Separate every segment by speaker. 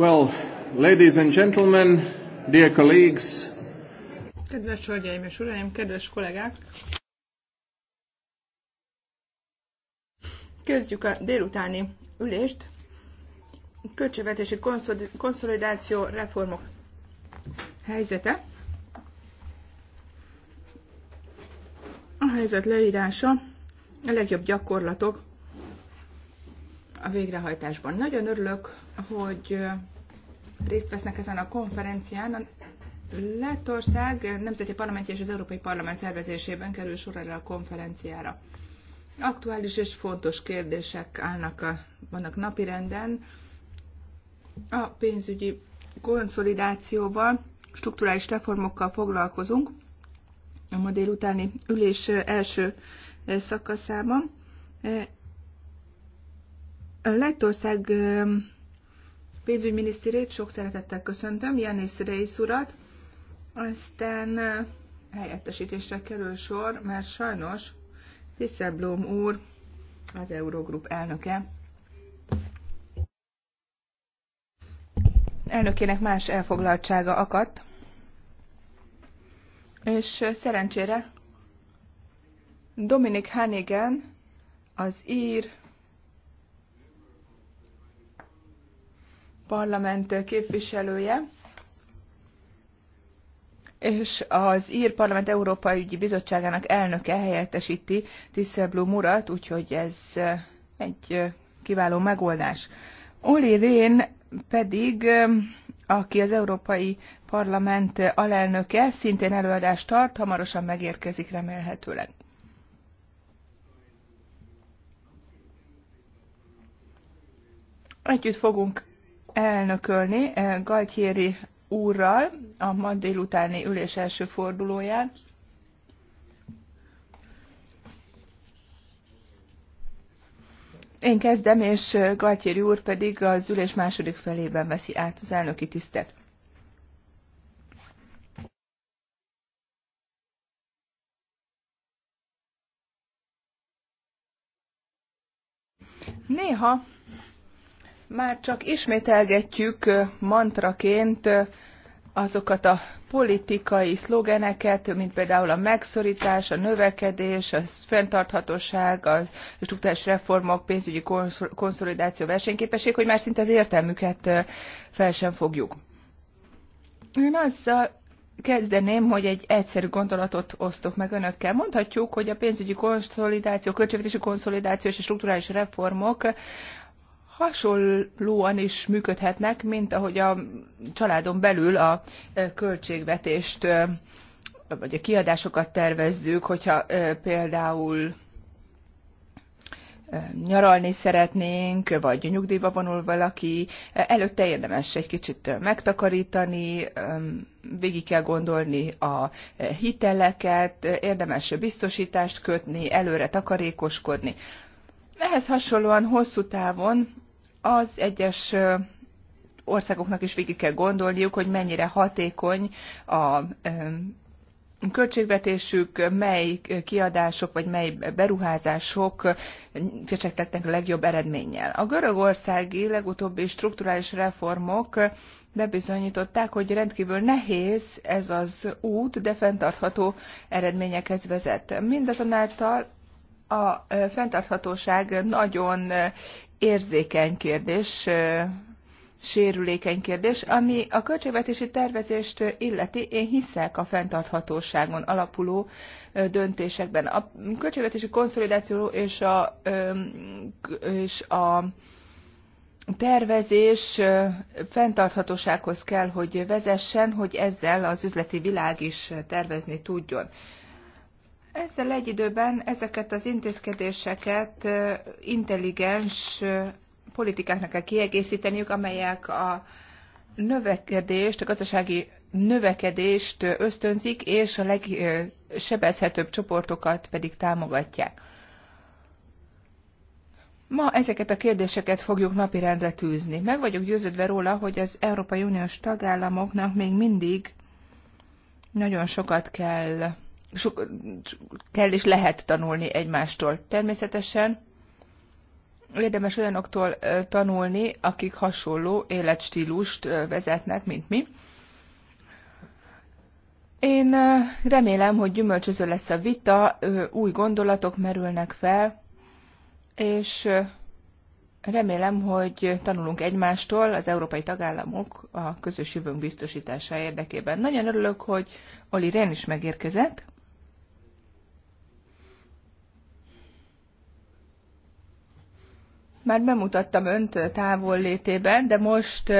Speaker 1: Well, ladies and gentlemen, dear colleagues.
Speaker 2: Kedves hölgyeim és uraim, kedves kollégák! Kezdjük a délutáni ülést. Költségvetési konszolidáció reformok helyzete. A helyzet leírása, a legjobb gyakorlatok a végrehajtásban. Nagyon örülök, hogy részt vesznek ezen a konferencián. A Lettország Nemzeti Parlamentje és az Európai Parlament szervezésében kerül sor erre a konferenciára. Aktuális és fontos kérdések állnak a, vannak napirenden. A pénzügyi konszolidációval, strukturális reformokkal foglalkozunk a ma délutáni ülés első szakaszában. Lettország pénzügyminisztérét sok szeretettel köszöntöm, Janis Reis urat. Aztán helyettesítésre kerül sor, mert sajnos Tiszelblom úr, az Eurogroup elnöke, elnökének más elfoglaltsága akadt, és szerencsére Dominik Hanigan az ír Parlament képviselője, és az Ír Parlament Európai Ügyi Bizottságának elnöke helyettesíti Tisselblum urat, úgyhogy ez egy kiváló megoldás. Oli Rén pedig, aki az Európai Parlament alelnöke, szintén előadást tart, hamarosan megérkezik remélhetőleg. Együtt fogunk elnökölni eh, Galtieri úrral a ma délutáni ülés első fordulóján. Én kezdem, és eh, Galtieri úr pedig az ülés második felében veszi át az elnöki tisztet. Néha már csak ismételgetjük mantraként azokat a politikai szlogeneket, mint például a megszorítás, a növekedés, a fenntarthatóság, a struktúrás reformok, pénzügyi konszolidáció, versenyképesség, hogy már szinte az értelmüket fel sem fogjuk. Én azzal kezdeném, hogy egy egyszerű gondolatot osztok meg önökkel. Mondhatjuk, hogy a pénzügyi konszolidáció, költségvetési konszolidáció és a strukturális reformok hasonlóan is működhetnek, mint ahogy a családon belül a e, költségvetést e, vagy a kiadásokat tervezzük, hogyha e, például nyaralni szeretnénk, vagy nyugdíjba vonul valaki, előtte érdemes egy kicsit megtakarítani, végig kell gondolni a hiteleket, érdemes biztosítást kötni, előre takarékoskodni. Ehhez hasonlóan hosszú távon az egyes országoknak is végig kell gondolniuk, hogy mennyire hatékony a költségvetésük, mely kiadások vagy mely beruházások kecsegtetnek a legjobb eredménnyel. A görögországi legutóbbi strukturális reformok bebizonyították, hogy rendkívül nehéz ez az út, de fenntartható eredményekhez vezet. Mindazonáltal a fenntarthatóság nagyon érzékeny kérdés, sérülékeny kérdés, ami a költségvetési tervezést illeti, én hiszek a fenntarthatóságon alapuló döntésekben. A költségvetési konszolidáció és a, és a tervezés fenntarthatósághoz kell, hogy vezessen, hogy ezzel az üzleti világ is tervezni tudjon. Ezzel egy időben ezeket az intézkedéseket intelligens politikáknak kell kiegészíteniük, amelyek a növekedést, a gazdasági növekedést ösztönzik, és a legsebezhetőbb csoportokat pedig támogatják. Ma ezeket a kérdéseket fogjuk napirendre tűzni. Meg vagyok győződve róla, hogy az Európai Uniós tagállamoknak még mindig nagyon sokat kell sok, kell és lehet tanulni egymástól. Természetesen érdemes olyanoktól tanulni, akik hasonló életstílust vezetnek, mint mi. Én remélem, hogy gyümölcsöző lesz a vita, új gondolatok merülnek fel, és remélem, hogy tanulunk egymástól az európai tagállamok a közös jövőnk biztosítása érdekében. Nagyon örülök, hogy Oli Ren is megérkezett. Már bemutattam önt távol létében, de most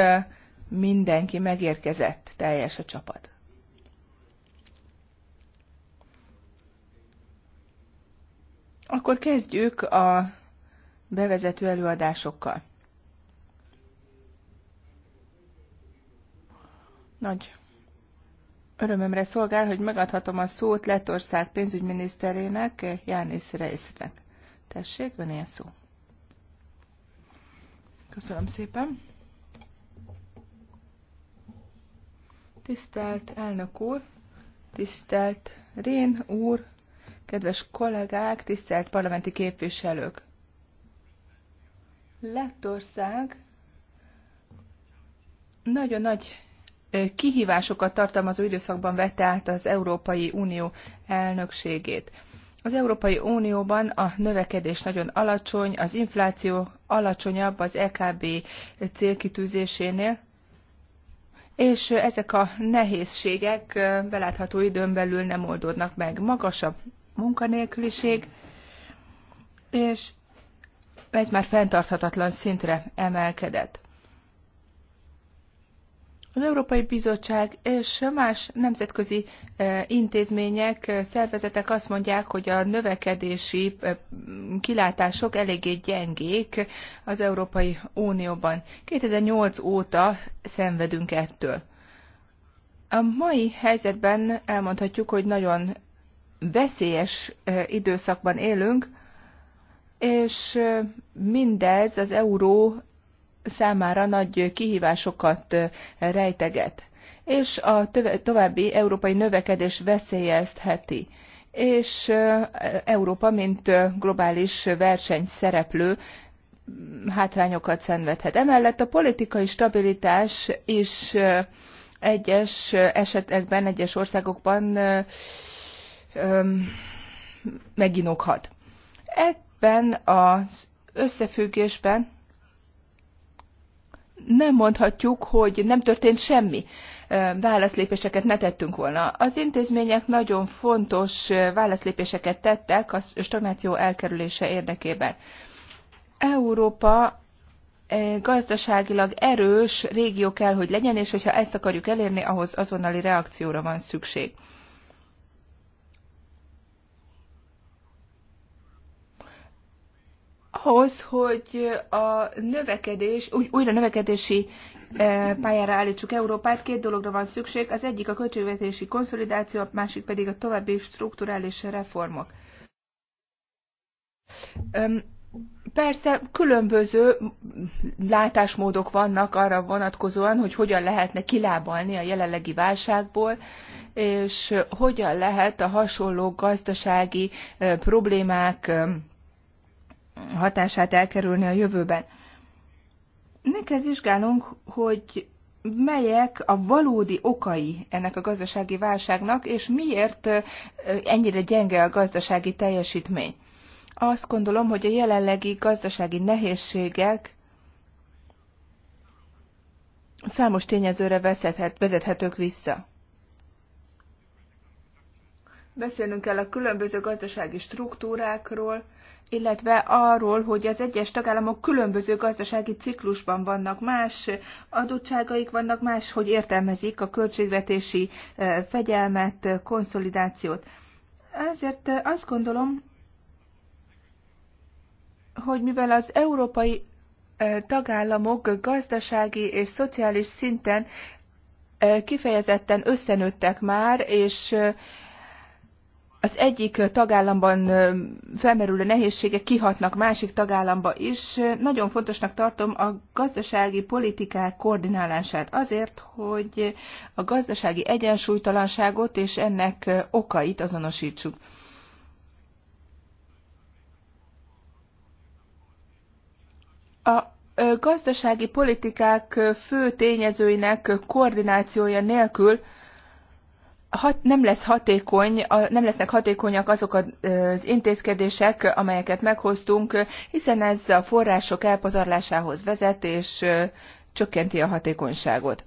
Speaker 2: mindenki megérkezett, teljes a csapat. Akkor kezdjük a bevezető előadásokkal. Nagy örömömre szolgál, hogy megadhatom a szót Lettország pénzügyminiszterének, Jánész Reisznek. Tessék, van ilyen szó. Köszönöm szépen. Tisztelt elnök úr, tisztelt Rén úr, kedves kollégák, tisztelt parlamenti képviselők. Lettország nagyon nagy kihívásokat tartalmazó időszakban vette át az Európai Unió elnökségét. Az Európai Unióban a növekedés nagyon alacsony, az infláció alacsonyabb az EKB célkitűzésénél, és ezek a nehézségek belátható időn belül nem oldódnak meg. Magasabb munkanélküliség, és ez már fenntarthatatlan szintre emelkedett. Az Európai Bizottság és más nemzetközi e, intézmények, e, szervezetek azt mondják, hogy a növekedési e, kilátások eléggé gyengék az Európai Unióban. 2008 óta szenvedünk ettől. A mai helyzetben elmondhatjuk, hogy nagyon veszélyes időszakban élünk, és mindez az euró számára nagy kihívásokat rejteget, és a további európai növekedés veszélyeztheti és Európa, mint globális versenyszereplő hátrányokat szenvedhet. Emellett a politikai stabilitás is egyes esetekben, egyes országokban meginokhat. Ebben az összefüggésben nem mondhatjuk, hogy nem történt semmi válaszlépéseket ne tettünk volna. Az intézmények nagyon fontos válaszlépéseket tettek a stagnáció elkerülése érdekében. Európa gazdaságilag erős régió kell, hogy legyen, és hogyha ezt akarjuk elérni, ahhoz azonnali reakcióra van szükség. ahhoz, hogy a növekedés, úgy, újra növekedési e, pályára állítsuk Európát, két dologra van szükség, az egyik a költségvetési konszolidáció, a másik pedig a további strukturális reformok. Persze különböző látásmódok vannak arra vonatkozóan, hogy hogyan lehetne kilábalni a jelenlegi válságból, és hogyan lehet a hasonló gazdasági problémák hatását elkerülni a jövőben. Neked vizsgálunk, hogy melyek a valódi okai ennek a gazdasági válságnak, és miért ennyire gyenge a gazdasági teljesítmény. Azt gondolom, hogy a jelenlegi gazdasági nehézségek számos tényezőre vezethet, vezethetők vissza. Beszélnünk kell a különböző gazdasági struktúrákról, illetve arról, hogy az egyes tagállamok különböző gazdasági ciklusban vannak, más adottságaik vannak, más, hogy értelmezik a költségvetési eh, fegyelmet, konszolidációt. Ezért eh, azt gondolom, hogy mivel az európai eh, tagállamok gazdasági és szociális szinten kifejezetten összenőttek már, és az egyik tagállamban felmerülő nehézségek kihatnak másik tagállamba is. Nagyon fontosnak tartom a gazdasági politikák koordinálását azért, hogy a gazdasági egyensúlytalanságot és ennek okait azonosítsuk. A gazdasági politikák fő tényezőinek koordinációja nélkül hat, nem, lesz hatékony, nem lesznek hatékonyak azok az intézkedések, amelyeket meghoztunk, hiszen ez a források elpazarlásához vezet, és csökkenti a hatékonyságot.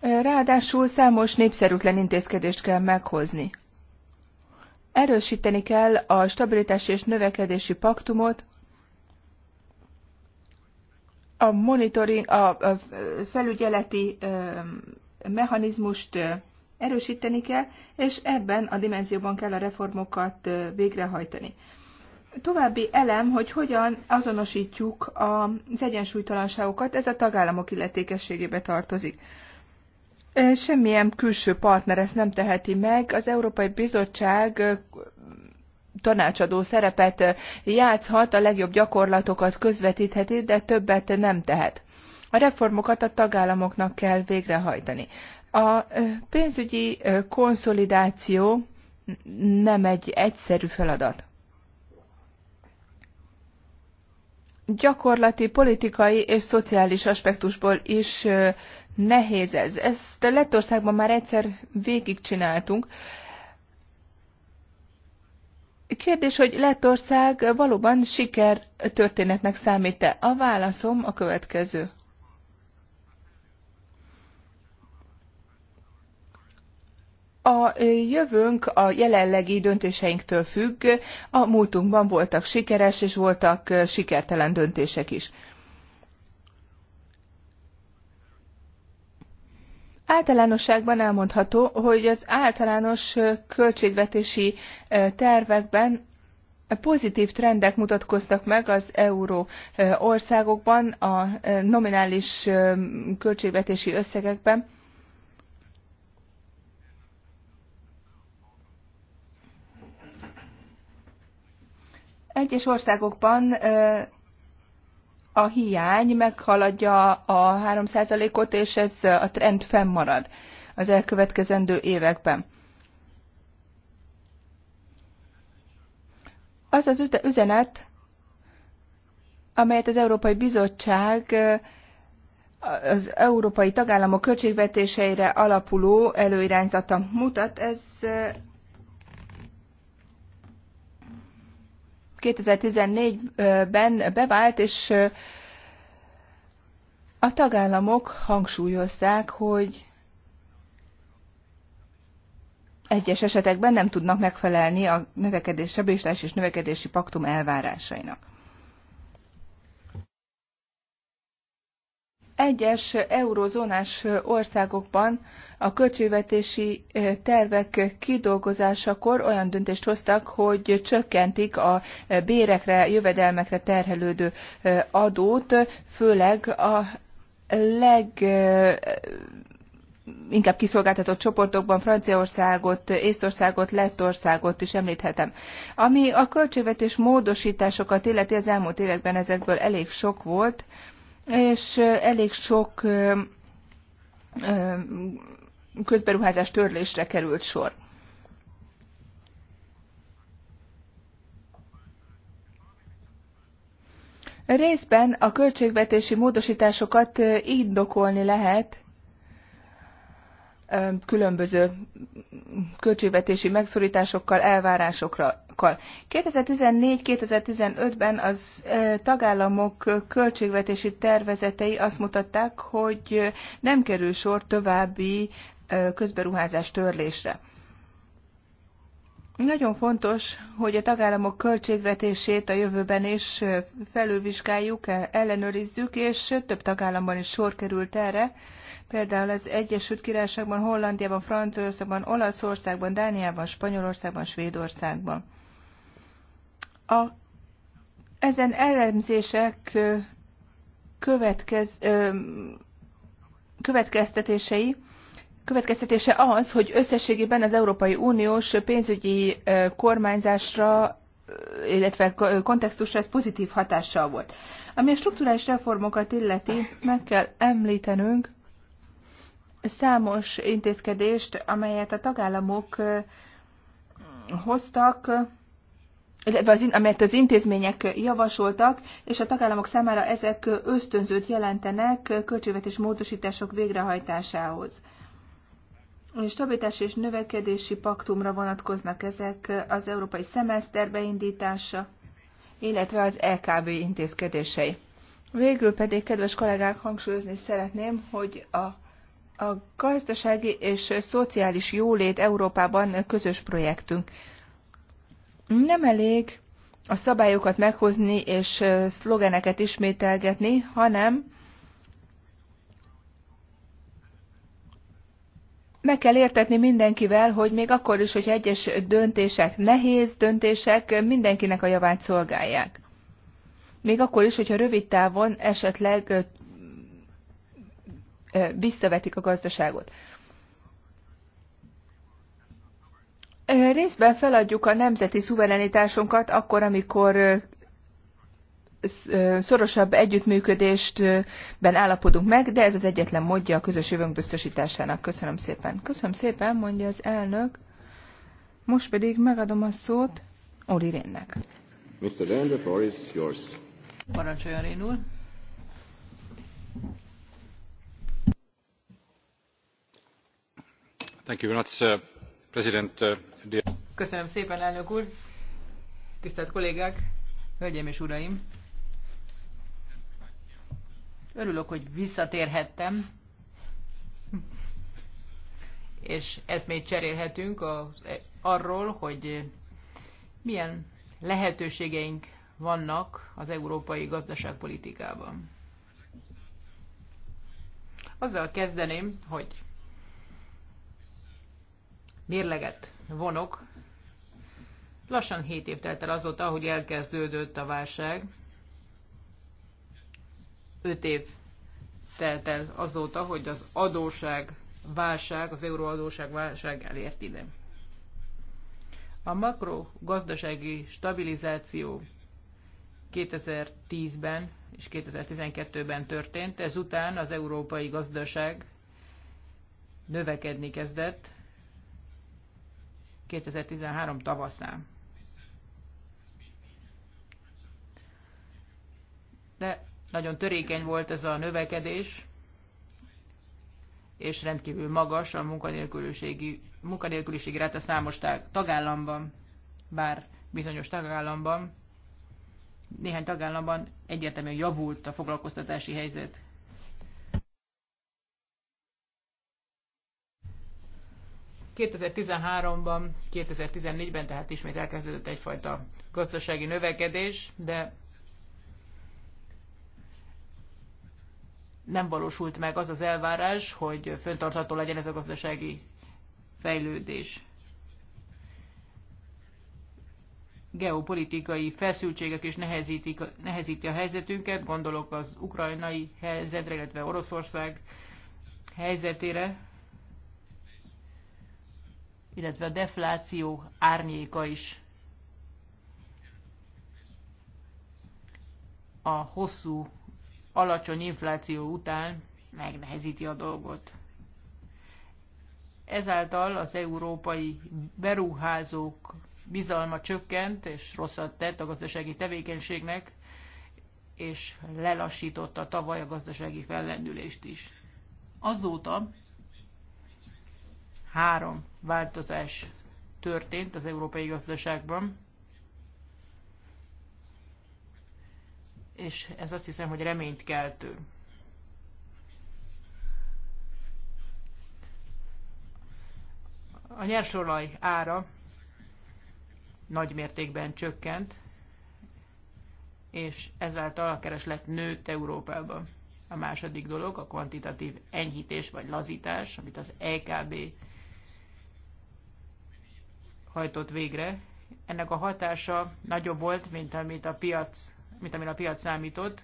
Speaker 2: Ráadásul számos népszerűtlen intézkedést kell meghozni. Erősíteni kell a stabilitási és növekedési paktumot, a monitoring, a felügyeleti mechanizmust erősíteni kell, és ebben a dimenzióban kell a reformokat végrehajtani. További elem, hogy hogyan azonosítjuk az egyensúlytalanságokat, ez a tagállamok illetékességébe tartozik. Semmilyen külső partner ezt nem teheti meg. Az Európai Bizottság tanácsadó szerepet játszhat, a legjobb gyakorlatokat közvetítheti, de többet nem tehet. A reformokat a tagállamoknak kell végrehajtani. A pénzügyi konszolidáció nem egy egyszerű feladat. Gyakorlati, politikai és szociális aspektusból is nehéz ez. Ezt Lettországban már egyszer végigcsináltunk. Kérdés, hogy Lettország valóban siker történetnek számít-e? A válaszom a következő. A jövőnk a jelenlegi döntéseinktől függ, a múltunkban voltak sikeres és voltak sikertelen döntések is. Általánosságban elmondható, hogy az általános költségvetési tervekben pozitív trendek mutatkoztak meg az euró országokban, a nominális költségvetési összegekben Egyes országokban a hiány meghaladja a 3%-ot, és ez a trend fennmarad az elkövetkezendő években. Az az üzenet, amelyet az Európai Bizottság az európai tagállamok költségvetéseire alapuló előirányzata mutat, ez 2014-ben bevált, és a tagállamok hangsúlyozták, hogy egyes esetekben nem tudnak megfelelni a növekedés, sebéslás és növekedési paktum elvárásainak. egyes eurozónás országokban a költségvetési tervek kidolgozásakor olyan döntést hoztak, hogy csökkentik a bérekre, jövedelmekre terhelődő adót, főleg a leg inkább kiszolgáltatott csoportokban Franciaországot, Észtországot, Lettországot is említhetem. Ami a költségvetés módosításokat illeti az elmúlt években ezekből elég sok volt, és elég sok közberuházás törlésre került sor. Részben a költségvetési módosításokat indokolni lehet, különböző költségvetési megszorításokkal, elvárásokkal. 2014-2015-ben az tagállamok költségvetési tervezetei azt mutatták, hogy nem kerül sor további közberuházás törlésre. Nagyon fontos, hogy a tagállamok költségvetését a jövőben is felülvizsgáljuk, ellenőrizzük, és több tagállamban is sor került erre Például az Egyesült Királyságban, Hollandiában, Franciaországban, Olaszországban, Dániában, Spanyolországban, Svédországban. A, ezen elemzések következ, következtetései következtetése az, hogy összességében az Európai Uniós pénzügyi kormányzásra illetve kontextusra ez pozitív hatással volt. Ami a strukturális reformokat illeti, meg kell említenünk számos intézkedést, amelyet a tagállamok hoztak, illetve az, amelyet az intézmények javasoltak, és a tagállamok számára ezek ösztönzőt jelentenek költségvetés módosítások végrehajtásához. Stabilitási és növekedési paktumra vonatkoznak ezek az európai szemeszter beindítása, illetve az LKB e intézkedései. Végül pedig, kedves kollégák, hangsúlyozni szeretném, hogy a a gazdasági és szociális jólét Európában közös projektünk. Nem elég a szabályokat meghozni és szlogeneket ismételgetni, hanem meg kell értetni mindenkivel, hogy még akkor is, hogy egyes döntések nehéz döntések, mindenkinek a javát szolgálják. Még akkor is, hogyha rövid távon esetleg visszavetik a gazdaságot. Részben feladjuk a nemzeti szuverenitásunkat akkor, amikor szorosabb együttműködéstben állapodunk meg, de ez az egyetlen módja a közös jövőnk biztosításának. Köszönöm szépen. Köszönöm szépen, mondja az elnök. Most pedig megadom a szót Oli Rénnek.
Speaker 1: Mr. Rehn, the floor is yours.
Speaker 3: Parancsoljon, Rén úr.
Speaker 1: Uh,
Speaker 3: Köszönöm szépen, elnök úr! Tisztelt kollégák, hölgyeim és uraim! Örülök, hogy visszatérhettem, és eszmét még cserélhetünk az, eh, arról, hogy milyen lehetőségeink vannak az európai gazdaságpolitikában. Azzal kezdeném, hogy mérleget vonok. Lassan 7 év telt el azóta, hogy elkezdődött a válság. 5 év telt el azóta, hogy az adóság válság, az euróadóság válság elért ide. A makrogazdasági stabilizáció 2010-ben és 2012-ben történt, ezután az európai gazdaság növekedni kezdett, 2013 tavaszán. De nagyon törékeny volt ez a növekedés, és rendkívül magas a munkanélküliségi, munkanélküliségi ráta számos tagállamban, bár bizonyos tagállamban, néhány tagállamban egyértelműen javult a foglalkoztatási helyzet. 2013-ban, 2014-ben tehát ismét elkezdődött egyfajta gazdasági növekedés, de nem valósult meg az az elvárás, hogy föntartható legyen ez a gazdasági fejlődés. Geopolitikai feszültségek is nehezítik, nehezíti a helyzetünket, gondolok az ukrajnai helyzetre, illetve Oroszország helyzetére, illetve a defláció árnyéka is a hosszú, alacsony infláció után megnehezíti a dolgot. Ezáltal az európai beruházók bizalma csökkent, és rosszat tett a gazdasági tevékenységnek, és lelassította tavaly a gazdasági fellendülést is. Azóta három változás történt az európai gazdaságban, és ez azt hiszem, hogy reményt keltő. A nyersolaj ára nagy mértékben csökkent, és ezáltal a kereslet nőtt Európában. A második dolog a kvantitatív enyhítés vagy lazítás, amit az EKB hajtott végre. Ennek a hatása nagyobb volt, mint amit a piac, mint amit a piac számított,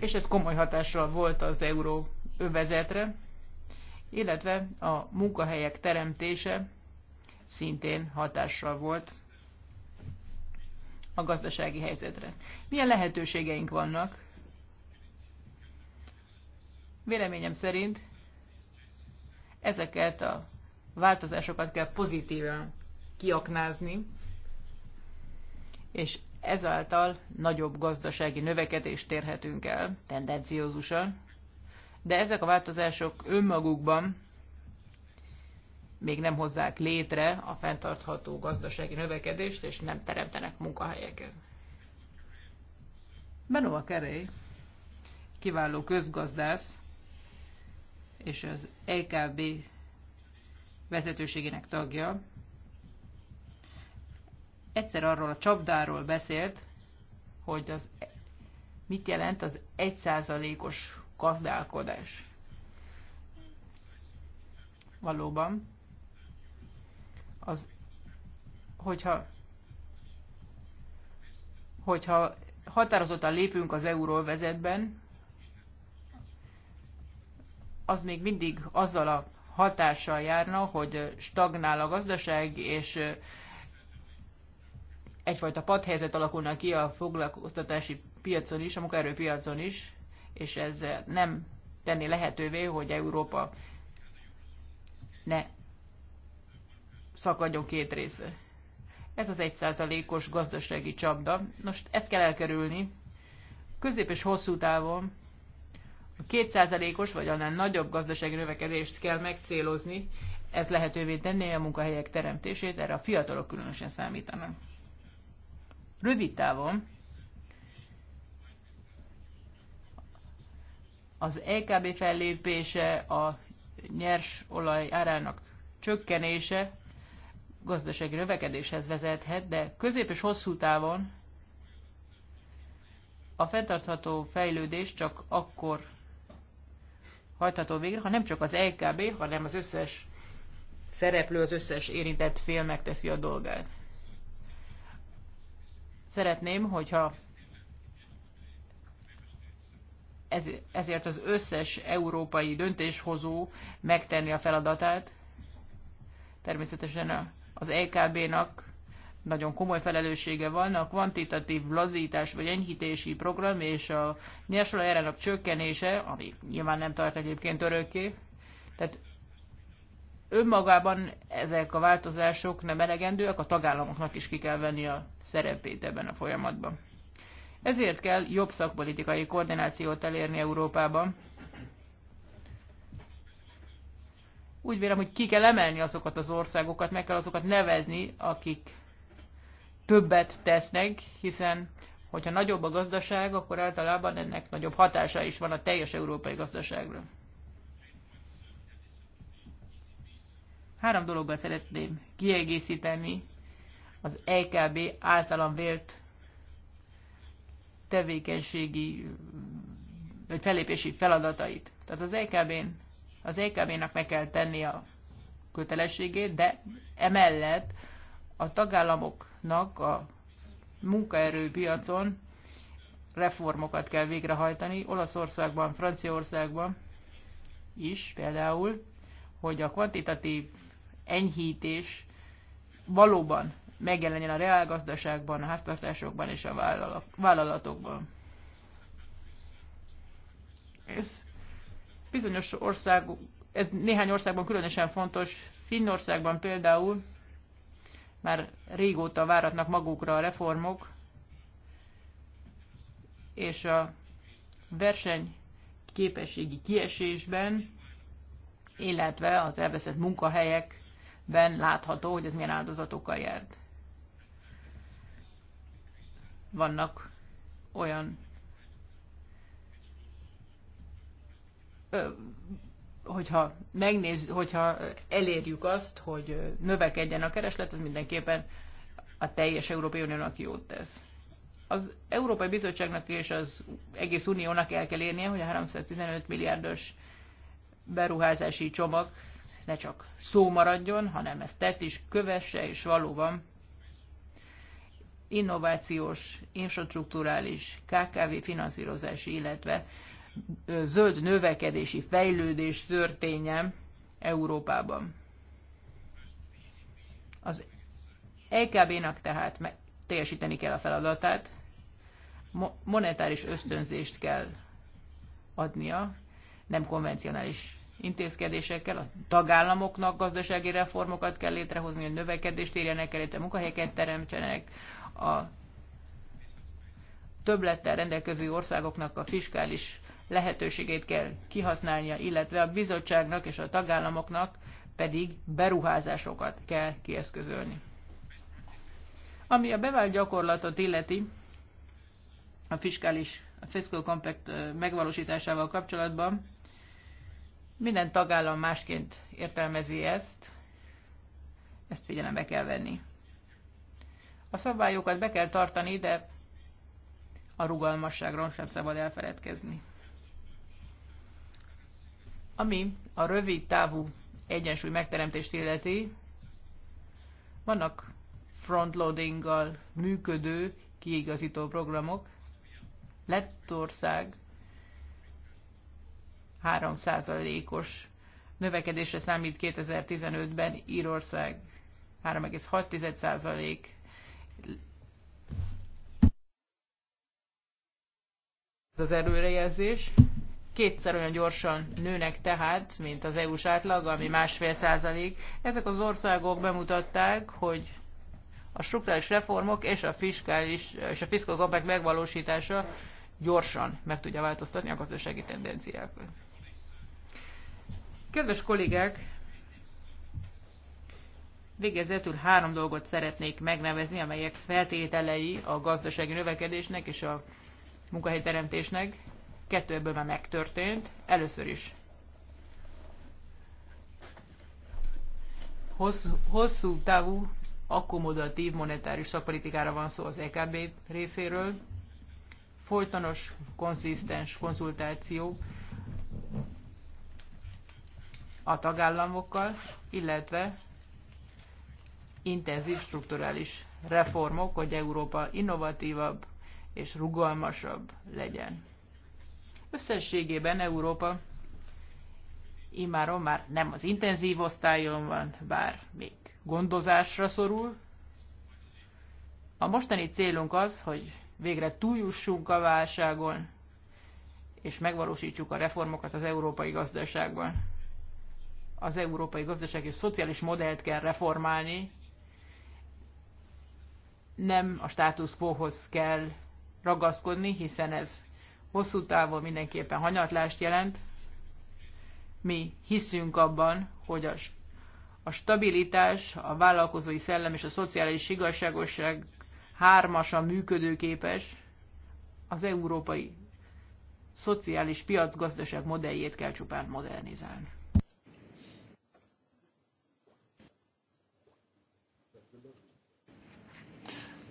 Speaker 3: és ez komoly hatással volt az euró övezetre, illetve a munkahelyek teremtése szintén hatással volt a gazdasági helyzetre. Milyen lehetőségeink vannak? Véleményem szerint ezeket a változásokat kell pozitívan kiaknázni, és ezáltal nagyobb gazdasági növekedést érhetünk el, tendenciózusan, de ezek a változások önmagukban még nem hozzák létre a fenntartható gazdasági növekedést, és nem teremtenek munkahelyeket. Benoa kerei, kiváló közgazdász, és az EKB vezetőségének tagja, egyszer arról a csapdáról beszélt, hogy az e- mit jelent az egyszázalékos gazdálkodás. Valóban, az, hogyha, hogyha határozottan lépünk az euróvezetben, az még mindig azzal a hatással járna, hogy stagnál a gazdaság, és egyfajta padhelyzet alakulna ki a foglalkoztatási piacon is, a munkaerőpiacon is, és ez nem tenni lehetővé, hogy Európa ne szakadjon két része. Ez az egyszázalékos gazdasági csapda. Most ezt kell elkerülni. Közép és hosszú távon kétszázalékos vagy annál nagyobb gazdasági növekedést kell megcélozni, ez lehetővé tenné a munkahelyek teremtését, erre a fiatalok különösen számítanak. Rövid távon az EKB fellépése, a nyers olaj árának csökkenése gazdasági növekedéshez vezethet, de közép és hosszú távon a fenntartható fejlődés csak akkor hajtható végre, ha nem csak az LKB, e hanem az összes szereplő, az összes érintett fél megteszi a dolgát. Szeretném, hogyha ez, ezért az összes európai döntéshozó megtenni a feladatát. Természetesen az EKB-nak nagyon komoly felelőssége van. A kvantitatív lazítás vagy enyhítési program és a nyersolajárának csökkenése, ami nyilván nem tart egyébként örökké, tehát önmagában ezek a változások nem elegendőek, a tagállamoknak is ki kell venni a szerepét ebben a folyamatban. Ezért kell jobb szakpolitikai koordinációt elérni Európában. Úgy vélem, hogy ki kell emelni azokat az országokat, meg kell azokat nevezni, akik többet tesznek, hiszen hogyha nagyobb a gazdaság, akkor általában ennek nagyobb hatása is van a teljes európai gazdaságra. Három dologgal szeretném kiegészíteni az EKB általam vélt tevékenységi vagy felépési feladatait. Tehát az EKB-n az EKB-nak meg kell tenni a kötelességét, de emellett a tagállamok államnak a munkaerőpiacon reformokat kell végrehajtani, Olaszországban, Franciaországban is például, hogy a kvantitatív enyhítés valóban megjelenjen a reálgazdaságban, a háztartásokban és a vállalatokban. Ez bizonyos ország, ez néhány országban különösen fontos, Finnországban például már régóta váratnak magukra a reformok, és a verseny képességi kiesésben, illetve az elveszett munkahelyekben látható, hogy ez milyen áldozatokkal járt. Vannak olyan hogyha megnéz, hogyha elérjük azt, hogy növekedjen a kereslet, az mindenképpen a teljes Európai Uniónak jót tesz. Az Európai Bizottságnak és az egész Uniónak el kell érnie, hogy a 315 milliárdos beruházási csomag ne csak szó maradjon, hanem ezt tett is kövesse, és valóban innovációs, infrastruktúrális, KKV finanszírozási, illetve zöld növekedési fejlődés történjen Európában. Az EKB-nak tehát teljesíteni kell a feladatát, monetáris ösztönzést kell adnia, nem konvencionális intézkedésekkel, a tagállamoknak gazdasági reformokat kell létrehozni, hogy növekedést érjenek el, a munkahelyeket teremtsenek, a többlettel rendelkező országoknak a fiskális lehetőségét kell kihasználnia, illetve a bizottságnak és a tagállamoknak pedig beruházásokat kell kieszközölni. Ami a bevált gyakorlatot illeti, a fiskális a fiscal compact megvalósításával kapcsolatban, minden tagállam másként értelmezi ezt, ezt figyelembe kell venni. A szabályokat be kell tartani, de a rugalmasságról sem szabad elfeledkezni. Ami a rövid távú egyensúly megteremtést illeti, vannak frontloadinggal működő kiigazító programok. Lettország 3%-os növekedésre számít 2015-ben, Írország 3,6%, ez az előrejelzés. Kétszer olyan gyorsan nőnek tehát, mint az EU-s átlag, ami másfél százalék. Ezek az országok bemutatták, hogy a strukturális reformok és a fiskális és a fiszkokampák megvalósítása gyorsan meg tudja változtatni a gazdasági tendenciákat. Kedves kollégák, végezetül három dolgot szeretnék megnevezni, amelyek feltételei a gazdasági növekedésnek és a munkahelyteremtésnek kettő ebből már megtörtént. Először is hosszú, hosszú távú akkomodatív monetáris szakpolitikára van szó az EKB részéről. Folytonos, konzisztens konzultáció a tagállamokkal, illetve intenzív strukturális reformok, hogy Európa innovatívabb és rugalmasabb legyen. Összességében Európa immáron már nem az intenzív osztályon van, bár még gondozásra szorul. A mostani célunk az, hogy végre túljussunk a válságon, és megvalósítsuk a reformokat az európai gazdaságban. Az európai gazdaság és szociális modellt kell reformálni, nem a státuszkóhoz kell ragaszkodni, hiszen ez hosszú távon mindenképpen hanyatlást jelent. Mi hiszünk abban, hogy a, a stabilitás, a vállalkozói szellem és a szociális igazságosság hármasan működőképes, az európai szociális piacgazdaság modelljét kell csupán modernizálni.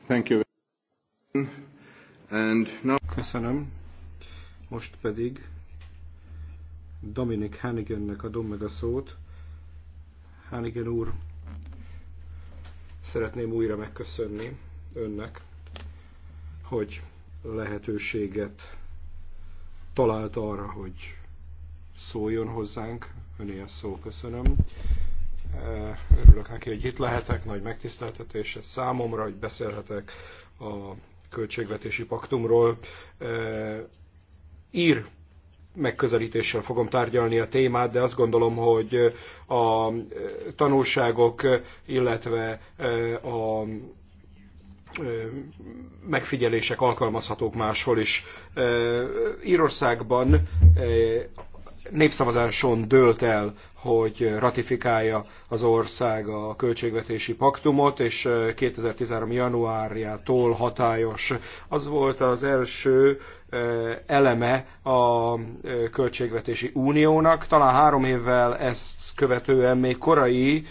Speaker 4: Thank you. And
Speaker 5: now... Köszönöm. Most pedig Dominik Hannigannek adom meg a szót. Hannigan úr, szeretném újra megköszönni önnek, hogy lehetőséget talált arra, hogy szóljon hozzánk. Öné a szó, köszönöm. Eh, örülök neki, hogy itt lehetek, nagy megtiszteltetés ez számomra, hogy beszélhetek a költségvetési paktumról. Eh, ír megközelítéssel fogom tárgyalni a témát, de azt gondolom, hogy a tanulságok, illetve e, a e, megfigyelések alkalmazhatók máshol is. E, Írországban népszavazáson dőlt el hogy ratifikálja az ország a költségvetési paktumot, és 2013. januárjától hatályos. Az volt az első eleme a költségvetési uniónak. Talán három évvel ezt követően még korai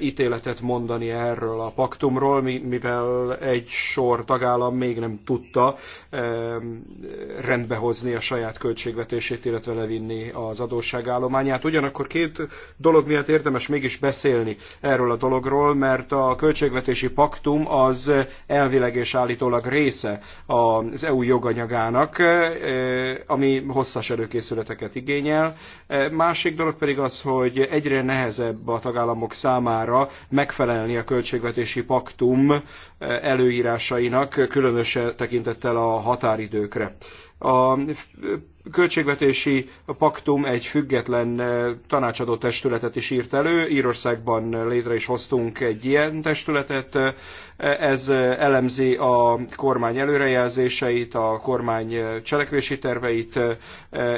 Speaker 5: ítéletet mondani erről a paktumról, mivel egy sor tagállam még nem tudta rendbehozni a saját költségvetését, illetve levinni az adósságállományát. Ugyanakkor két dolog miatt érdemes mégis beszélni erről a dologról, mert a költségvetési paktum az elvileg és állítólag része az EU joganyagának, e, ami hosszas előkészületeket igényel. E, másik dolog pedig az, hogy egyre nehezebb a tagállamok számára megfelelni a költségvetési paktum e, előírásainak, különösen tekintettel a határidőkre. A költségvetési paktum egy független eh, tanácsadó testületet is írt elő. Írországban létre is hoztunk egy ilyen testületet. Eh, ez eh, elemzi a kormány előrejelzéseit, a kormány cselekvési terveit,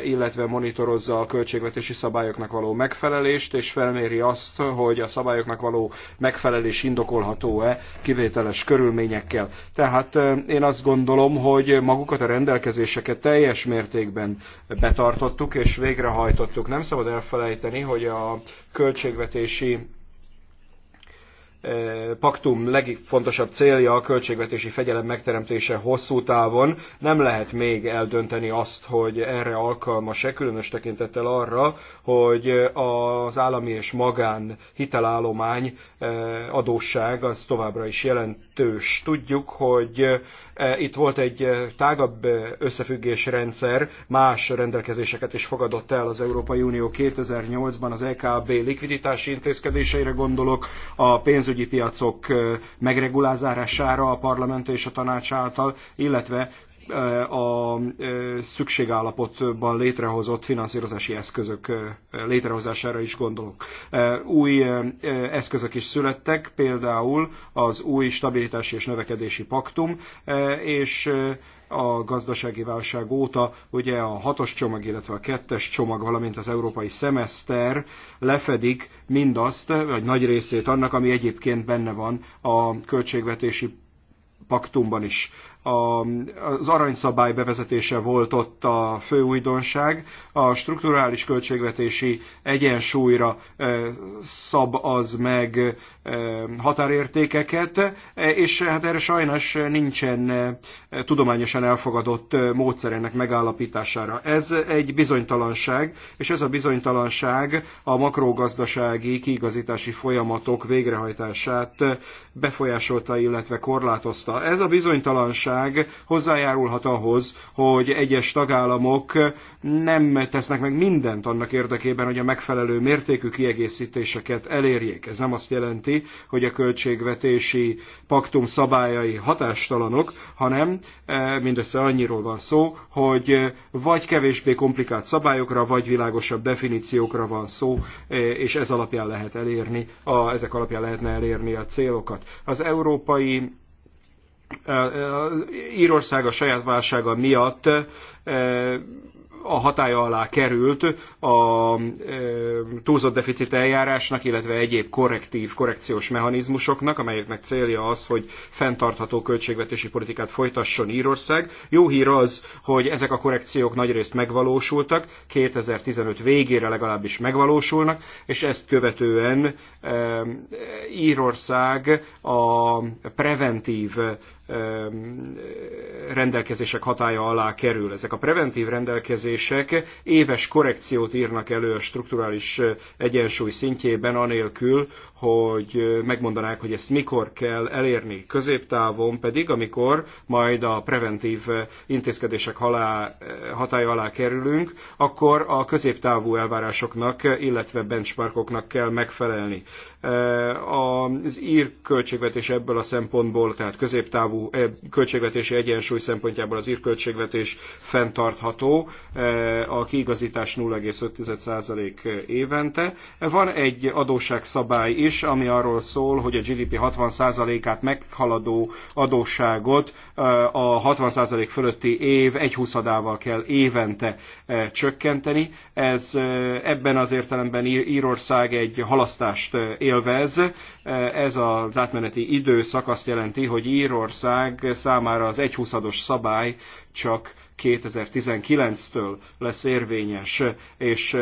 Speaker 5: illetve monitorozza a költségvetési szabályoknak való megfelelést, és felméri azt, hogy a szabályoknak való megfelelés indokolható-e kivételes körülményekkel. Tehát én azt gondolom, hogy magukat a rendelkezéseket teljes mértékben betartottuk és végrehajtottuk. Nem szabad elfelejteni, hogy a költségvetési eh, paktum legfontosabb célja a költségvetési fegyelem megteremtése hosszú távon. Nem lehet még eldönteni azt, hogy erre alkalmas-e, különös tekintettel arra, hogy az állami és magán hitelállomány eh, adósság az továbbra is jelent kettős. Tudjuk, hogy eh, itt volt egy eh, tágabb eh, összefüggésrendszer, más rendelkezéseket is fogadott el az Európai Unió 2008-ban az EKB likviditási intézkedéseire gondolok, a pénzügyi piacok megregulázására a parlament és a tanács által, illetve Eh, a eh, szükségállapotban létrehozott finanszírozási eszközök eh, létrehozására is gondolok. Új eszközök is születtek, például az új stabilitási és növekedési paktum, és a gazdasági válság óta ugye a hatos csomag, illetve a kettes csomag, valamint az európai szemeszter lefedik mindazt, vagy nagy részét annak, ami egyébként benne van a költségvetési paktumban is a, az aranyszabály bevezetése volt ott a fő újdonság. A strukturális költségvetési egyensúlyra e, szab az meg e, határértékeket, e, és hát erre sajnos nincsen tudományosan elfogadott módszer ennek megállapítására. Ez egy bizonytalanság, és ez a bizonytalanság a makrogazdasági kiigazítási folyamatok végrehajtását befolyásolta, illetve korlátozta. Ez a bizonytalanság válság hozzájárulhat ahhoz, hogy egyes tagállamok nem tesznek meg mindent annak érdekében, hogy a megfelelő mértékű kiegészítéseket elérjék. Ez nem azt jelenti, hogy a költségvetési paktum szabályai hatástalanok, hanem e, mindössze annyiról van szó, hogy vagy kevésbé komplikált szabályokra, vagy világosabb definíciókra van szó, e, és ez alapján lehet elérni, a, ezek alapján lehetne elérni a célokat. Az európai Írország a saját válsága miatt e, a hatája alá került a e, túlzott deficit eljárásnak, illetve egyéb korrektív, korrekciós mechanizmusoknak, amelyeknek célja az, hogy fenntartható költségvetési politikát folytasson Írország. Jó hír az, hogy ezek a korrekciók nagyrészt megvalósultak, 2015 végére legalábbis megvalósulnak, és ezt követően e, Írország a preventív rendelkezések hatája alá kerül. Ezek a preventív rendelkezések éves korrekciót írnak elő a strukturális egyensúly szintjében, anélkül, hogy megmondanák, hogy ezt mikor kell elérni. Középtávon pedig, amikor majd a preventív intézkedések halá, hatája alá kerülünk, akkor a középtávú elvárásoknak, illetve benchmarkoknak kell megfelelni. Az ír költségvetés ebből a szempontból, tehát középtávú E, költségvetési egyensúly szempontjából az ír költségvetés fenntartható, e, a kiigazítás 0,5% évente. Van egy adósságszabály is, ami arról szól, hogy a GDP 60%-át meghaladó adósságot e, a 60% fölötti év egy huszadával kell évente csökkenteni. Ez ebben az értelemben Írország egy halasztást élvez. Ez az átmeneti időszak azt jelenti, hogy Írország Írország számára az 120 szabály csak 2019-től lesz érvényes, és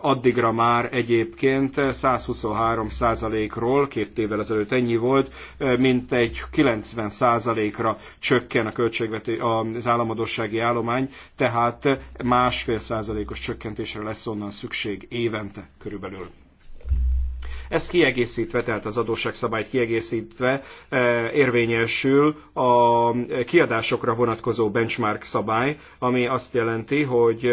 Speaker 5: addigra már egyébként 123%-ról, két évvel ezelőtt ennyi volt, mint egy 90%-ra csökken a költségvető, az államadossági állomány, tehát másfél százalékos csökkentésre lesz onnan szükség évente körülbelül. Ezt kiegészítve, tehát az adósságszabályt kiegészítve eh, érvényesül a kiadásokra vonatkozó benchmark szabály, ami azt jelenti, hogy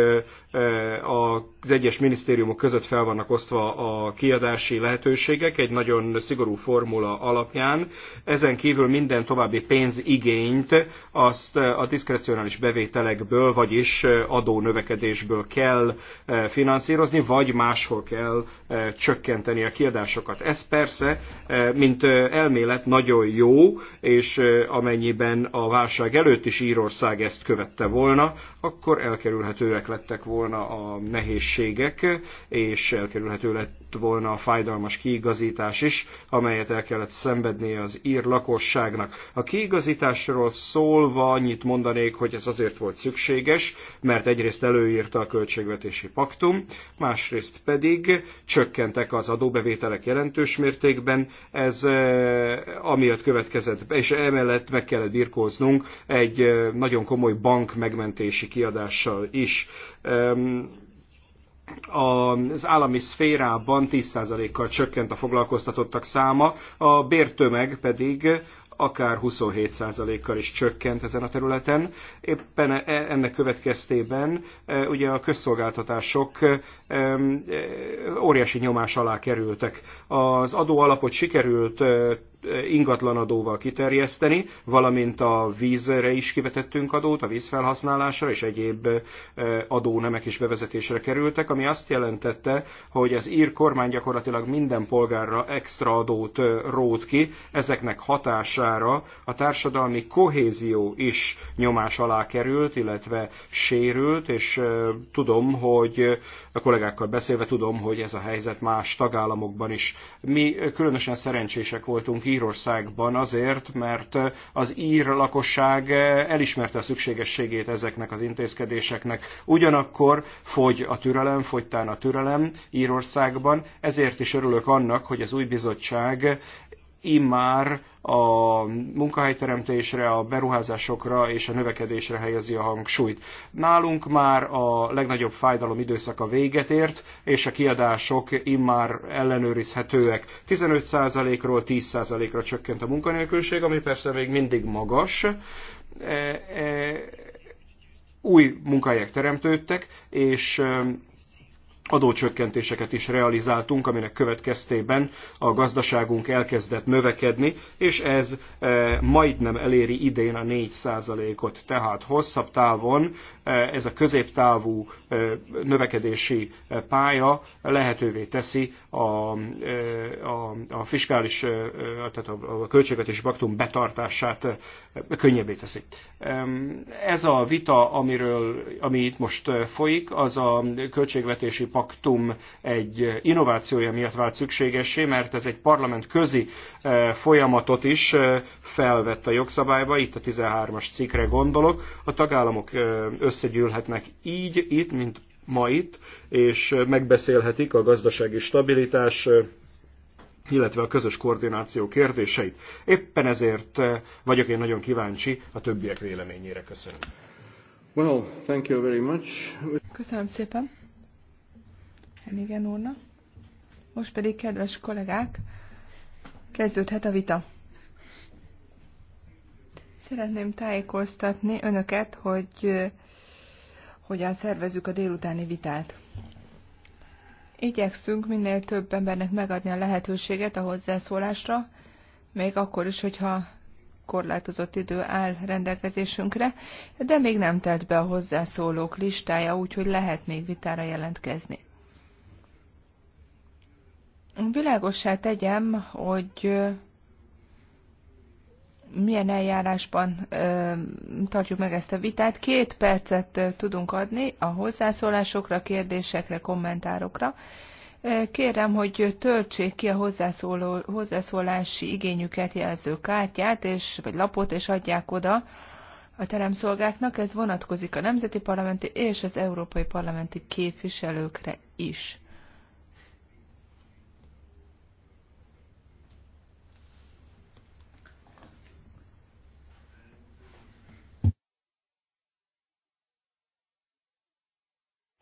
Speaker 5: eh, a az egyes minisztériumok között fel vannak osztva a kiadási lehetőségek egy nagyon szigorú formula alapján. Ezen kívül minden további pénzigényt azt a diszkrecionális bevételekből, vagyis adónövekedésből kell eh, finanszírozni, vagy máshol kell eh, csökkenteni a kiadásokat. Ez persze, eh, mint elmélet nagyon jó, és amennyiben a válság előtt is Írország ezt követte volna, akkor elkerülhetőek lettek volna a nehéz nehézségek, és elkerülhető lett volna a fájdalmas kiigazítás is, amelyet el kellett szenvednie az ír lakosságnak. A kiigazításról szólva annyit mondanék, hogy ez azért volt szükséges, mert egyrészt előírta a költségvetési paktum, másrészt pedig csökkentek az adóbevételek jelentős mértékben, ez eh, amiatt következett, és emellett meg kellett birkóznunk egy eh, nagyon komoly bank megmentési kiadással is. Um, az állami szférában 10%-kal csökkent a foglalkoztatottak száma, a bértömeg pedig akár 27%-kal is csökkent ezen a területen. Éppen e, ennek következtében e, ugye a közszolgáltatások e, óriási nyomás alá kerültek. Az adóalapot sikerült ingatlanadóval kiterjeszteni, valamint a vízre is kivetettünk adót, a vízfelhasználásra és egyéb adónemek is bevezetésre kerültek, ami azt jelentette, hogy az ír kormány gyakorlatilag minden polgárra extra adót rót ki, ezeknek hatására a társadalmi kohézió is nyomás alá került, illetve sérült, és tudom, hogy a kollégákkal beszélve tudom, hogy ez a helyzet más tagállamokban is. Mi különösen szerencsések voltunk Írországban azért, mert az ír lakosság elismerte a szükségességét ezeknek az intézkedéseknek. Ugyanakkor fogy a türelem, fogytán a türelem Írországban, ezért is örülök annak, hogy az új bizottság immár a munkahelyteremtésre, a beruházásokra és a növekedésre helyezi a hangsúlyt. Nálunk már a legnagyobb fájdalom időszaka véget ért, és a kiadások immár ellenőrizhetőek. 15%-ról 10%-ra csökkent a munkanélküliség, ami persze még mindig magas. E, e, új munkahelyek teremtődtek, és adócsökkentéseket is realizáltunk, aminek következtében a gazdaságunk elkezdett növekedni, és ez eh, majdnem eléri idén a 4%-ot. Tehát hosszabb távon Eh, ez a középtávú eh, növekedési eh, pálya lehetővé teszi a, a, a fiskális, tehát a, a költségvetési baktum betartását könnyebbé teszi. Ez a vita, amiről, ami itt most folyik, az a költségvetési paktum egy innovációja miatt vált szükségessé, mert ez egy parlament közi folyamatot is felvett a jogszabályba, itt a 13-as cikkre gondolok. A tagállamok össze összegyűlhetnek így itt, mint ma itt, és megbeszélhetik a gazdasági stabilitás illetve a közös koordináció kérdéseit. Éppen ezért vagyok én nagyon kíváncsi a többiek véleményére. Köszönöm.
Speaker 4: Well, thank you very much.
Speaker 2: Köszönöm szépen. Hennigen úrna. Most pedig, kedves kollégák, kezdődhet a vita. Szeretném tájékoztatni önöket, hogy hogyan szervezzük a délutáni vitát. Igyekszünk minél több embernek megadni a lehetőséget a hozzászólásra, még akkor is, hogyha korlátozott idő áll rendelkezésünkre, de még nem telt be a hozzászólók listája, úgyhogy lehet még vitára jelentkezni. Világossá tegyem, hogy milyen eljárásban ö, tartjuk meg ezt a vitát. Két percet ö, tudunk adni a hozzászólásokra, kérdésekre, kommentárokra. Kérem, hogy töltsék ki a hozzászóló, hozzászólási igényüket jelző kártyát és, vagy lapot, és adják oda a teremszolgáknak. Ez vonatkozik a nemzeti parlamenti és az európai parlamenti képviselőkre is.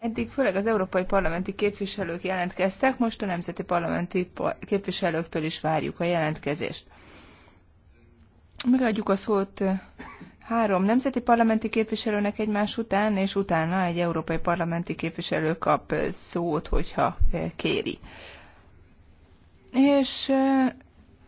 Speaker 2: Eddig főleg az európai parlamenti képviselők jelentkeztek, most a nemzeti parlamenti képviselőktől is várjuk a jelentkezést. Megadjuk a szót három nemzeti parlamenti képviselőnek egymás után, és utána egy európai parlamenti képviselő kap szót, hogyha kéri. És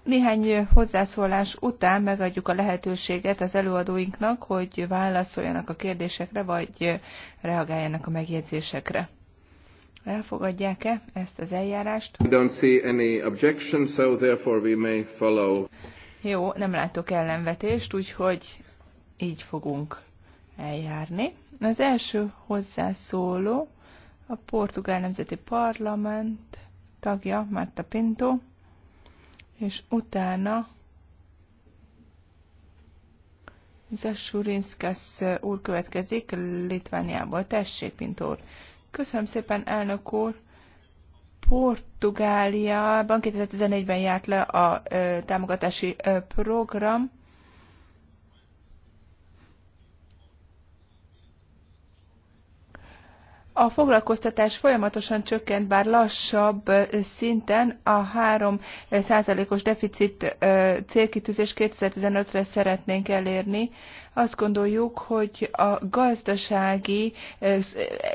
Speaker 2: néhány hozzászólás után megadjuk a lehetőséget az előadóinknak, hogy válaszoljanak a kérdésekre, vagy reagáljanak a megjegyzésekre. Elfogadják-e ezt az eljárást?
Speaker 5: Objection, so
Speaker 2: Jó, nem látok ellenvetést, úgyhogy így fogunk eljárni. Az első hozzászóló a Portugál Nemzeti Parlament tagja, Marta Pinto és utána Zasurinskas úr következik Litvániából. Tessék, Pintor. Köszönöm szépen, elnök úr. Portugáliában 2014-ben járt le a támogatási program. A foglalkoztatás folyamatosan csökkent, bár lassabb szinten a 3 százalékos deficit célkitűzés 2015-re szeretnénk elérni. Azt gondoljuk, hogy a gazdasági,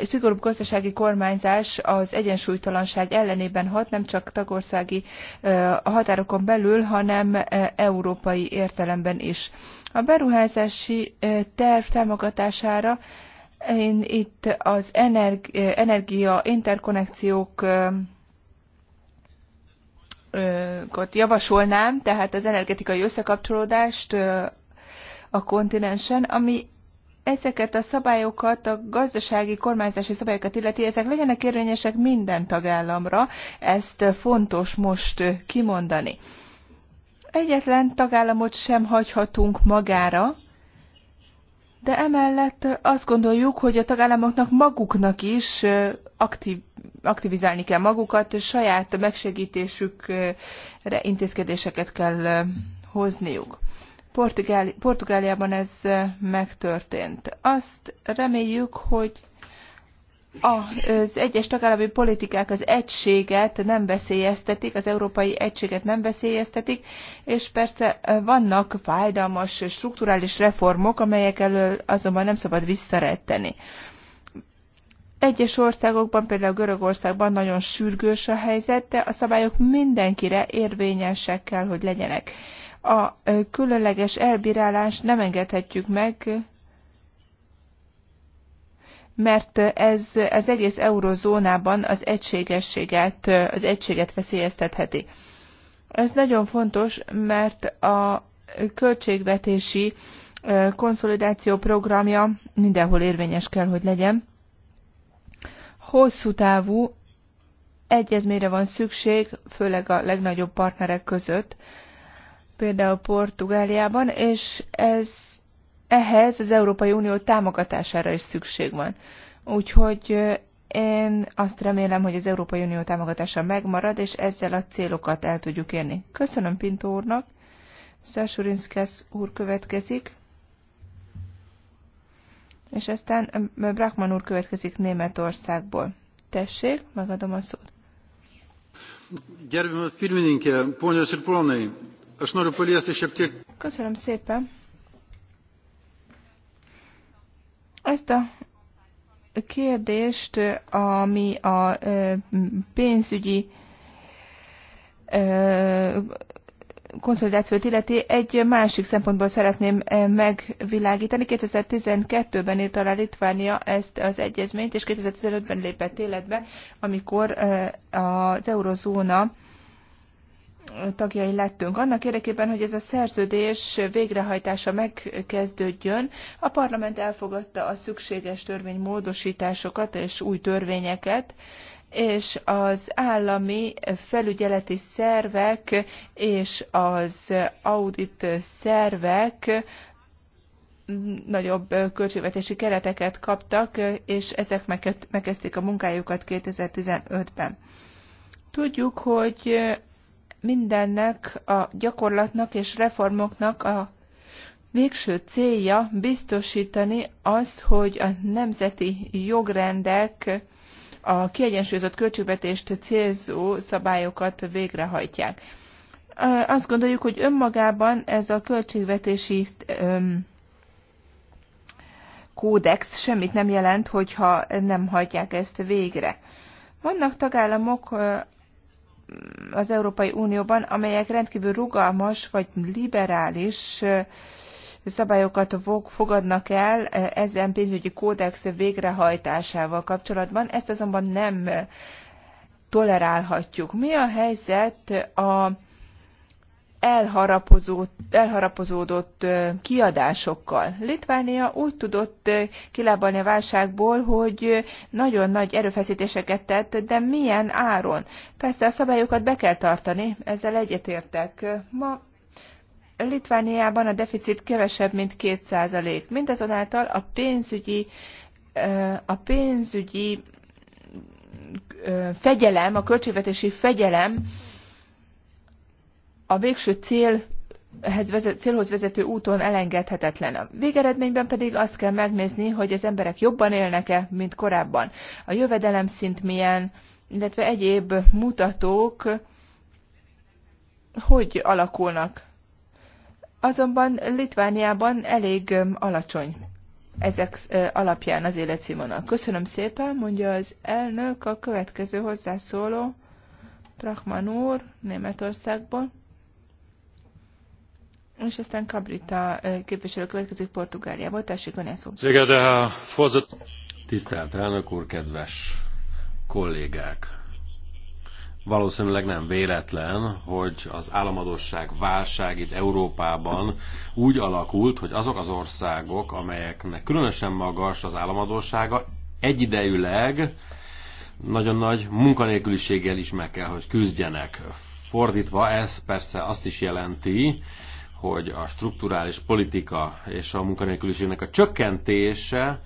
Speaker 2: szigorúbb gazdasági kormányzás az egyensúlytalanság ellenében hat, nem csak tagországi határokon belül, hanem európai értelemben is. A beruházási terv támogatására én itt az energi, energia interkonnekciók javasolnám, tehát az energetikai összekapcsolódást a kontinensen, ami ezeket a szabályokat, a gazdasági kormányzási szabályokat illeti, ezek legyenek érvényesek minden tagállamra, ezt fontos most kimondani. Egyetlen tagállamot sem hagyhatunk magára, de emellett azt gondoljuk, hogy a tagállamoknak maguknak is aktív, aktivizálni kell magukat, és saját megsegítésükre intézkedéseket kell hozniuk. Portugáli, Portugáliában ez megtörtént. Azt reméljük, hogy az egyes tagállami politikák az egységet nem veszélyeztetik, az európai egységet nem veszélyeztetik, és persze vannak fájdalmas strukturális reformok, amelyek elől azonban nem szabad visszaretteni. Egyes országokban, például Görögországban nagyon sürgős a helyzet, de a szabályok mindenkire érvényesek kell, hogy legyenek. A különleges elbírálást nem engedhetjük meg, mert ez az egész eurozónában az egységességet, az egységet veszélyeztetheti. Ez nagyon fontos, mert a költségvetési konszolidáció programja mindenhol érvényes kell, hogy legyen. Hosszú távú egyezményre van szükség, főleg a legnagyobb partnerek között, például Portugáliában, és ez ehhez az Európai Unió támogatására is szükség van. Úgyhogy én azt remélem, hogy az Európai Unió támogatása megmarad, és ezzel a célokat el tudjuk érni. Köszönöm Pintó úrnak. Szásurinszkesz úr következik. És aztán Brakman úr következik Németországból. Tessék, megadom a szót. Köszönöm szépen. Ezt a kérdést, ami a pénzügyi konszolidációt illeti, egy másik szempontból szeretném megvilágítani. 2012-ben írt alá Litvánia ezt az egyezményt, és 2015-ben lépett életbe, amikor az eurozóna tagjai lettünk. Annak érdekében, hogy ez a szerződés végrehajtása megkezdődjön, a parlament elfogadta a szükséges törvénymódosításokat és új törvényeket, és az állami felügyeleti szervek és az audit szervek nagyobb költségvetési kereteket kaptak, és ezek megkezdték a munkájukat 2015-ben. Tudjuk, hogy mindennek a gyakorlatnak és reformoknak a végső célja biztosítani azt, hogy a nemzeti jogrendek a kiegyensúlyozott költségvetést célzó szabályokat végrehajtják. Azt gondoljuk, hogy önmagában ez a költségvetési kódex semmit nem jelent, hogyha nem hajtják ezt végre. Vannak tagállamok, az Európai Unióban, amelyek rendkívül rugalmas vagy liberális szabályokat fogadnak el ezen pénzügyi kódex végrehajtásával kapcsolatban. Ezt azonban nem tolerálhatjuk. Mi a helyzet a elharapozódott, kiadásokkal. Litvánia úgy tudott kilábalni a válságból, hogy nagyon nagy erőfeszítéseket tett, de milyen áron? Persze a szabályokat be kell tartani, ezzel egyetértek. Ma Litvániában a deficit kevesebb, mint 2%. Mindazonáltal a pénzügyi, a pénzügyi fegyelem, a költségvetési fegyelem a végső cél vezet, célhoz vezető úton elengedhetetlen. A végeredményben pedig azt kell megnézni, hogy az emberek jobban élnek-e, mint korábban. A jövedelem szint milyen, illetve egyéb mutatók hogy alakulnak. Azonban Litvániában elég um, alacsony ezek uh, alapján az életszínvonal. Köszönöm szépen, mondja az elnök, a következő hozzászóló, Prachman úr, Németországból. És aztán Cabrita képviselő következik Portugáliából. Tessék, ön szó.
Speaker 1: Tisztelt elnök úr, kedves kollégák! Valószínűleg nem véletlen, hogy az államadosság válság itt Európában úgy alakult, hogy azok az országok, amelyeknek különösen magas az államadossága, egyidejűleg nagyon nagy munkanélküliséggel is meg kell, hogy küzdjenek. Fordítva ez persze azt is jelenti, hogy a strukturális politika és a munkanélküliségnek a csökkentése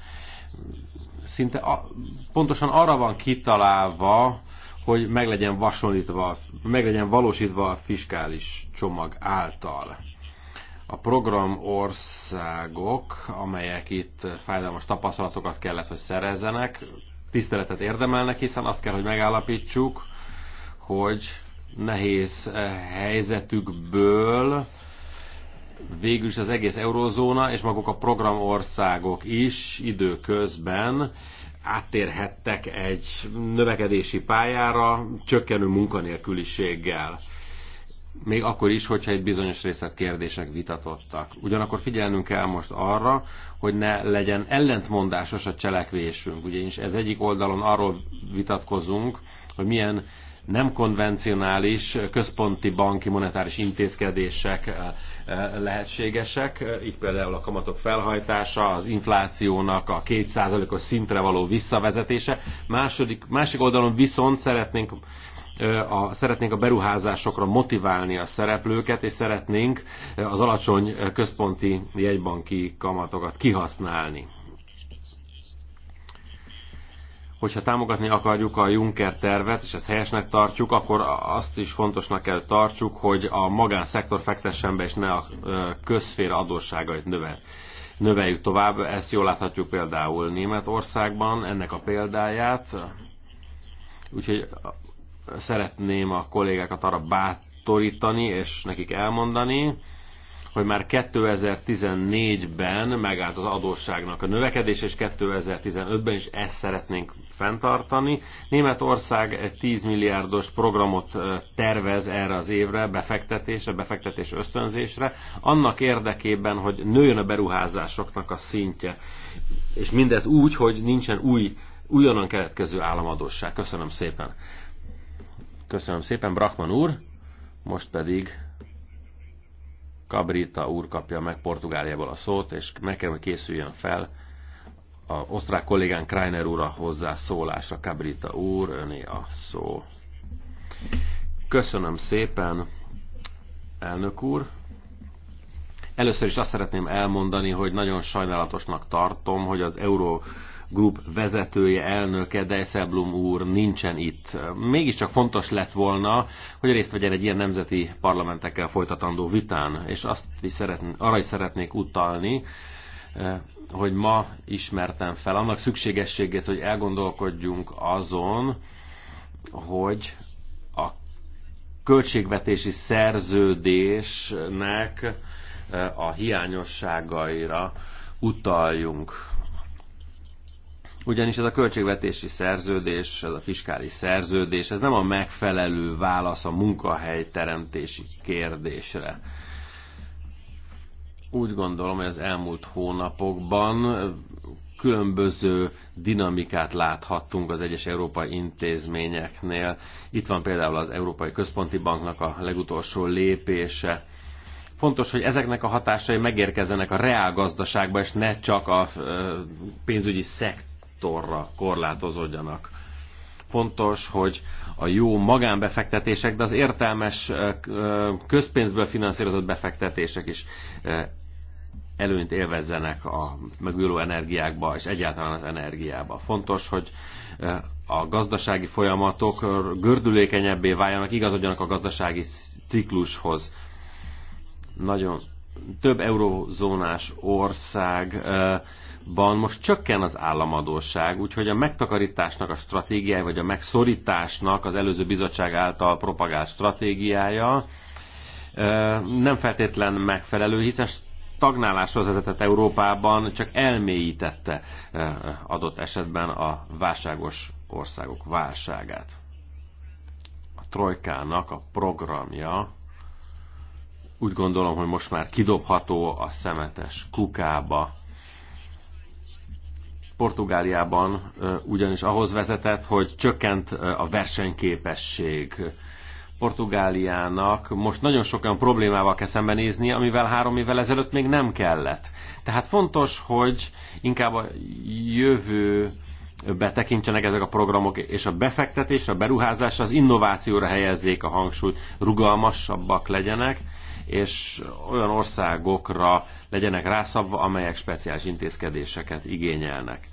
Speaker 1: szinte a, pontosan arra van kitalálva, hogy meg legyen, vasonítva, meg legyen valósítva a fiskális csomag által. A program országok, amelyek itt fájdalmas tapasztalatokat kellett, hogy szerezzenek, tiszteletet érdemelnek, hiszen azt kell, hogy megállapítsuk, hogy nehéz eh, helyzetükből végül is az egész eurozóna és maguk a programországok is időközben áttérhettek egy növekedési pályára csökkenő munkanélküliséggel. Még akkor is, hogyha egy bizonyos részlet kérdések vitatottak. Ugyanakkor figyelnünk kell most arra, hogy ne legyen ellentmondásos a cselekvésünk. Ugyanis ez egyik oldalon arról vitatkozunk, hogy milyen nem konvencionális központi banki monetáris intézkedések eh, eh, lehetségesek, eh, így például a kamatok felhajtása, az inflációnak a 2%-os szintre való visszavezetése. Második, másik oldalon viszont szeretnénk a, szeretnénk a beruházásokra motiválni a szereplőket, és szeretnénk az alacsony központi jegybanki kamatokat kihasználni hogyha támogatni akarjuk a Juncker tervet, és ezt helyesnek tartjuk, akkor azt is fontosnak kell tartsuk, hogy a magánszektor fektessen be, és ne a közszféra adósságait növel. növeljük tovább. Ezt jól láthatjuk például Németországban, ennek a példáját. Úgyhogy szeretném a kollégákat arra bátorítani, és nekik elmondani, hogy már 2014-ben megállt az adósságnak a növekedés, és 2015-ben is ezt szeretnénk fenntartani. Németország egy 10 milliárdos programot tervez erre az évre befektetésre, befektetés ösztönzésre, annak érdekében, hogy nőjön a beruházásoknak a szintje. És mindez úgy, hogy nincsen új, újonnan keletkező államadosság. Köszönöm szépen. Köszönöm szépen, Brachman úr. Most pedig Cabrita úr kapja meg Portugáliából a szót, és kell, hogy készüljön fel a osztrák kollégán Kreiner úr a hozzászólásra. Kabrita úr, öné a szó. Köszönöm szépen, elnök úr. Először is azt szeretném elmondani, hogy nagyon sajnálatosnak tartom, hogy az Euró Group vezetője, elnöke, Dijsselblum úr nincsen itt. Mégiscsak fontos lett volna, hogy részt vegyen egy ilyen nemzeti parlamentekkel folytatandó vitán, és azt is szeretn- arra is szeretnék utalni, hogy ma ismertem fel annak szükségességét, hogy elgondolkodjunk azon, hogy a költségvetési szerződésnek eh, a hiányosságaira utaljunk. Ugyanis ez a költségvetési szerződés, ez a fiskális szerződés, ez nem a megfelelő válasz a munkahelyteremtési kérdésre úgy gondolom, hogy az elmúlt hónapokban különböző dinamikát láthattunk az egyes európai intézményeknél. Itt van például az Európai Központi Banknak a legutolsó lépése. Fontos, hogy ezeknek a hatásai megérkezzenek a reálgazdaságba, és ne csak a pénzügyi szektorra korlátozódjanak. Fontos, hogy a jó magánbefektetések, de az értelmes közpénzből finanszírozott befektetések is előnyt élvezzenek a megújuló energiákba és egyáltalán az energiába. Fontos, hogy eh, a gazdasági folyamatok gördülékenyebbé váljanak, igazodjanak a gazdasági ciklushoz. Nagyon több eurózónás országban eh, most csökken az államadóság, úgyhogy a megtakarításnak a stratégiája, vagy a megszorításnak az előző bizottság által propagált stratégiája eh, nem feltétlen megfelelő, hiszen stagnáláshoz vezetett Európában, csak elmélyítette eh, adott esetben a válságos országok válságát. A trojkának a programja úgy gondolom, hogy most már kidobható a szemetes kukába. Portugáliában eh, ugyanis ahhoz vezetett, hogy csökkent eh, a versenyképesség, Portugáliának most nagyon sok olyan problémával kell szembenézni, amivel három évvel ezelőtt még nem kellett. Tehát fontos, hogy inkább a jövő betekintsenek ezek a programok, és a befektetés, a beruházás, az innovációra helyezzék a hangsúlyt, rugalmasabbak legyenek, és olyan országokra legyenek rászabva, amelyek speciális intézkedéseket igényelnek.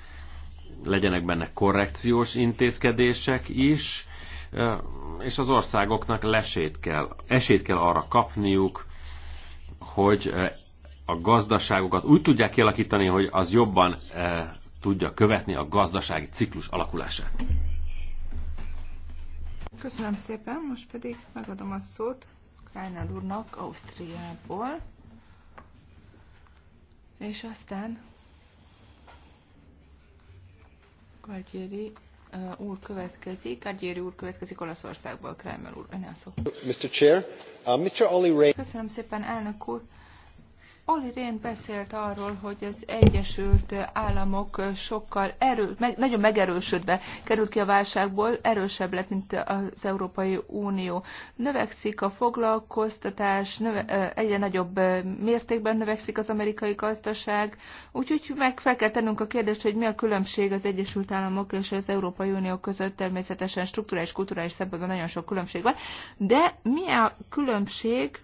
Speaker 1: Legyenek benne korrekciós intézkedések is, és az országoknak lesét kell, esét kell arra kapniuk, hogy a gazdaságokat úgy tudják kialakítani, hogy az jobban tudja követni a gazdasági ciklus alakulását.
Speaker 2: Köszönöm szépen, most pedig megadom a szót Krajnál úrnak Ausztriából, és aztán Galtieri úr következik, Argyéri úr következik Olaszországból, Kramer úr, öne Mr. Chair, uh, Mr. Olli Köszönöm szépen, elnök úr. Oli Rén beszélt arról, hogy az Egyesült Államok sokkal erő, meg, nagyon megerősödve került ki a válságból, erősebb lett, mint az Európai Unió. Növekszik a foglalkoztatás, növe, egyre nagyobb mértékben növekszik az amerikai gazdaság, úgyhogy meg fel kell tennünk a kérdést, hogy mi a különbség az Egyesült Államok és az Európai Unió között. Természetesen strukturális, kulturális szempontból nagyon sok különbség van, de mi a különbség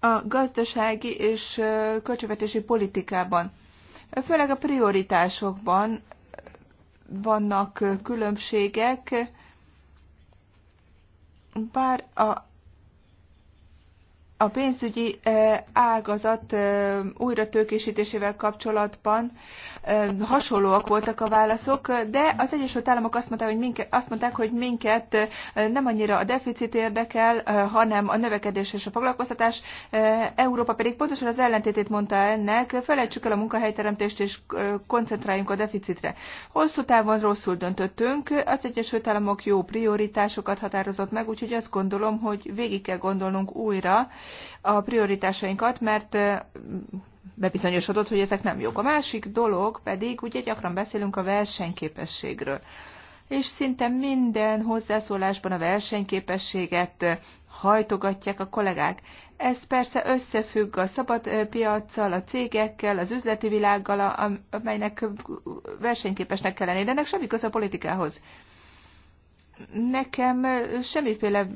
Speaker 2: a gazdasági és költségvetési politikában. Főleg a prioritásokban vannak különbségek, bár a a pénzügyi ágazat újratőkésítésével kapcsolatban hasonlóak voltak a válaszok, de az Egyesült Államok azt mondták, hogy minket, azt mondták, hogy minket nem annyira a deficit érdekel, hanem a növekedés és a foglalkoztatás. Európa pedig pontosan az ellentétét mondta ennek, felejtsük el a munkahelyteremtést és koncentráljunk a deficitre. Hosszú távon rosszul döntöttünk, az Egyesült Államok jó prioritásokat határozott meg, úgyhogy azt gondolom, hogy végig kell gondolnunk újra, a prioritásainkat, mert bebizonyosodott, hogy ezek nem jók. A másik dolog pedig, ugye gyakran beszélünk a versenyképességről, és szinte minden hozzászólásban a versenyképességet hajtogatják a kollégák. Ez persze összefügg a szabad piaccal, a cégekkel, az üzleti világgal, amelynek versenyképesnek kell lenni, de ennek semmi köze a politikához. Nekem semmiféle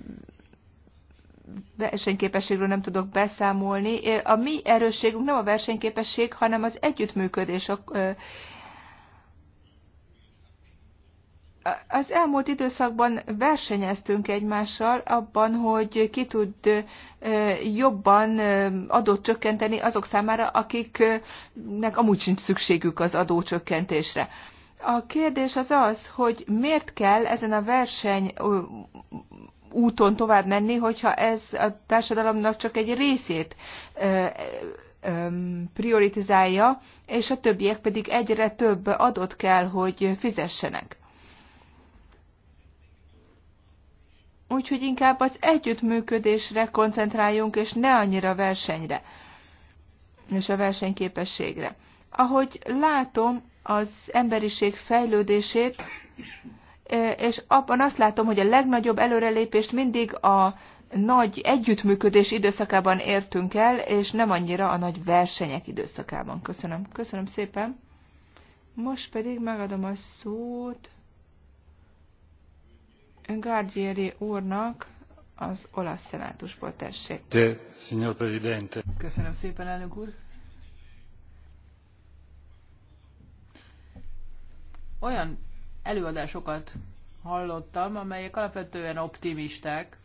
Speaker 2: versenyképességről nem tudok beszámolni. A mi erősségünk nem a versenyképesség, hanem az együttműködés. Az elmúlt időszakban versenyeztünk egymással abban, hogy ki tud jobban adót csökkenteni azok számára, akiknek amúgy sincs szükségük az adócsökkentésre. A kérdés az az, hogy miért kell ezen a verseny úton tovább menni, hogyha ez a társadalomnak csak egy részét prioritizálja, és a többiek pedig egyre több adott kell, hogy fizessenek. Úgyhogy inkább az együttműködésre koncentráljunk, és ne annyira versenyre, és a versenyképességre. Ahogy látom az emberiség fejlődését, és abban azt látom, hogy a legnagyobb előrelépést mindig a nagy együttműködés időszakában értünk el, és nem annyira a nagy versenyek időszakában. Köszönöm. Köszönöm szépen. Most pedig megadom a szót Gardieri úrnak az olasz szenátusból tessék.
Speaker 4: Signor Presidente.
Speaker 2: Köszönöm szépen, elnök úr.
Speaker 3: Olyan előadásokat hallottam, amelyek alapvetően optimisták.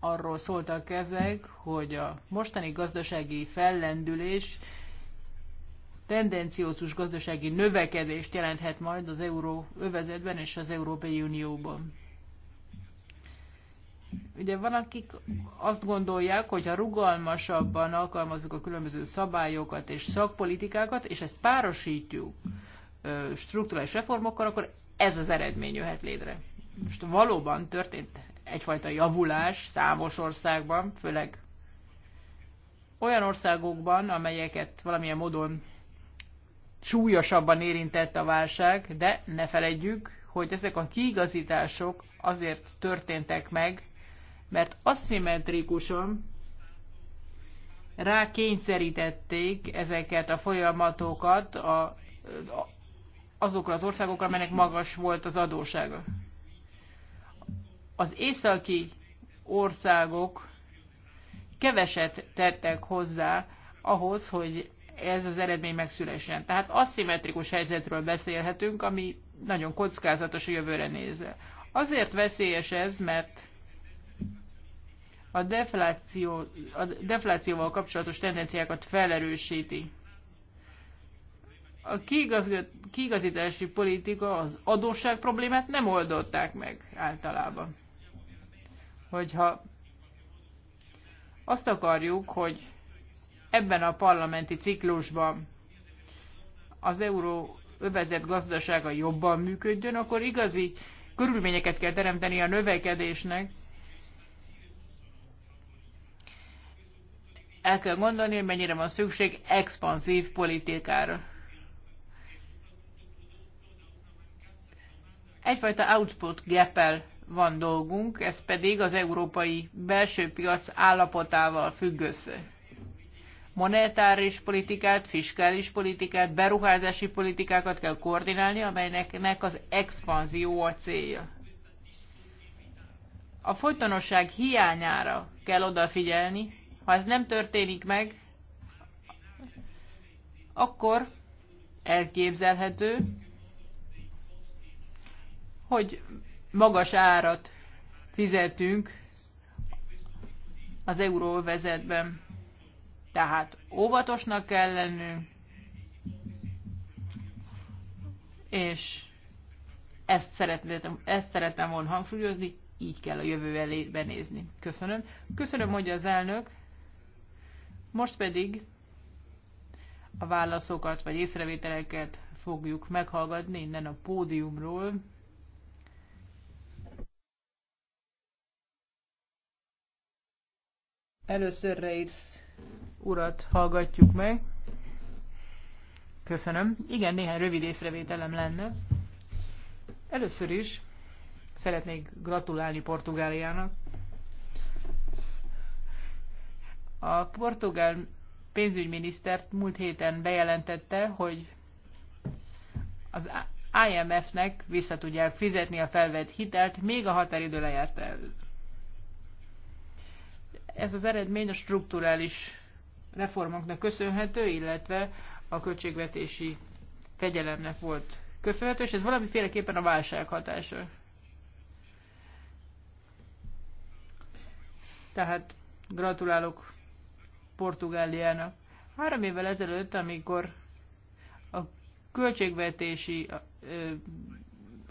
Speaker 3: Arról szóltak ezek, hogy a mostani gazdasági fellendülés tendenciózus gazdasági növekedést jelenthet majd az euró övezetben és az Európai Unióban. Ugye van, akik azt gondolják, hogy ha rugalmasabban alkalmazzuk a különböző szabályokat és szakpolitikákat, és ezt párosítjuk strukturális reformokkal, akkor ez az eredmény jöhet létre. Most valóban történt egyfajta javulás számos országban, főleg olyan országokban, amelyeket valamilyen módon súlyosabban érintett a válság, de ne feledjük, hogy ezek a kiigazítások azért történtek meg, mert aszimmetrikusan rákényszerítették ezeket a folyamatokat a, a azokra az országokra, amelynek magas volt az adósága. Az északi országok keveset tettek hozzá ahhoz, hogy ez az eredmény megszülessen. Tehát aszimmetrikus helyzetről beszélhetünk, ami nagyon kockázatos a jövőre nézve. Azért veszélyes ez, mert a, defláció, a deflációval kapcsolatos tendenciákat felerősíti a kiigazítási politika az adósság problémát nem oldották meg általában. Hogyha azt akarjuk, hogy ebben a parlamenti ciklusban az euró övezet gazdasága jobban működjön, akkor igazi körülményeket kell teremteni a növekedésnek. El kell gondolni, hogy mennyire van szükség expanszív politikára. Egyfajta output gap van dolgunk, ez pedig az európai belső piac állapotával függ össze. Monetáris politikát, fiskális politikát, beruházási politikákat kell koordinálni, amelynek az expanzió a célja. A folytonosság hiányára kell odafigyelni, ha ez nem történik meg, akkor elképzelhető, hogy magas árat fizetünk az euróvezetben. Tehát óvatosnak kell lennünk, és ezt szeretném, ezt szeretném volna hangsúlyozni, így kell a jövő elé benézni. Köszönöm. Köszönöm, hogy az elnök. Most pedig a válaszokat vagy észrevételeket fogjuk meghallgatni innen a pódiumról. Először Reitz urat hallgatjuk meg. Köszönöm. Igen, néhány rövid észrevételem lenne. Először is szeretnék gratulálni Portugáliának. A portugál pénzügyminisztert múlt héten bejelentette, hogy az IMF-nek vissza tudják fizetni a felvett hitelt, még a határidő lejárt előtt. Ez az eredmény a strukturális reformoknak köszönhető, illetve a költségvetési fegyelemnek volt köszönhető, és ez valamiféleképpen a válság hatása. Tehát gratulálok Portugáliának. Három évvel ezelőtt, amikor a költségvetési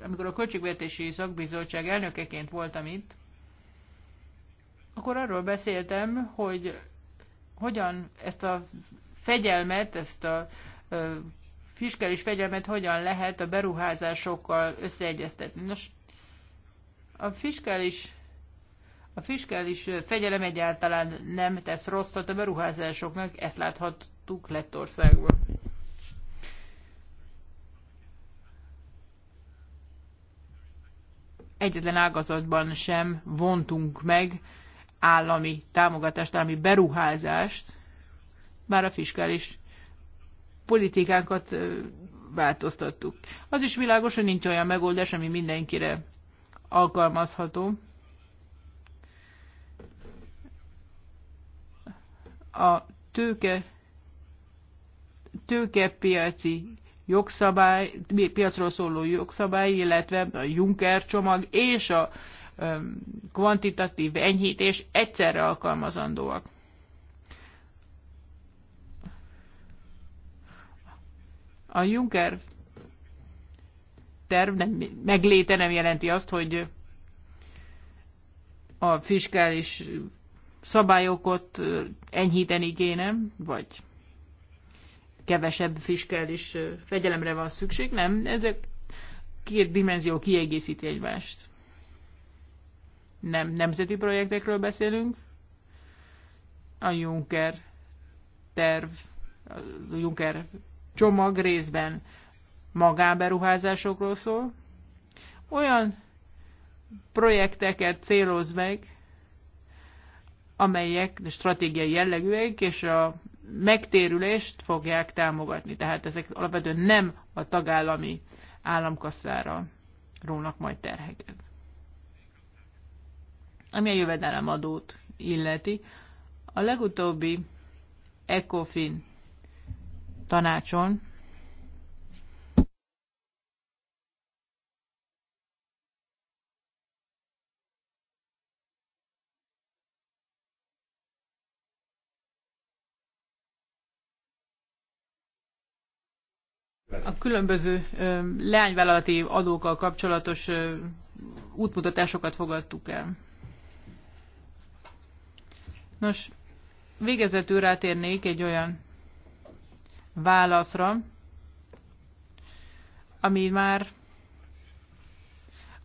Speaker 3: amikor a költségvetési szakbizottság elnökeként voltam itt, akkor arról beszéltem, hogy hogyan ezt a fegyelmet, ezt a fiskális fegyelmet hogyan lehet a beruházásokkal összeegyeztetni. Nos, a fiskális a fiskális fegyelem egyáltalán nem tesz rosszat a beruházásoknak, ezt láthattuk Lettországban. Egyetlen ágazatban sem vontunk meg állami támogatást, állami beruházást, már a fiskális politikánkat változtattuk. Az is világos, hogy nincs olyan megoldás, ami mindenkire alkalmazható. A tőke, tőkepiaci jogszabály, piacról szóló jogszabály, illetve a Juncker csomag és a kvantitatív enyhítés egyszerre alkalmazandóak. A Juncker terv nem, megléte nem jelenti azt, hogy a fiskális szabályokat enyhíteni kéne, vagy kevesebb fiskális fegyelemre van szükség, nem, ezek két dimenzió kiegészíti egymást nem nemzeti projektekről beszélünk. A Juncker terv, a Juncker csomag részben magánberuházásokról szól. Olyan projekteket céloz meg, amelyek stratégiai jellegűek, és a megtérülést fogják támogatni. Tehát ezek alapvetően nem a tagállami államkasszára rónak majd terheket. Ami a jövedelemadót illeti, a legutóbbi ECOFIN tanácson a különböző leányvállalati adókkal kapcsolatos útmutatásokat fogadtuk el. Nos, végezetül rátérnék egy olyan válaszra, ami már,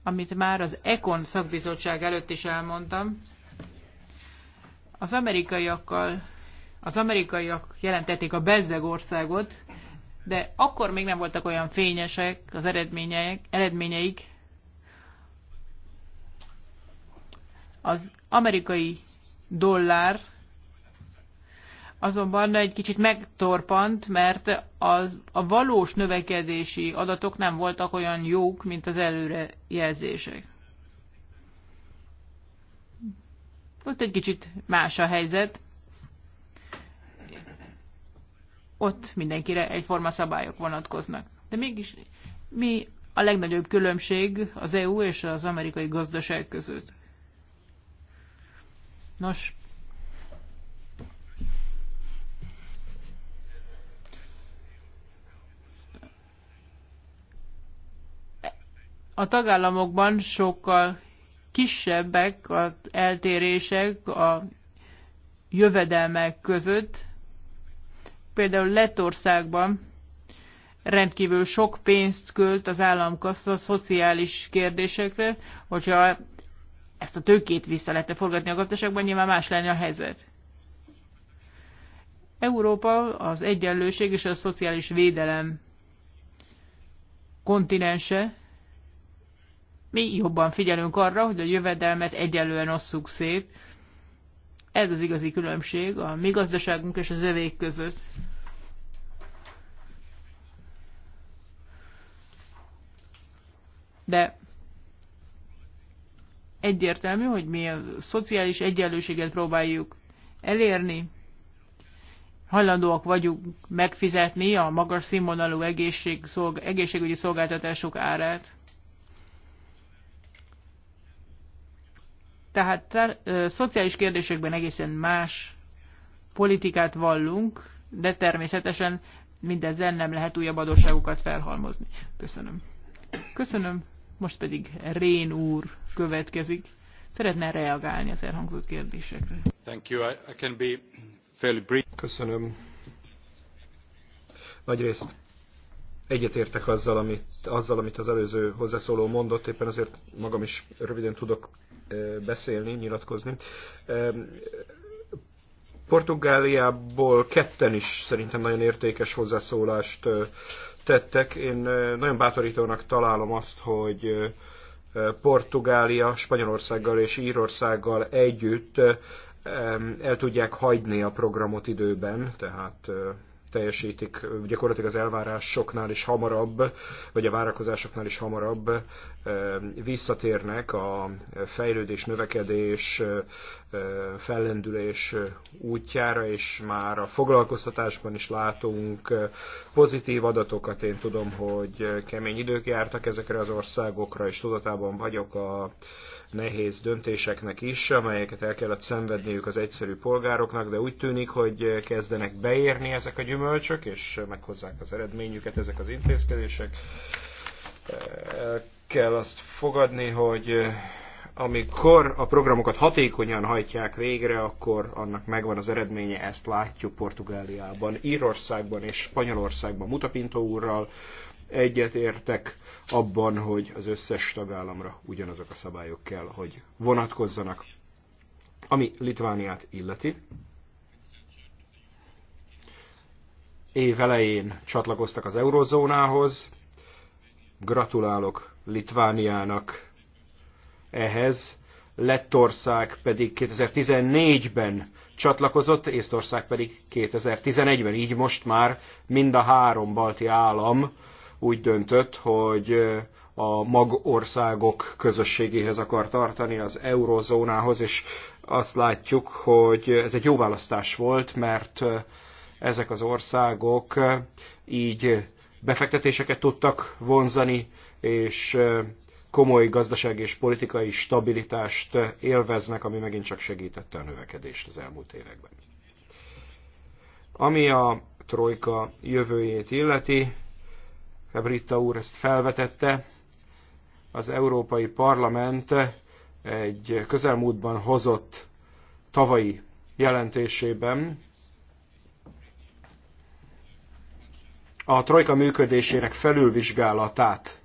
Speaker 3: amit már az Econ szakbizottság előtt is elmondtam. Az amerikaiakkal, az amerikaiak jelentették a bezzeg országot, de akkor még nem voltak olyan fényesek az eredményeik, eredményeik. Az amerikai dollár azonban egy kicsit megtorpant, mert az, a valós növekedési adatok nem voltak olyan jók, mint az előrejelzések. Ott egy kicsit más a helyzet. Ott mindenkire egyforma szabályok vonatkoznak. De mégis mi a legnagyobb különbség az EU és az amerikai gazdaság között? Nos, a tagállamokban sokkal kisebbek az eltérések a jövedelmek között. Például Lettországban rendkívül sok pénzt költ az államkassa szociális kérdésekre, hogyha ezt a tőkét vissza lehetne forgatni a gazdaságban, nyilván más lenne a helyzet. Európa az egyenlőség és a szociális védelem kontinense. Mi jobban figyelünk arra, hogy a jövedelmet egyenlően osszuk szét. Ez az igazi különbség a mi gazdaságunk és az övék között. De egyértelmű, hogy mi a szociális egyenlőséget próbáljuk elérni, hajlandóak vagyunk megfizetni a magas színvonalú egészség, szolg, egészségügyi szolgáltatások árát. Tehát ter, ö, szociális kérdésekben egészen más politikát vallunk, de természetesen mindezzel nem lehet újabb adósságokat
Speaker 1: felhalmozni. Köszönöm.
Speaker 3: Köszönöm. Most pedig Rén úr következik. Szeretne reagálni az elhangzott kérdésekre.
Speaker 1: Thank you. I, can be
Speaker 5: fairly brief. Köszönöm. Nagyrészt egyetértek azzal amit, azzal, amit az előző hozzászóló mondott, éppen azért magam is röviden tudok eh, beszélni, nyilatkozni. Portugáliából ketten is szerintem nagyon értékes hozzászólást eh, tettek. Én nagyon bátorítónak találom azt, hogy Portugália, Spanyolországgal és Írországgal együtt el tudják hagyni a programot időben, tehát teljesítik gyakorlatilag az elvárásoknál is hamarabb, vagy a várakozásoknál is hamarabb visszatérnek a fejlődés, növekedés, fellendülés útjára, és már a foglalkoztatásban is látunk pozitív adatokat. Én tudom, hogy kemény idők jártak ezekre az országokra, és tudatában vagyok a nehéz döntéseknek is, amelyeket el kellett szenvedniük az egyszerű polgároknak, de úgy tűnik, hogy kezdenek beérni ezek a gyümölcsök, és meghozzák az eredményüket ezek az intézkedések. El kell azt fogadni, hogy eh, amikor a programokat hatékonyan hajtják végre, akkor annak megvan az eredménye, ezt látjuk Portugáliában, Írországban és Spanyolországban Mutapinto úrral egyet értek abban, hogy az összes tagállamra ugyanazok a szabályok kell, hogy vonatkozzanak. Ami Litvániát illeti, év elején csatlakoztak az eurozónához. Gratulálok Litvániának ehhez. Lettország pedig 2014-ben csatlakozott, Észtország pedig 2011-ben. Így most már mind a három balti állam úgy döntött, hogy a magországok közösségéhez akar tartani, az eurozónához, és azt látjuk, hogy ez egy jó választás volt, mert ezek az országok így befektetéseket tudtak vonzani, és komoly gazdasági és politikai stabilitást élveznek, ami megint csak segítette a növekedést az elmúlt években. Ami a trojka jövőjét illeti, Britta úr ezt felvetette, az Európai Parlament egy közelmúltban hozott tavalyi jelentésében a trojka működésének felülvizsgálatát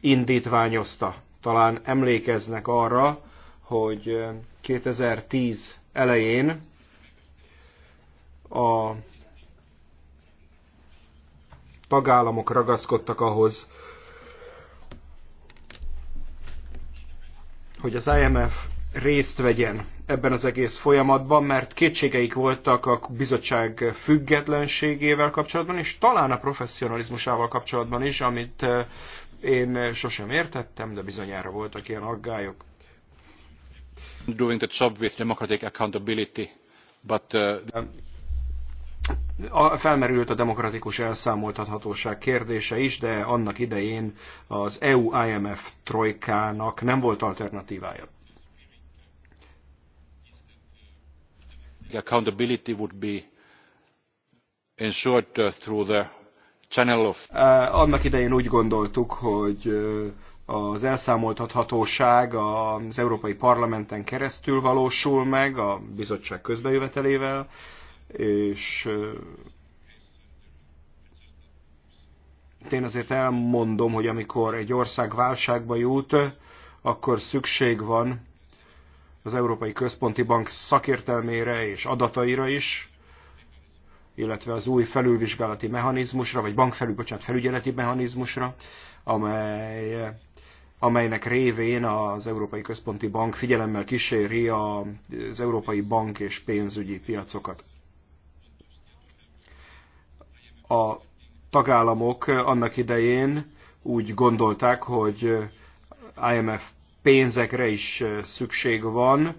Speaker 5: indítványozta. Talán emlékeznek arra, hogy 2010 elején a tagállamok ragaszkodtak ahhoz, hogy az IMF részt vegyen ebben az egész folyamatban, mert kétségeik voltak a bizottság függetlenségével kapcsolatban, és talán a professzionalizmusával kapcsolatban is, amit eh, én sosem értettem, de bizonyára voltak ilyen aggályok.
Speaker 1: Doing the job with democratic accountability, but, uh
Speaker 5: a, felmerült a demokratikus elszámoltathatóság kérdése is, de annak idején az EU-IMF trojkának nem volt
Speaker 1: alternatívája. The accountability would be ensured uh, through the channel
Speaker 5: of... E, annak idején úgy gondoltuk, hogy az elszámoltathatóság az Európai Parlamenten keresztül valósul meg, a bizottság közbejövetelével, és én azért elmondom, hogy amikor egy ország válságba jut, akkor szükség van az Európai Központi Bank szakértelmére és adataira is, illetve az új felülvizsgálati mechanizmusra, vagy bankfelül, bocsánat, felügyeleti mechanizmusra, amely, amelynek révén az Európai Központi Bank figyelemmel kíséri az európai bank és pénzügyi piacokat a tagállamok annak idején úgy gondolták, hogy IMF pénzekre is szükség van,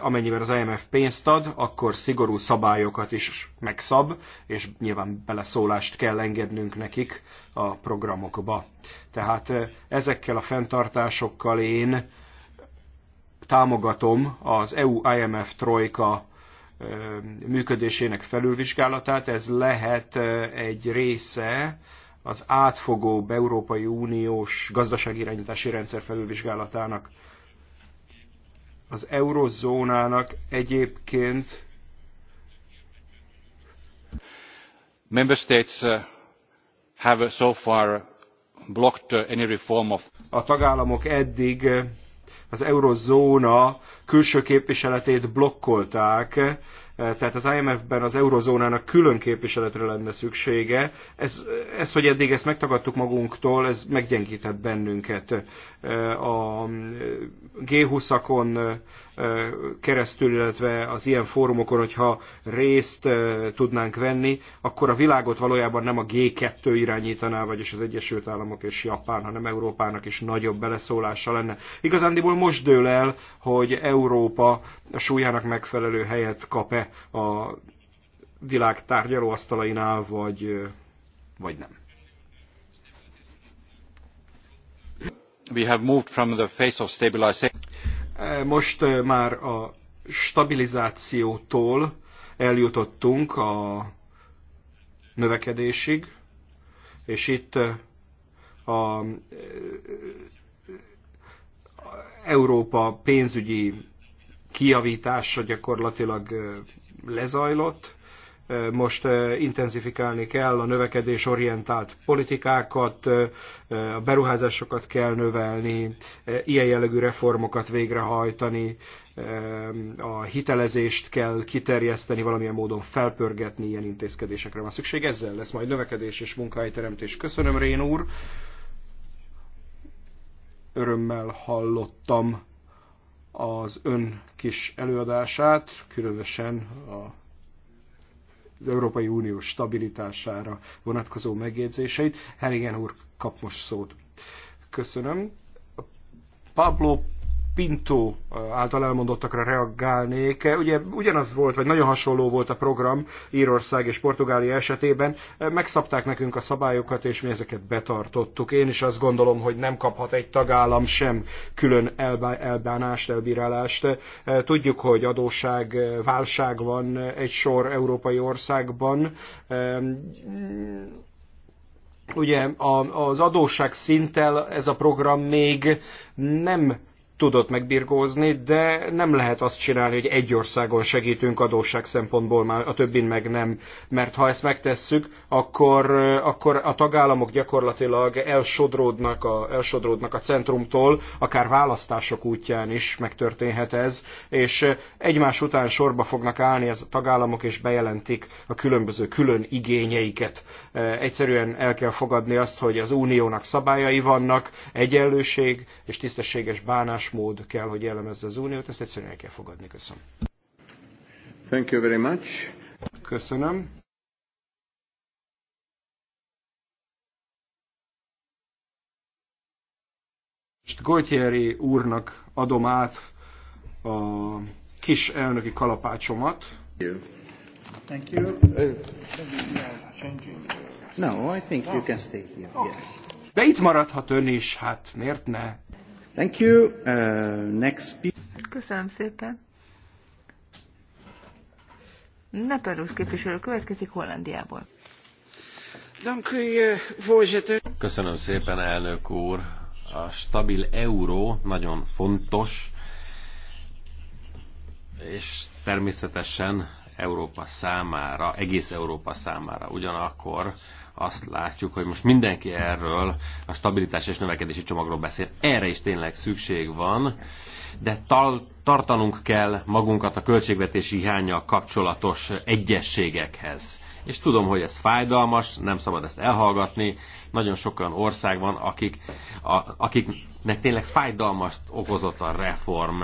Speaker 5: amennyiben az IMF pénzt ad, akkor szigorú szabályokat is megszab, és nyilván beleszólást kell engednünk nekik a programokba. Tehát eh, ezekkel a fenntartásokkal én támogatom az EU-IMF trojka működésének felülvizsgálatát. Ez lehet egy része az átfogó Európai Uniós gazdaságirányítási rendszer felülvizsgálatának. Az eurozónának egyébként
Speaker 1: Member States uh, have so far blocked uh, any reform of
Speaker 5: a tagállamok eddig az eurozóna külső képviseletét blokkolták, tehát az IMF-ben az eurozónának külön képviseletre lenne szüksége. Ez, ez, hogy eddig ezt megtagadtuk magunktól, ez meggyengített bennünket. A G20-akon keresztül, illetve az ilyen fórumokon, hogyha részt tudnánk venni, akkor a világot valójában nem a G2 irányítaná, vagyis az Egyesült Államok és Japán, hanem Európának is nagyobb beleszólása lenne. Igazándiból most dől el, hogy Európa a súlyának megfelelő helyet kap-e a világ tárgyalóasztalainál, vagy, vagy nem. We have moved from the face of stabilization. E, most e, már a stabilizációtól eljutottunk a növekedésig, és itt e, a Európa pénzügyi kiavítása gyakorlatilag lezajlott. Most intenzifikálni kell a növekedés orientált politikákat, a beruházásokat kell növelni, ilyen jellegű reformokat végrehajtani, a hitelezést kell kiterjeszteni, valamilyen módon felpörgetni, ilyen intézkedésekre van szükség. Ezzel lesz majd növekedés és munkahelyteremtés. Köszönöm, Rén úr! Örömmel hallottam az ön kis előadását, különösen a az Európai Unió stabilitására vonatkozó megjegyzéseit. Herigen úr kap most szót. Köszönöm. Pablo Pintó által elmondottakra reagálnék. Ugye ugyanaz volt, vagy nagyon hasonló volt a program Írország és Portugália esetében. Megszabták nekünk a szabályokat, és mi ezeket betartottuk. Én is azt gondolom, hogy nem kaphat egy tagállam sem külön elbánást, elbírálást. Tudjuk, hogy adóság válság van egy sor európai országban ugye az adóság szinttel ez a program még nem tudott megbirgózni, de nem lehet azt csinálni, hogy egy országon segítünk adósság szempontból, már a többin meg nem. Mert ha ezt megtesszük, akkor, akkor a tagállamok gyakorlatilag elsodródnak a, elsodródnak a centrumtól, akár választások útján is megtörténhet ez, és egymás után sorba fognak állni ez a tagállamok, és bejelentik a különböző külön igényeiket Egyszerűen el kell fogadni azt, hogy az uniónak szabályai vannak, egyenlőség és tisztességes bánásmód kell, hogy jellemezze az uniót, ezt egyszerűen el kell fogadni. Köszönöm. Thank you very much. Köszönöm. Most Goltieri úrnak adom át a kis elnöki kalapácsomat.
Speaker 4: Thank you. Thank you. Uh, No, I think you can
Speaker 5: stay here. Yes. De itt maradhat ön is, hát miért ne?
Speaker 6: Thank you. Uh, next
Speaker 2: Köszönöm szépen. Neperus képviselő következik Hollandiából. Eh,
Speaker 1: Köszönöm szépen, elnök úr. A stabil euró nagyon fontos, és természetesen Európa számára, egész Európa számára. Ugyanakkor azt látjuk, hogy most mindenki erről a stabilitás és növekedési csomagról beszél. Erre is tényleg szükség van, de tal- tartanunk kell magunkat a költségvetési hiányjal kapcsolatos egyességekhez. És tudom, hogy ez fájdalmas, nem szabad ezt elhallgatni. Nagyon sok olyan ország van, akik, a, akiknek tényleg fájdalmat okozott a reform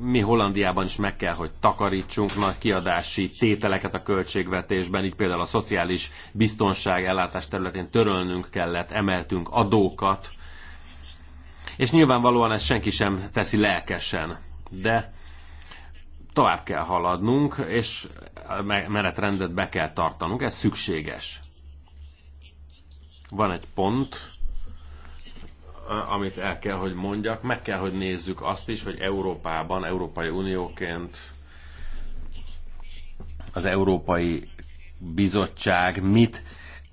Speaker 1: mi Hollandiában is meg kell, hogy takarítsunk nagy kiadási tételeket a költségvetésben, így például a szociális biztonság ellátás területén törölnünk kellett, emeltünk adókat, és nyilvánvalóan ezt senki sem teszi lelkesen, de tovább kell haladnunk, és menetrendet be kell tartanunk, ez szükséges. Van egy pont, amit el kell, hogy mondjak. Meg kell, hogy nézzük azt is, hogy Európában, Európai Unióként az Európai Bizottság mit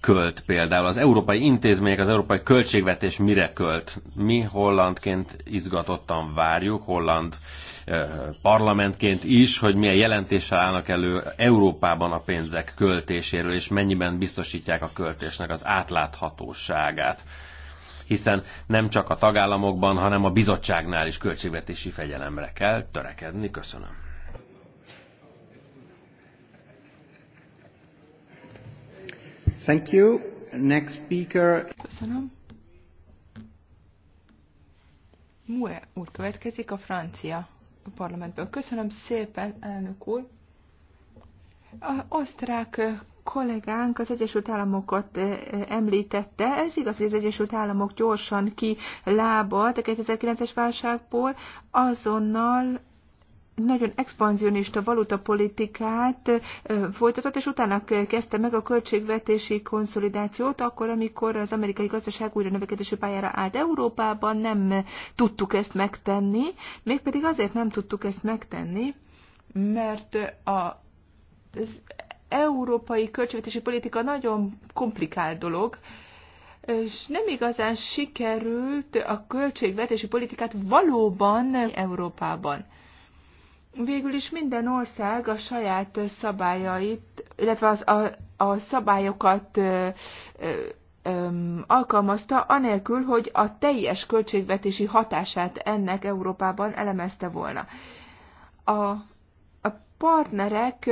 Speaker 1: költ például? Az európai intézmények, az európai költségvetés mire költ? Mi hollandként izgatottan várjuk, holland eh, parlamentként is, hogy milyen jelentéssel állnak elő Európában a pénzek költéséről, és mennyiben biztosítják a költésnek az átláthatóságát hiszen nem csak a tagállamokban, hanem a bizottságnál is költségvetési fegyelemre kell törekedni. Köszönöm.
Speaker 6: Thank you. Next speaker.
Speaker 2: Köszönöm. Mue úr következik a francia parlamentből. Köszönöm szépen, elnök úr. A osztrák kollégánk az Egyesült Államokat említette. Ez igaz, hogy az Egyesült Államok gyorsan kilábalt a 2009-es válságból, azonnal nagyon expanzionista valutapolitikát folytatott, és utána kezdte meg a költségvetési konszolidációt, akkor, amikor az amerikai gazdaság újra növekedési pályára állt Európában, nem tudtuk ezt megtenni, mégpedig azért nem tudtuk ezt megtenni, mert a, az európai költségvetési politika nagyon komplikált dolog, és nem igazán sikerült a költségvetési politikát valóban Európában. Végül is minden ország a saját szabályait, illetve az, a, a szabályokat ö, ö, ö, alkalmazta, anélkül, hogy a teljes költségvetési hatását ennek Európában elemezte volna. A, a partnerek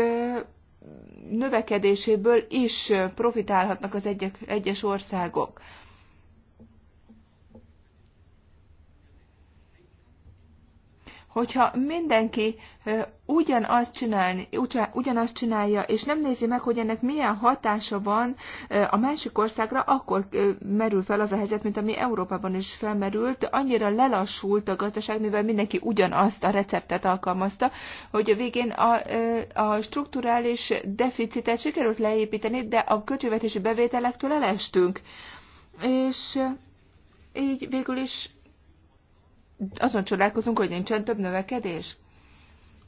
Speaker 2: növekedéséből is profitálhatnak az egyes országok. hogyha mindenki ugyanazt, csinálni, ugyanazt csinálja, és nem nézi meg, hogy ennek milyen hatása van a másik országra, akkor merül fel az a helyzet, mint ami Európában is felmerült. Annyira lelassult a gazdaság, mivel mindenki ugyanazt a receptet alkalmazta, hogy a végén a, a strukturális deficitet sikerült leépíteni, de a költségvetési bevételektől elestünk. És így végül is azon csodálkozunk, hogy nincsen több növekedés,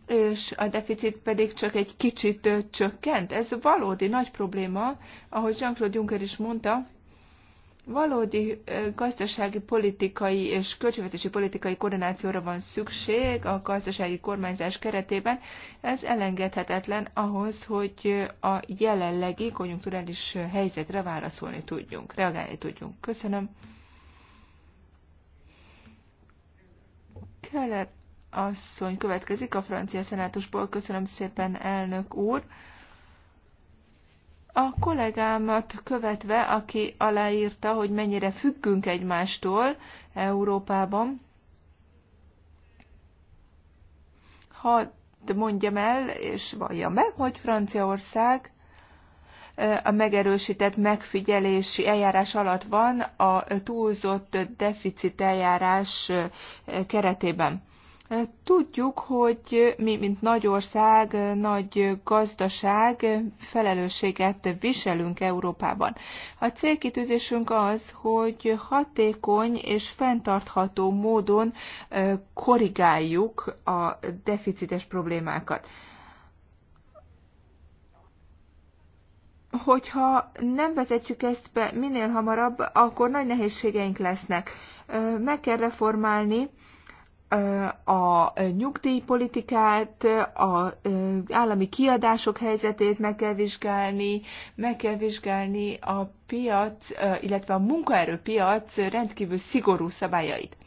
Speaker 2: és a deficit pedig csak egy kicsit csökkent. Ez valódi nagy probléma, ahogy Jean-Claude Juncker is mondta, valódi gazdasági, politikai és költségvetési politikai koordinációra van szükség a gazdasági kormányzás keretében. Ez elengedhetetlen ahhoz, hogy a jelenlegi konjunkturális helyzetre válaszolni tudjunk, reagálni tudjunk. Köszönöm. Keller asszony következik a francia szenátusból. Köszönöm szépen, elnök úr. A kollégámat követve, aki aláírta, hogy mennyire függünk egymástól Európában, hadd mondjam el, és valljam meg, hogy Franciaország a megerősített megfigyelési eljárás alatt van a túlzott deficit eljárás keretében. Tudjuk, hogy mi, mint nagy ország, nagy gazdaság felelősséget viselünk Európában. A célkitűzésünk az, hogy hatékony és fenntartható módon korrigáljuk a deficites problémákat. hogyha nem vezetjük ezt be minél hamarabb, akkor nagy nehézségeink lesznek. Meg kell reformálni a nyugdíjpolitikát, az állami kiadások helyzetét meg kell vizsgálni, meg kell vizsgálni a piac, illetve a munkaerőpiac rendkívül szigorú szabályait.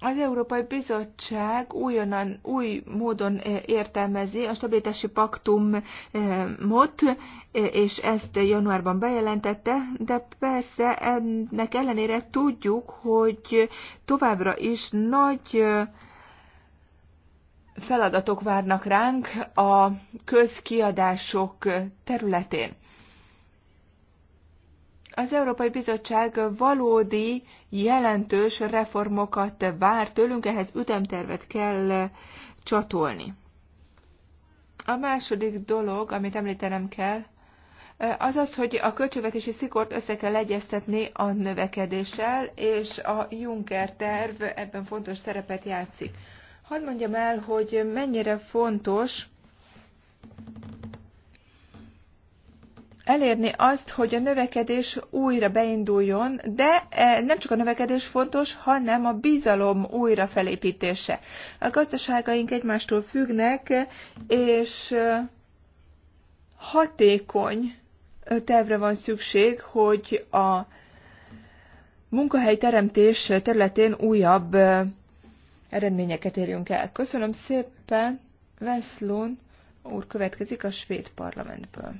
Speaker 2: Az Európai Bizottság újonnan, új módon eh, értelmezi a stabilitási paktumot, eh, és ezt januárban bejelentette, de persze ennek ellenére tudjuk, hogy továbbra is nagy eh, feladatok várnak ránk a közkiadások területén. Az Európai Bizottság valódi, jelentős reformokat vár tőlünk, ehhez ütemtervet kell csatolni. A második dolog, amit említenem kell, az az, hogy a költségvetési szikort össze kell egyeztetni a növekedéssel, és a Juncker terv ebben fontos szerepet játszik. Hadd mondjam el, hogy mennyire fontos elérni azt, hogy a növekedés újra beinduljon, de e, nem csak a növekedés fontos, hanem a bizalom újra felépítése. A gazdaságaink egymástól függnek, és e, hatékony e, tervre van szükség, hogy a munkahely teremtés területén újabb eredményeket érjünk el. Köszönöm szépen, Veszlón úr következik a svéd parlamentből.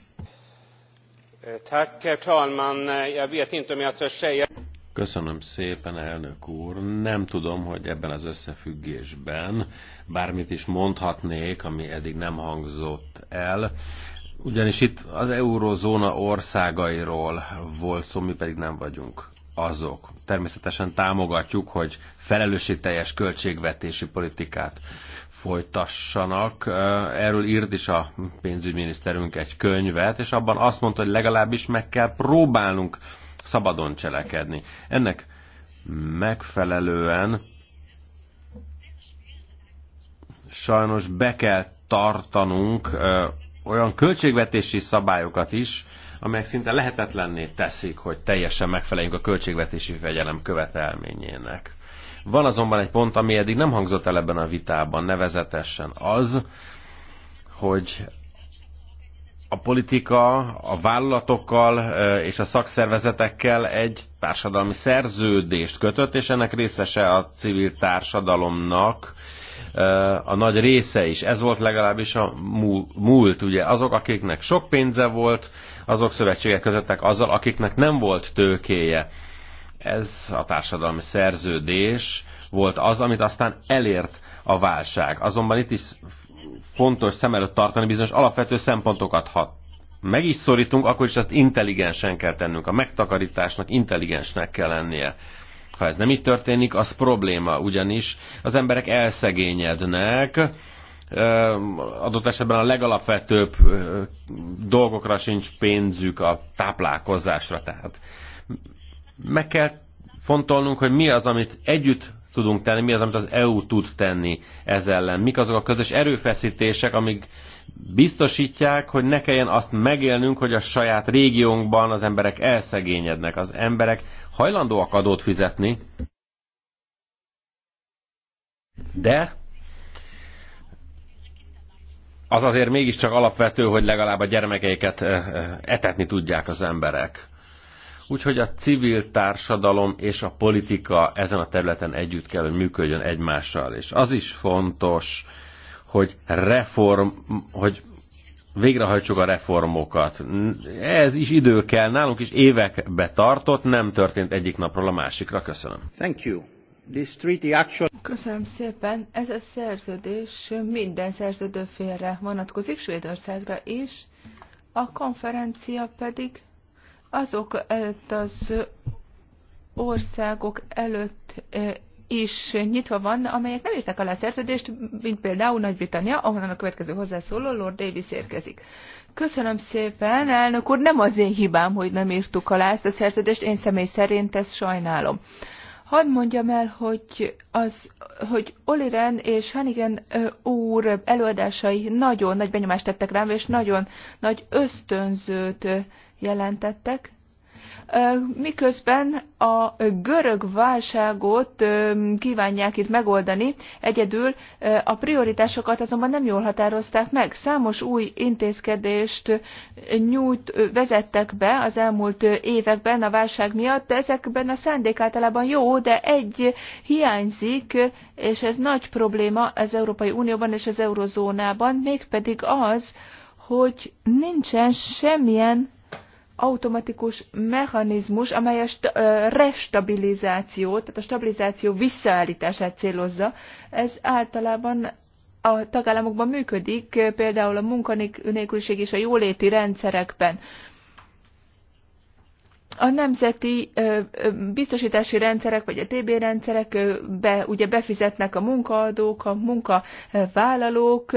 Speaker 1: Köszönöm szépen, elnök úr. Nem tudom, hogy ebben az összefüggésben bármit is mondhatnék, ami eddig nem hangzott el. Ugyanis itt az eurozóna országairól volt szó, mi pedig nem vagyunk azok. Természetesen támogatjuk, hogy felelősségteljes költségvetési politikát folytassanak. Erről írt is a pénzügyminiszterünk egy könyvet, és abban azt mondta, hogy legalábbis meg kell próbálnunk szabadon cselekedni. Ennek megfelelően sajnos be kell tartanunk olyan költségvetési szabályokat is, amelyek szinte lehetetlenné teszik, hogy teljesen megfeleljünk a költségvetési fegyelem követelményének. Van azonban egy pont, ami eddig nem hangzott el ebben a vitában, nevezetesen az, hogy a politika a vállalatokkal és a szakszervezetekkel egy társadalmi szerződést kötött, és ennek részese a civil társadalomnak a nagy része is. Ez volt legalábbis a múlt, ugye azok, akiknek sok pénze volt, azok szövetségek kötöttek azzal, akiknek nem volt tőkéje ez a társadalmi szerződés volt az, amit aztán elért a válság. Azonban itt is fontos szem előtt tartani bizonyos alapvető szempontokat. Ha meg is szorítunk, akkor is ezt intelligensen kell tennünk. A megtakarításnak intelligensnek kell lennie. Ha ez nem így történik, az probléma, ugyanis az emberek elszegényednek, adott esetben a legalapvetőbb dolgokra sincs pénzük a táplálkozásra. Tehát meg kell fontolnunk, hogy mi az, amit együtt tudunk tenni, mi az, amit az EU tud tenni ez ellen. Mik azok a közös erőfeszítések, amik biztosítják, hogy ne kelljen azt megélnünk, hogy a saját régiónkban az emberek elszegényednek, az emberek hajlandóak adót fizetni, de az azért mégiscsak alapvető, hogy legalább a gyermekeiket eh, eh, etetni tudják az emberek. Úgyhogy a civil társadalom és a politika ezen a területen együtt kell, hogy működjön egymással. És az is fontos, hogy reform, hogy végrehajtsuk a reformokat. Ez is idő kell, nálunk is évekbe tartott, nem történt egyik napról a másikra. Köszönöm.
Speaker 6: Thank you. This treaty action...
Speaker 2: Köszönöm szépen. Ez a szerződés minden szerződő félre vonatkozik, Svédországra is, a konferencia pedig azok előtt az országok előtt is nyitva van, amelyek nem írtak alá a szerződést, mint például Nagy-Britannia, ahonnan a következő hozzászóló Lord Davis érkezik. Köszönöm szépen, elnök úr, nem az én hibám, hogy nem írtuk alá ezt a szerződést, én személy szerint ezt sajnálom. Hadd mondjam el, hogy, az, hogy Oliren és Hanigen úr előadásai nagyon nagy benyomást tettek rám, és nagyon nagy ösztönzőt jelentettek, miközben a görög válságot kívánják itt megoldani, egyedül a prioritásokat azonban nem jól határozták meg. Számos új intézkedést nyújt, vezettek be az elmúlt években a válság miatt, ezekben a szándék általában jó, de egy hiányzik, és ez nagy probléma az Európai Unióban és az Eurozónában, mégpedig az, hogy nincsen semmilyen automatikus mechanizmus, amely a st- restabilizációt, tehát a stabilizáció visszaállítását célozza. Ez általában a tagállamokban működik, például a munkanélküliség és a jóléti rendszerekben. A nemzeti biztosítási rendszerek, vagy a TB rendszerek be, ugye befizetnek a munkaadók, a munkavállalók,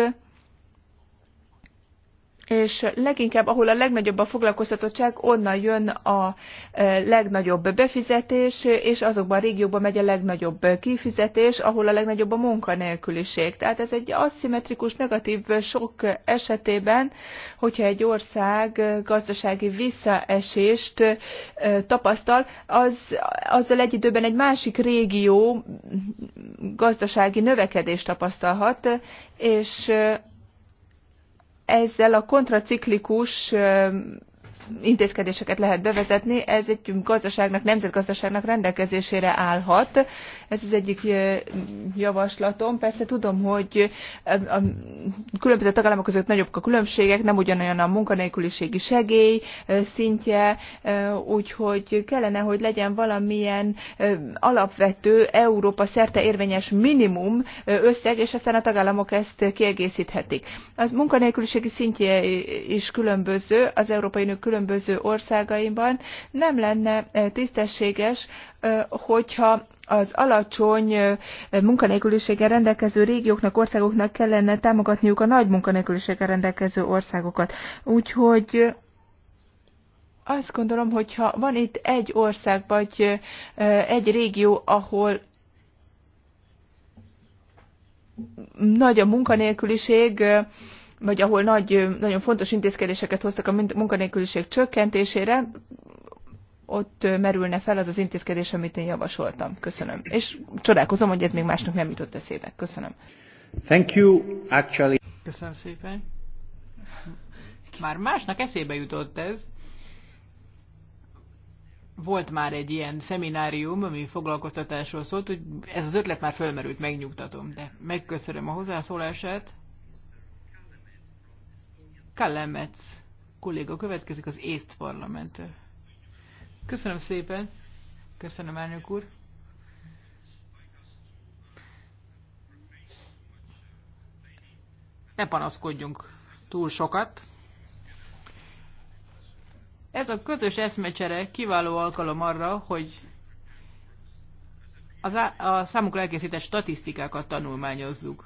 Speaker 2: és leginkább, ahol a legnagyobb a foglalkoztatottság, onnan jön a e, legnagyobb befizetés, és azokban a régiókban megy a legnagyobb kifizetés, ahol a legnagyobb a munkanélküliség. Tehát ez egy aszimmetrikus negatív sok esetében, hogyha egy ország gazdasági visszaesést e, tapasztal, az, azzal egy időben egy másik régió gazdasági növekedést tapasztalhat, és ezzel a kontraciklikus intézkedéseket lehet bevezetni, ez egy gazdaságnak, nemzetgazdaságnak rendelkezésére állhat, ez az egyik javaslatom. Persze tudom, hogy a különböző tagállamok között nagyobbak a különbségek, nem ugyanolyan a munkanélküliségi segély szintje, úgyhogy kellene, hogy legyen valamilyen alapvető Európa szerte érvényes minimum összeg, és aztán a tagállamok ezt kiegészíthetik. Az munkanélküliségi szintje is különböző az európai nők különböző országaiban. Nem lenne tisztességes, hogyha az alacsony munkanélküliséggel rendelkező régióknak, országoknak kellene támogatniuk a nagy munkanélküliséggel rendelkező országokat. Úgyhogy azt gondolom, hogyha van itt egy ország vagy egy régió, ahol nagy a munkanélküliség, vagy ahol nagy, nagyon fontos intézkedéseket hoztak a munkanélküliség csökkentésére, ott merülne fel az az intézkedés, amit én javasoltam. Köszönöm. És csodálkozom, hogy ez még másnak nem jutott eszébe. Köszönöm.
Speaker 6: Thank you, actually. Köszönöm
Speaker 3: szépen. Már másnak eszébe jutott ez. Volt már egy ilyen szeminárium, ami foglalkoztatásról szólt, hogy ez az ötlet már fölmerült, megnyugtatom, de megköszönöm a hozzászólását. Kallemetsz kolléga következik az észt parlamenttől. Köszönöm szépen. Köszönöm, elnök úr. Ne panaszkodjunk túl sokat. Ez a közös eszmecsere kiváló alkalom arra, hogy az a számukra elkészített statisztikákat tanulmányozzuk.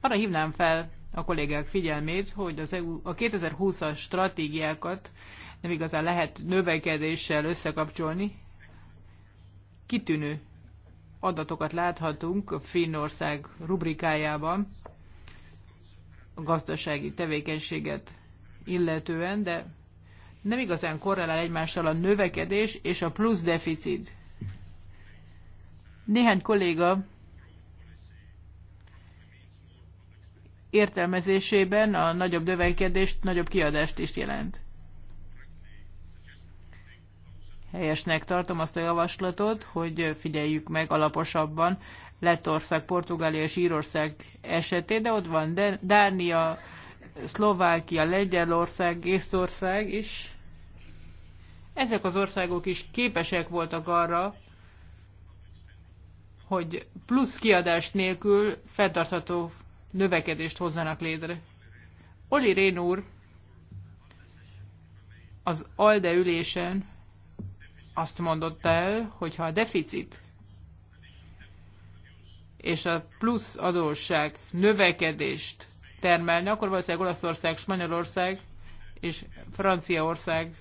Speaker 3: Arra hívnám fel a kollégák figyelmét, hogy az EU a 2020-as stratégiákat nem igazán lehet növekedéssel összekapcsolni. Kitűnő adatokat láthatunk a Finnország rubrikájában a gazdasági tevékenységet illetően, de nem igazán korrelál egymással a növekedés és a plusz deficit. Néhány kolléga értelmezésében a nagyobb növekedést nagyobb kiadást is jelent helyesnek tartom azt a javaslatot, hogy figyeljük meg alaposabban Lettország, Portugália és Írország esetét, de ott van de Dánia, Szlovákia, Lengyelország, Észtország is. Ezek az országok is képesek voltak arra, hogy plusz kiadást nélkül fenntartható növekedést hozzanak létre. Oli Rén úr az ALDE ülésen azt mondotta el, hogy ha a deficit és a plusz adósság növekedést termelne, akkor valószínűleg Olaszország, Spanyolország és Franciaország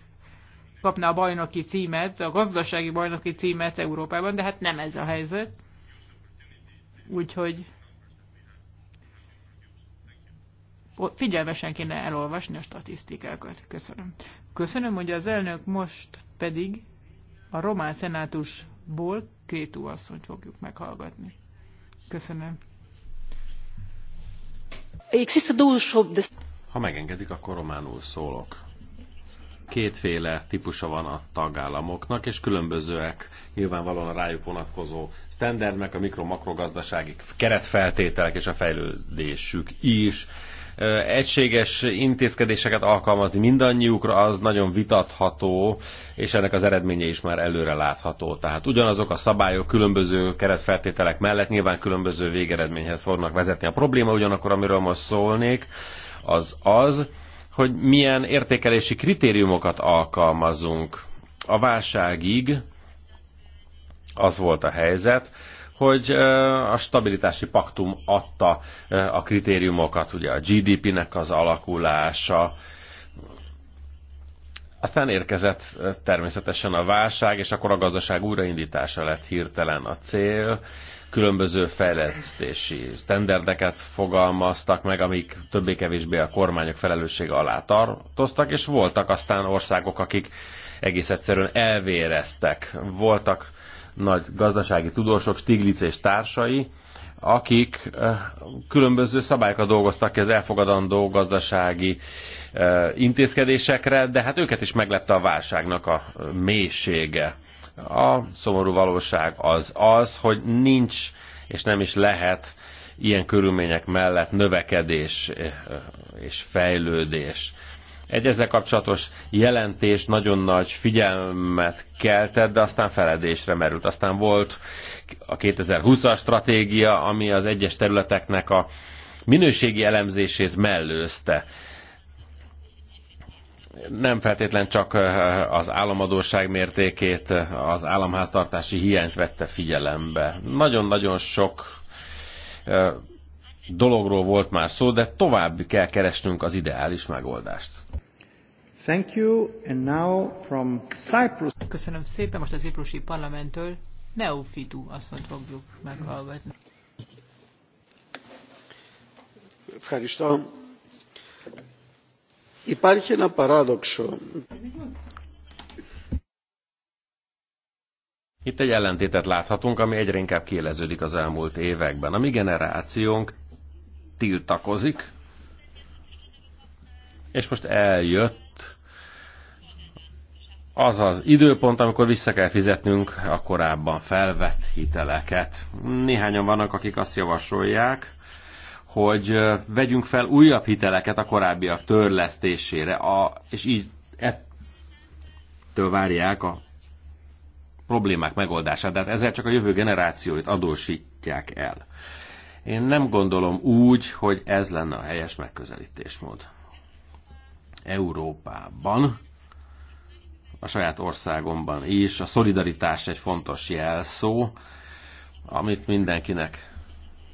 Speaker 3: kapná a bajnoki címet, a gazdasági bajnoki címet Európában, de hát nem ez a helyzet. Úgyhogy figyelmesen kéne elolvasni a statisztikákat. Köszönöm. Köszönöm, hogy az elnök most pedig a román szenátusból Krétú asszonyt fogjuk meghallgatni. Köszönöm.
Speaker 1: Ha megengedik, akkor románul szólok. Kétféle típusa van a tagállamoknak, és különbözőek nyilvánvalóan a rájuk vonatkozó standardmek, a mikro-makrogazdasági keretfeltételek és a fejlődésük is egységes intézkedéseket alkalmazni mindannyiukra, az nagyon vitatható, és ennek az eredménye is már előre látható. Tehát ugyanazok a szabályok különböző keretfeltételek mellett nyilván különböző végeredményhez fognak vezetni. A probléma ugyanakkor, amiről most szólnék, az az, hogy milyen értékelési kritériumokat alkalmazunk. A válságig az volt a helyzet, hogy a stabilitási paktum adta a kritériumokat, ugye a GDP-nek az alakulása, aztán érkezett természetesen a válság, és akkor a gazdaság újraindítása lett hirtelen a cél. Különböző fejlesztési standardeket fogalmaztak meg, amik többé-kevésbé a kormányok felelőssége alá tartoztak, és voltak aztán országok, akik egész egyszerűen elvéreztek. Voltak nagy gazdasági tudósok, Stiglitz és társai, akik eh, különböző szabályokat dolgoztak ki az elfogadandó gazdasági eh, intézkedésekre, de hát őket is meglepte a válságnak a eh, mélysége. A szomorú valóság az az, hogy nincs és nem is lehet ilyen körülmények mellett növekedés és fejlődés. Egy ezzel kapcsolatos jelentés nagyon nagy figyelmet keltett, de aztán feledésre merült. Aztán volt a 2020-as stratégia, ami az egyes területeknek a minőségi elemzését mellőzte nem feltétlen csak eh, az államadóság mértékét, eh, az államháztartási hiányt vette figyelembe. Nagyon-nagyon sok eh, dologról volt már szó, de tovább kell keresnünk az ideális megoldást.
Speaker 6: Thank you, and now from Cyprus.
Speaker 3: Köszönöm szépen, most a ciprusi parlamenttől Neofitu asszonyt fogjuk meghallgatni.
Speaker 4: Ευχαριστώ. Υπάρχει ένα παράδοξο.
Speaker 1: Itt egy ellentétet láthatunk, ami egyre inkább kieleződik az elmúlt években. A mi generációnk tiltakozik, és most eljött az az időpont, amikor vissza kell fizetnünk a korábban felvett hiteleket. Néhányan vannak, akik azt javasolják, hogy vegyünk fel újabb hiteleket a korábbiak törlesztésére, a, és így ettől várják a problémák megoldását, de hát ezzel csak a jövő generációit adósítják el. Én nem gondolom úgy, hogy ez lenne a helyes megközelítésmód. Európában, a saját országomban is, a szolidaritás egy fontos jelszó, amit mindenkinek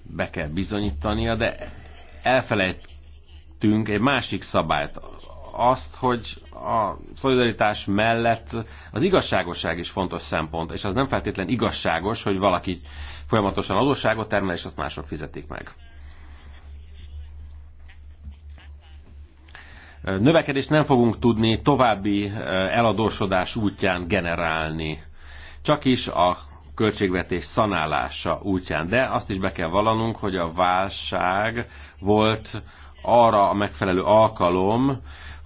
Speaker 1: be kell bizonyítania, de elfelejtünk egy másik szabályt, azt, hogy a szolidaritás mellett az igazságosság is fontos szempont, és az nem feltétlen igazságos, hogy valaki folyamatosan adósságot termel, és azt mások fizetik meg. Növekedést nem fogunk tudni további eh, eladósodás útján generálni. Csak is a költségvetés szanálása útján. De azt is be kell vallanunk, hogy a válság volt arra a megfelelő alkalom,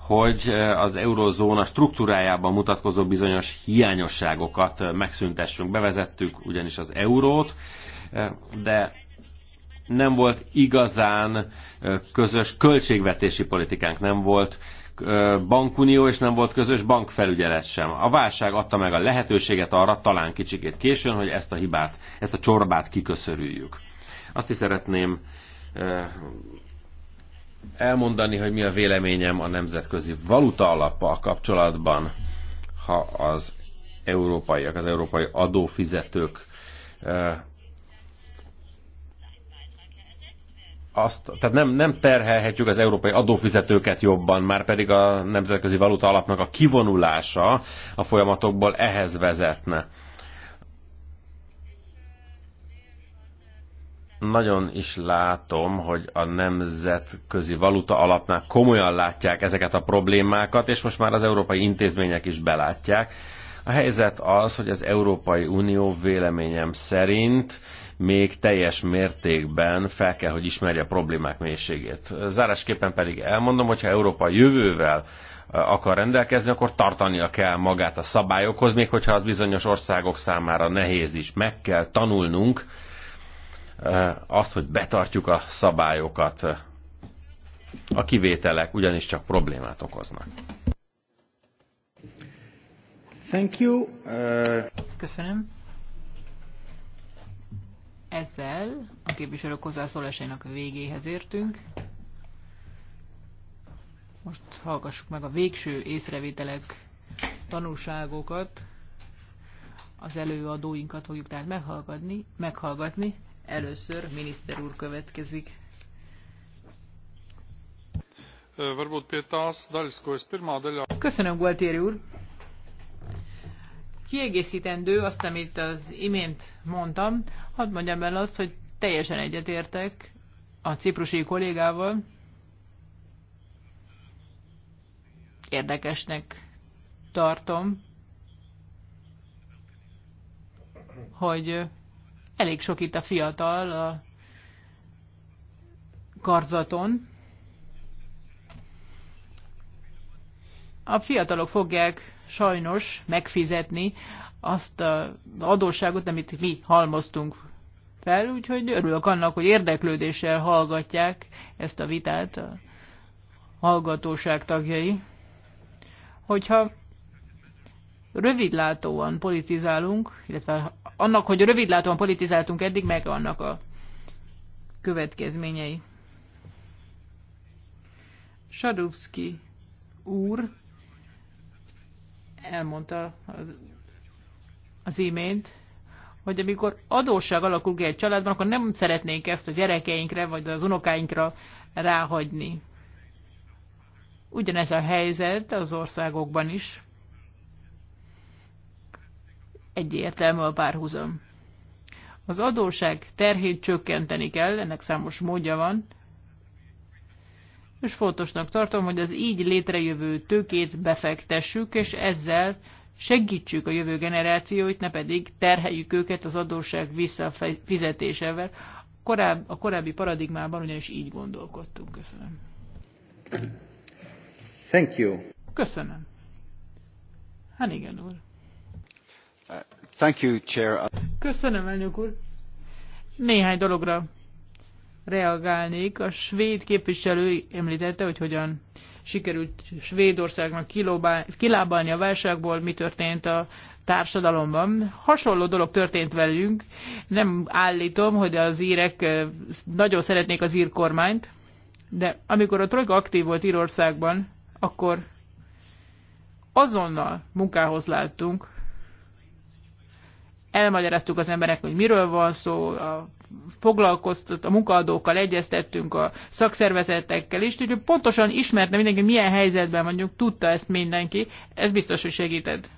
Speaker 1: hogy eh, az eurozóna struktúrájában mutatkozó bizonyos hiányosságokat eh, megszüntessünk. Bevezettük ugyanis az eurót, eh, de nem volt igazán közös költségvetési politikánk, nem volt bankunió, és nem volt közös bankfelügyelet sem. A válság adta meg a lehetőséget arra, talán kicsikét későn, hogy ezt a hibát, ezt a csorbát kiköszörüljük. Azt is szeretném elmondani, hogy mi a véleményem a nemzetközi valuta alappal kapcsolatban, ha az európaiak, az európai adófizetők azt, tehát nem, nem terhelhetjük az európai adófizetőket jobban, már pedig a nemzetközi valuta alapnak a kivonulása a folyamatokból ehhez vezetne. nagyon is látom, hogy a nemzetközi valuta alapnál komolyan látják ezeket a problémákat, és most már az európai intézmények is belátják. A helyzet az, hogy az Európai Unió véleményem szerint még teljes mértékben fel kell, hogy ismerje a problémák mélységét. Zárásképpen pedig elmondom, hogyha Európa jövővel akar rendelkezni, akkor tartania kell magát a szabályokhoz, még hogyha az bizonyos országok számára nehéz is. Meg kell tanulnunk, Eh, azt, hogy betartjuk a szabályokat. A kivételek ugyanis csak problémát okoznak.
Speaker 6: Thank you. Uh... Köszönöm.
Speaker 3: Ezzel a képviselők hozzászólásainak végéhez értünk. Most hallgassuk meg a végső észrevételek, tanulságokat. Az előadóinkat fogjuk tehát meghallgatni, meghallgatni Először miniszter úr következik. Köszönöm, Gualtieri úr. Kiegészítendő azt, amit az imént mondtam, hadd mondjam el azt, hogy teljesen egyetértek a ciprusi kollégával. Érdekesnek tartom, hogy Elég sok itt a fiatal a karzaton. A fiatalok fogják sajnos megfizetni azt az adósságot, amit mi halmoztunk fel, úgyhogy örülök annak, hogy érdeklődéssel hallgatják ezt a vitát a hallgatóság tagjai. Hogyha rövidlátóan politizálunk, illetve annak, hogy rövidlátóan politizáltunk eddig, meg annak a következményei. Sadovski úr elmondta az imént, hogy amikor adósság alakul ki egy családban, akkor nem szeretnénk ezt a gyerekeinkre vagy az unokáinkra ráhagyni. Ugyanez a helyzet az országokban is egyértelmű a párhuzam. Az adóság terhét csökkenteni kell, ennek számos módja van, és fontosnak tartom, hogy az így létrejövő tőkét befektessük, és ezzel segítsük a jövő generációit, ne pedig terheljük őket az adósság visszafizetésével. a korábbi paradigmában ugyanis így gondolkodtunk. Köszönöm. Thank you. Köszönöm. Hát igen, úr. Köszönöm, elnök úr. Néhány dologra reagálnék. A svéd képviselő említette, hogy hogyan sikerült Svédországnak kilábalni a válságból, mi történt a társadalomban. Hasonló dolog történt velünk. Nem állítom, hogy az írek eh, nagyon szeretnék az ír kormányt, de amikor a trojka aktív volt Írországban, akkor azonnal munkához láttunk elmagyaráztuk az emberek, hogy miről van szó, a foglalkoztat, a munkaadókkal egyeztettünk, a szakszervezetekkel is, úgyhogy pontosan ismerte mindenki, milyen helyzetben vagyunk, tudta ezt mindenki, ez biztos, hogy segített.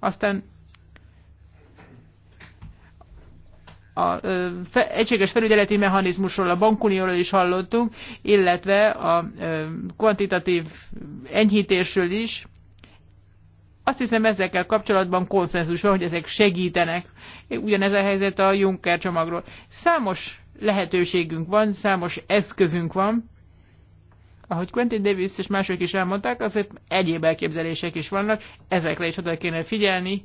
Speaker 3: Aztán a ö, fe, egységes felügyeleti mechanizmusról, a bankunióról is hallottunk, illetve a ö, kvantitatív enyhítésről is, azt hiszem ezekkel kapcsolatban konszenzus van, hogy ezek segítenek. Ugyanez a helyzet a Juncker csomagról. Számos lehetőségünk van, számos eszközünk van, ahogy Quentin Davis és mások is elmondták, azért egyéb elképzelések is vannak, ezekre is oda kéne figyelni.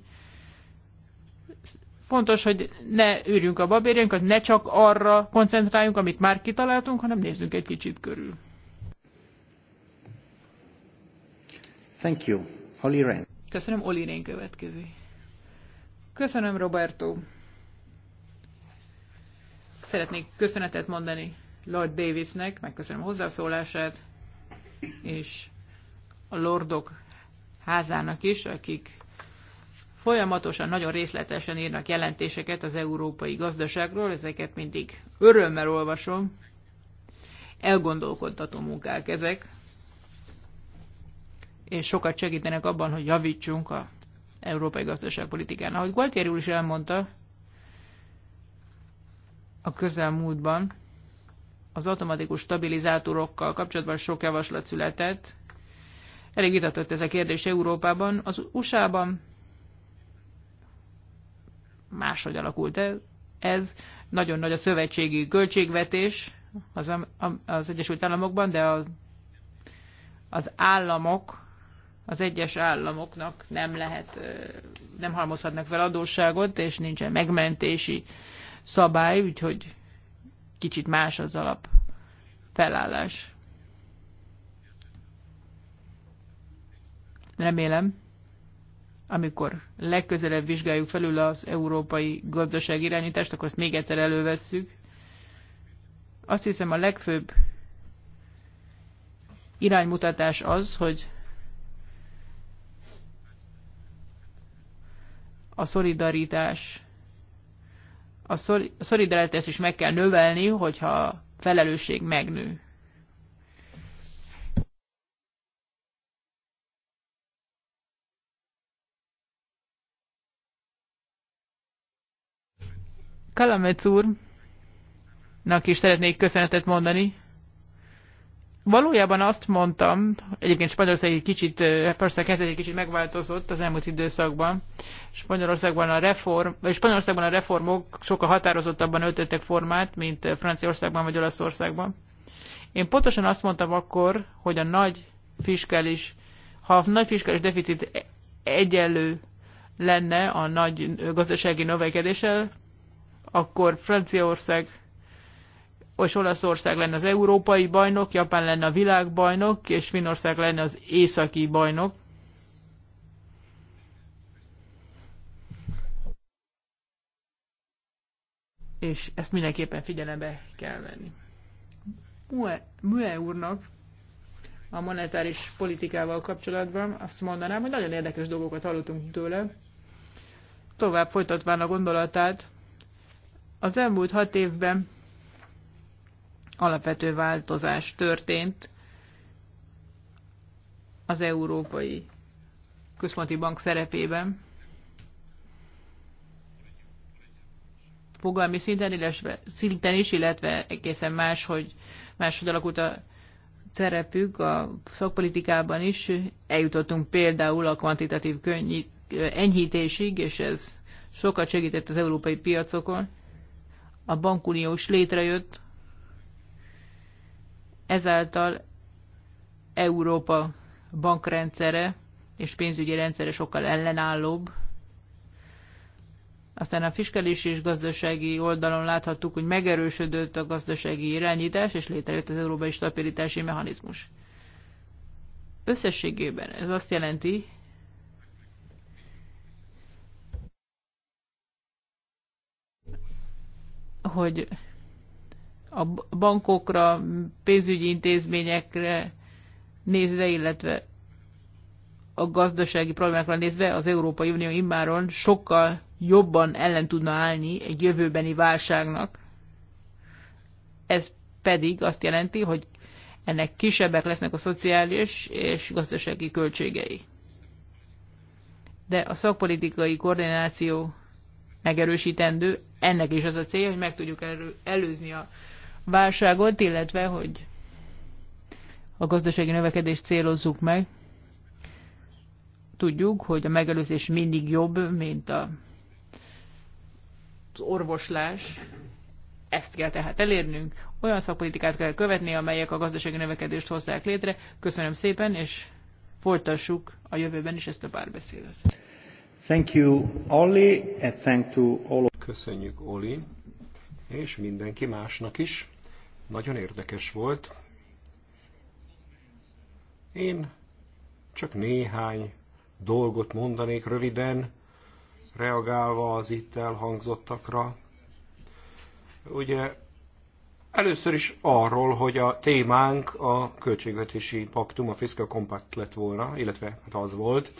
Speaker 3: Fontos, hogy ne űrjünk a babérjánkat, ne csak arra koncentráljunk, amit már kitaláltunk, hanem nézzünk egy kicsit körül.
Speaker 6: Thank you. Holly Rand.
Speaker 3: Köszönöm, Oli Rén Köszönöm, Roberto. Szeretnék köszönetet mondani Lord Davisnek, megköszönöm a hozzászólását, és a Lordok házának is, akik folyamatosan, nagyon részletesen írnak jelentéseket az európai gazdaságról, ezeket mindig örömmel olvasom, elgondolkodtató munkák ezek és sokat segítenek abban, hogy javítsunk a európai gazdaságpolitikán. Ahogy Gualtieri úr is elmondta, a közelmúltban az automatikus stabilizátorokkal kapcsolatban sok javaslat született. Elég vitatott ez a kérdés Európában. Az USA-ban máshogy alakult ez. ez. Nagyon nagy a szövetségi költségvetés az, az Egyesült Államokban, de a, az államok az egyes államoknak nem lehet, nem halmozhatnak fel adósságot, és nincsen megmentési szabály, úgyhogy kicsit más az alap felállás. Remélem, amikor legközelebb vizsgáljuk felül az európai gazdaság irányítást, akkor ezt még egyszer elővesszük. Azt hiszem a legfőbb iránymutatás az, hogy a szolidaritás, a szolidaritást is meg kell növelni, hogyha a felelősség megnő. Kalamec úrnak is szeretnék köszönetet mondani valójában azt mondtam, egyébként Spanyolország egy kicsit, persze a egy kicsit megváltozott az elmúlt időszakban. Spanyolországban a, reform, vagy Spanyolországban a reformok sokkal határozottabban öltöttek formát, mint Franciaországban vagy Olaszországban. Én pontosan azt mondtam akkor, hogy a nagy fiskális, ha a nagy fiskális deficit e-, egyenlő lenne a nagy gazdasági növekedéssel, akkor Franciaország és Olaszország lenne az európai bajnok, Japán lenne a világbajnok, és Finország lenne az északi bajnok. És ezt mindenképpen figyelembe kell venni. Mue úrnak a monetáris politikával kapcsolatban azt mondanám, hogy nagyon érdekes dolgokat hallottunk tőle. Tovább folytatván a gondolatát, az elmúlt hat évben alapvető változás történt az Európai Központi Bank szerepében. Fogalmi szinten, illetve, szinten is, illetve egészen más, hogy máshogy alakult a szerepük a szakpolitikában is. Eljutottunk például a kvantitatív könnyi enyhítésig, és ez sokat segített az európai piacokon. A bankuniós létrejött, Ezáltal Európa bankrendszere és pénzügyi rendszere sokkal ellenállóbb. Aztán a fiskális és gazdasági oldalon láthattuk, hogy megerősödött a gazdasági irányítás, és létrejött az európai stabilitási mechanizmus. Összességében ez azt jelenti, hogy a bankokra, pénzügyi intézményekre nézve, illetve a gazdasági problémákra nézve az Európai Unió immáron sokkal jobban ellen tudna állni egy jövőbeni válságnak. Ez pedig azt jelenti, hogy ennek kisebbek lesznek a szociális és gazdasági költségei. De a szakpolitikai koordináció megerősítendő, ennek is az a célja, hogy meg tudjuk előzni a válságot, illetve hogy a gazdasági növekedést célozzuk meg. Tudjuk, hogy a megelőzés mindig jobb, mint a, az orvoslás. Ezt kell tehát elérnünk. Olyan szakpolitikát kell követni, amelyek a gazdasági növekedést hozzák létre. Köszönöm szépen, és folytassuk a jövőben is ezt a párbeszédet.
Speaker 6: Thank you, Oli, and thank to all... Köszönjük,
Speaker 5: Oli, és mindenki másnak is. Nagyon érdekes volt. Én csak néhány dolgot mondanék röviden, reagálva az itt elhangzottakra. Ugye először is arról, hogy a témánk a költségvetési paktum, a fiscal compact lett volna, illetve hát az volt.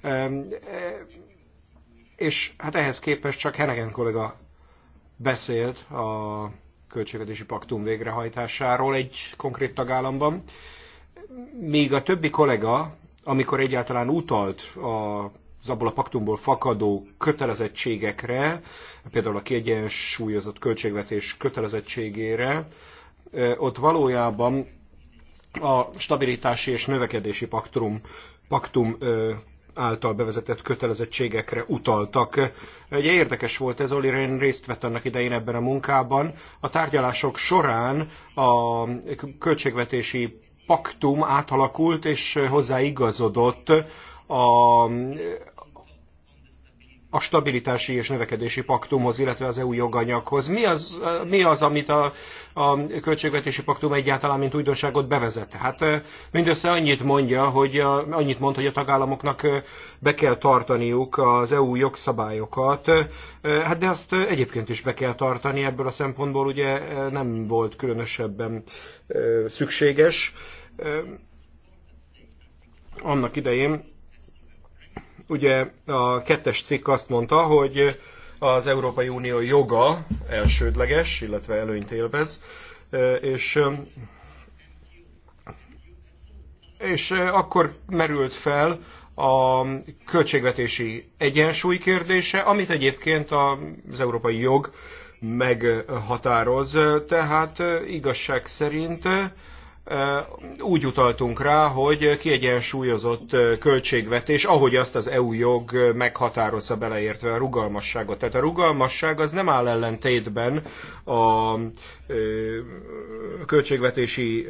Speaker 5: Ehm, e, és hát ehhez képest csak Henegen kollega beszélt a költségvetési paktum végrehajtásáról egy konkrét tagállamban, míg a többi kollega, amikor egyáltalán utalt a az abból a paktumból fakadó kötelezettségekre, például a kiegyensúlyozott költségvetés kötelezettségére, ott valójában a stabilitási és növekedési paktum, paktum által bevezetett kötelezettségekre utaltak. Ugye érdekes volt ez, Oli Rehn részt vett annak idején ebben a munkában. A tárgyalások során a költségvetési paktum átalakult és hozzáigazodott a, a stabilitási és növekedési paktumhoz, illetve az EU joganyaghoz. Mi az, mi az amit a, a költségvetési paktum egyáltalán, mint újdonságot bevezet? Hát mindössze annyit mondja, hogy annyit mond, hogy a tagállamoknak be kell tartaniuk az EU jogszabályokat, hát de azt egyébként is be kell tartani, ebből a szempontból ugye nem volt különösebben szükséges. Annak idején Ugye a kettes cikk azt mondta, hogy az Európai Unió joga elsődleges, illetve előnyt élvez, és és akkor merült fel a költségvetési egyensúly kérdése, amit egyébként az európai jog meghatároz. Tehát igazság szerint úgy utaltunk rá, hogy kiegyensúlyozott költségvetés, ahogy azt az EU jog meghatározza beleértve a rugalmasságot. Tehát a rugalmasság az nem áll ellentétben a költségvetési,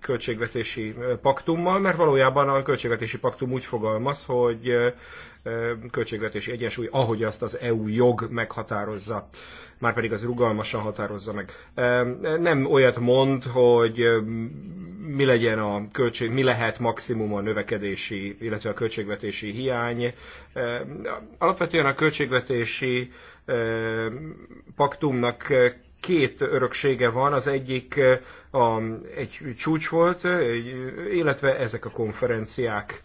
Speaker 5: költségvetési paktummal, mert valójában a költségvetési paktum úgy fogalmaz, hogy költségvetési egyensúly, ahogy azt az EU jog meghatározza már pedig az rugalmasan határozza meg. Nem olyat mond, hogy mi legyen a költség, mi lehet maximum a növekedési, illetve a költségvetési hiány. Alapvetően a költségvetési paktumnak két öröksége van, az egyik a, egy csúcs volt, illetve ezek a konferenciák.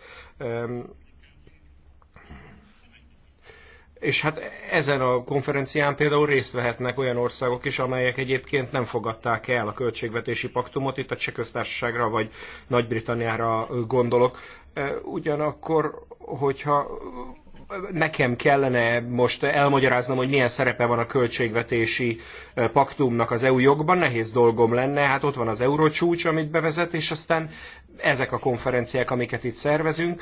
Speaker 5: És hát ezen a konferencián például részt vehetnek olyan országok is, amelyek egyébként nem fogadták el a költségvetési paktumot, itt a Csehköztársaságra vagy Nagy-Britanniára gondolok. Ugyanakkor, hogyha nekem kellene most elmagyaráznom, hogy milyen szerepe van a költségvetési paktumnak az EU jogban, nehéz dolgom lenne. Hát ott van az eurócsúcs, amit bevezet, és aztán ezek a konferenciák, amiket itt szervezünk,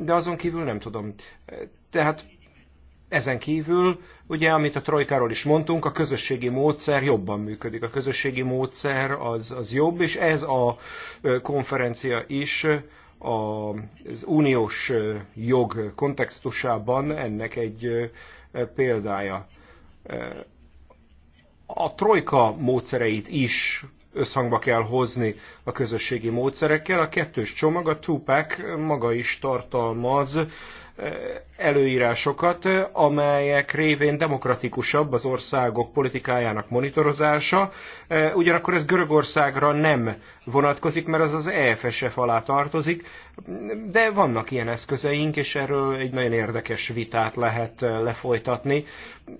Speaker 5: de azon kívül nem tudom. Tehát ezen kívül, ugye, amit a trojkáról is mondtunk, a közösségi módszer jobban működik. A közösségi módszer az, az jobb, és ez a konferencia is az uniós jog kontextusában ennek egy példája. A trojka módszereit is összhangba kell hozni a közösségi módszerekkel. A kettős csomag, a Tupac maga is tartalmaz előírásokat, amelyek révén demokratikusabb az országok politikájának monitorozása. E, ugyanakkor ez Görögországra nem vonatkozik, mert az az EFSF alá tartozik, de vannak ilyen eszközeink, és erről egy nagyon érdekes vitát lehet e, lefolytatni,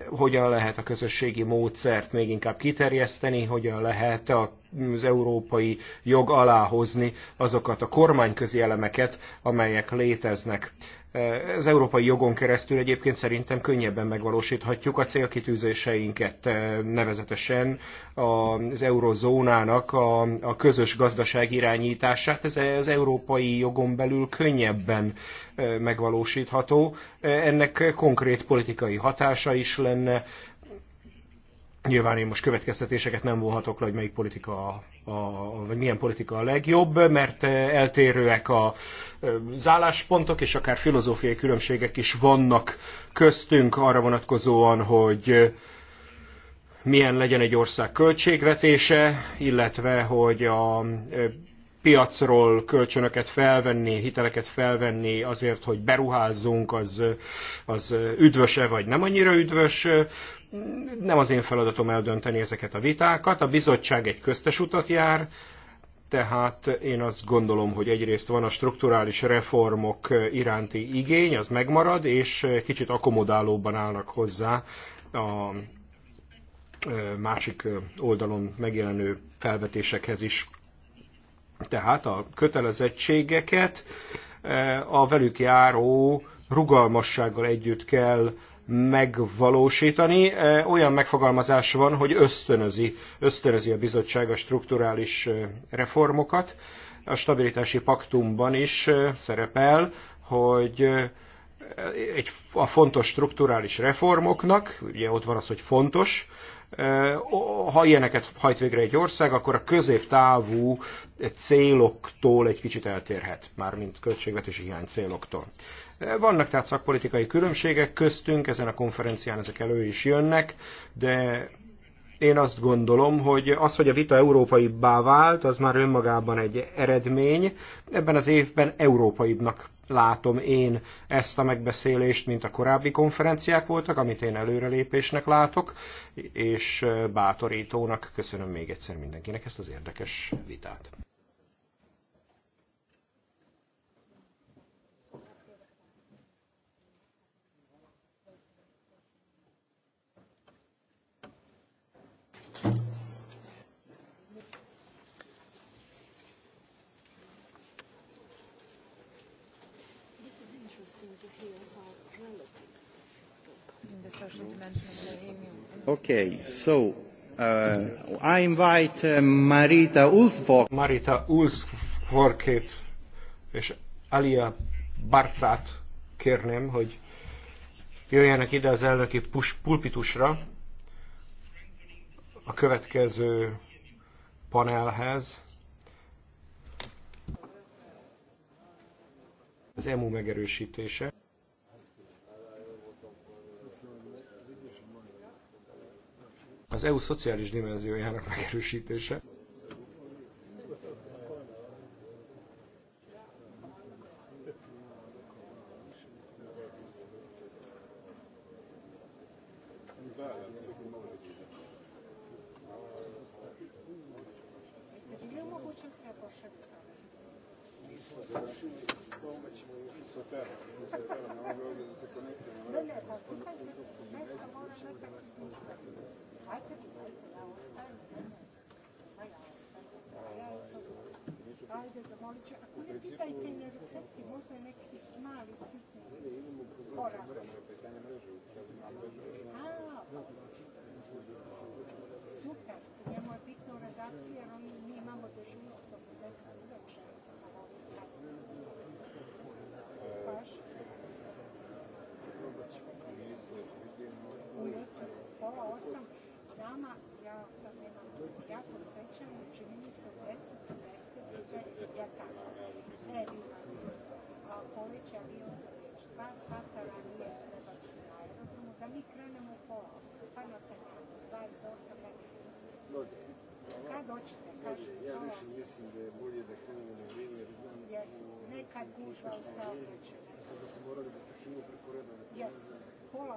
Speaker 5: hogyan lehet a közösségi módszert még inkább kiterjeszteni, hogyan lehet a az európai jog alá hozni azokat a kormányközi elemeket, amelyek léteznek az európai jogon keresztül egyébként szerintem könnyebben megvalósíthatjuk a célkitűzéseinket, eh, nevezetesen az eurozónának a, a közös gazdaság irányítását. Ez az európai jogon belül könnyebben eh, megvalósítható. Eh, ennek konkrét politikai hatása is lenne, Nyilván én most következtetéseket nem vonhatok le, hogy melyik politika, a, a, vagy milyen politika a legjobb, mert eltérőek a, az álláspontok, és akár filozófiai különbségek is vannak köztünk arra vonatkozóan, hogy milyen legyen egy ország költségvetése, illetve hogy a piacról kölcsönöket felvenni, hiteleket felvenni azért, hogy beruházzunk, az, az üdvöse vagy nem annyira üdvös nem az én feladatom eldönteni ezeket a vitákat. A bizottság egy köztes utat jár, tehát én azt gondolom, hogy egyrészt van a strukturális reformok iránti igény, az megmarad, és kicsit akomodálóban állnak hozzá a másik oldalon megjelenő felvetésekhez is. Tehát a kötelezettségeket a velük járó rugalmassággal együtt kell megvalósítani. Olyan megfogalmazás van, hogy ösztönözi, ösztönözi a bizottság a strukturális reformokat. A stabilitási paktumban is szerepel, hogy egy, a fontos strukturális reformoknak, ugye ott van az, hogy fontos, ha ilyeneket hajt végre egy ország, akkor a középtávú céloktól egy kicsit eltérhet, mármint költségvetési hiány céloktól. Vannak tehát szakpolitikai különbségek köztünk, ezen a konferencián ezek elő is jönnek, de én azt gondolom, hogy az, hogy a vita európaibbá vált, az már önmagában egy eredmény. Ebben az évben európaibbnak látom én ezt a megbeszélést, mint a korábbi konferenciák voltak, amit én előrelépésnek látok, és bátorítónak köszönöm még egyszer mindenkinek ezt az érdekes vitát.
Speaker 6: Okay, so uh, I invite uh, Marita Ulfsborg. Marita
Speaker 5: Ulfsborgét és Alia Barcát kérném, hogy jöjjenek ide az elnöki pulpitusra a következő panelhez. Az EMU megerősítése. az EU szociális dimenziójának megerősítése.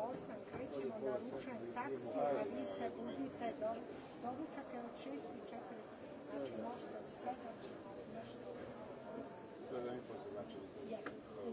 Speaker 4: 8 krećemo naručujem taksi, a vi se budite do, doručak je 6 i 40, znači možda u 7 ćemo nešto. 7 i po se Yes, i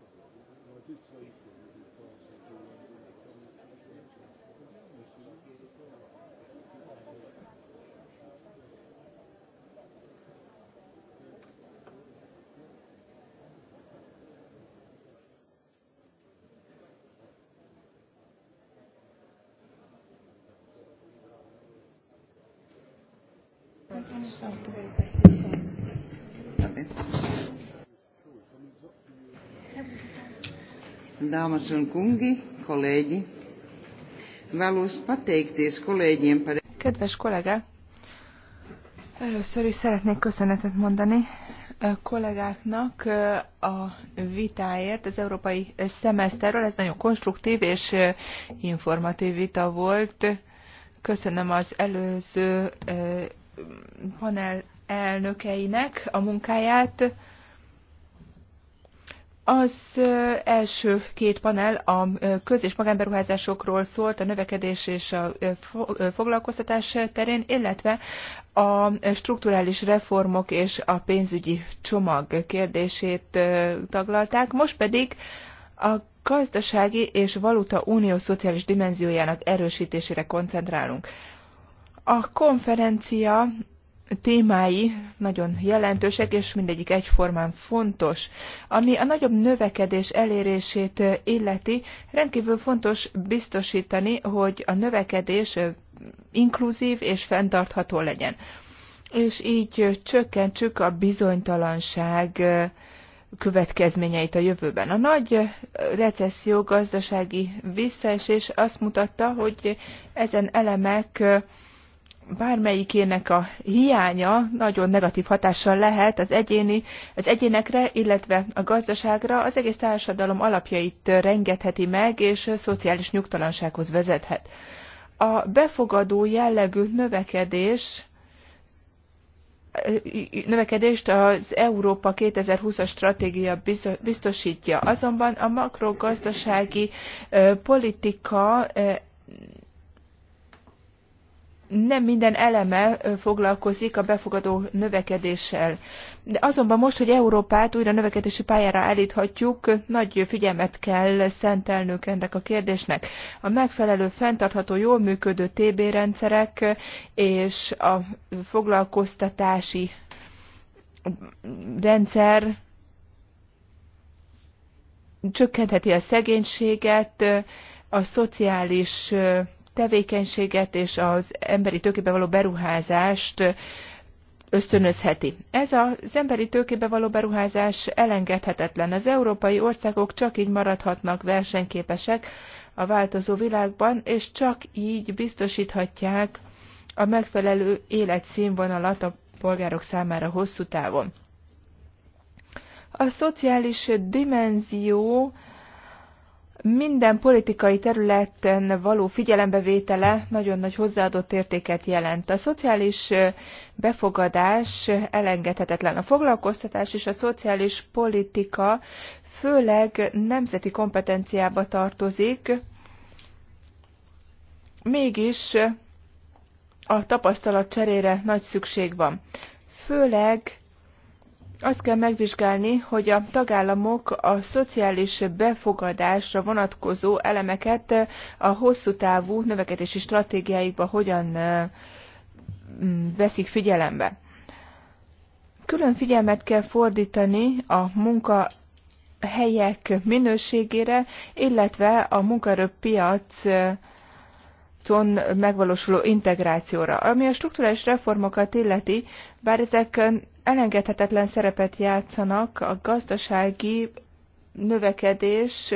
Speaker 6: Köszönöm. Dāmas un kungi, kolēģi, vēlos pateikties kolēģiem par... Kedves kollégák,
Speaker 2: először is szeretnék köszönetet mondani eh, kollégáknak eh, a vitáért az európai szemeszterről. Ez nagyon konstruktív és eh, informatív vita volt. Köszönöm az előző panel elnökeinek a munkáját. Az első két panel a köz- és magánberuházásokról szólt, a növekedés és a foglalkoztatás terén, illetve a strukturális reformok és a pénzügyi csomag kérdését taglalták. Most pedig a gazdasági és valuta unió szociális dimenziójának erősítésére koncentrálunk. A konferencia témái nagyon jelentősek, és mindegyik egyformán fontos. Ami a nagyobb növekedés elérését illeti, rendkívül fontos biztosítani, hogy a növekedés inkluzív és fenntartható legyen. És így csökkentsük a bizonytalanság következményeit a jövőben. A nagy recesszió gazdasági visszaesés azt mutatta, hogy ezen elemek bármelyikének a hiánya nagyon negatív hatással lehet az, egyéni, az egyénekre, illetve a gazdaságra, az egész társadalom alapjait rengetheti meg, és szociális nyugtalansághoz vezethet. A befogadó jellegű növekedés növekedést az Európa 2020-as stratégia biztosítja. Azonban a makrogazdasági politika nem minden eleme foglalkozik a befogadó növekedéssel. De azonban most, hogy Európát újra növekedési pályára állíthatjuk, nagy figyelmet kell szentelnünk ennek a kérdésnek. A megfelelő, fenntartható, jól működő TB rendszerek és a foglalkoztatási rendszer csökkentheti a szegénységet, a szociális tevékenységet és az emberi tőkébe való beruházást ösztönözheti. Ez az emberi tőkébe való beruházás elengedhetetlen. Az európai országok csak így maradhatnak versenyképesek a változó világban, és csak így biztosíthatják a megfelelő életszínvonalat a polgárok számára hosszú távon. A szociális dimenzió minden politikai területen való figyelembevétele nagyon nagy hozzáadott értéket jelent. A szociális befogadás elengedhetetlen. A foglalkoztatás és a szociális politika főleg nemzeti kompetenciába tartozik, mégis a tapasztalat cserére nagy szükség van. Főleg azt kell megvizsgálni, hogy a tagállamok a szociális befogadásra vonatkozó elemeket a hosszú távú növekedési stratégiáikba hogyan veszik figyelembe. Külön figyelmet kell fordítani a munka helyek minőségére, illetve a munkaerőpiac ton megvalósuló integrációra. Ami a strukturális reformokat illeti, bár ezek elengedhetetlen szerepet játszanak a gazdasági növekedés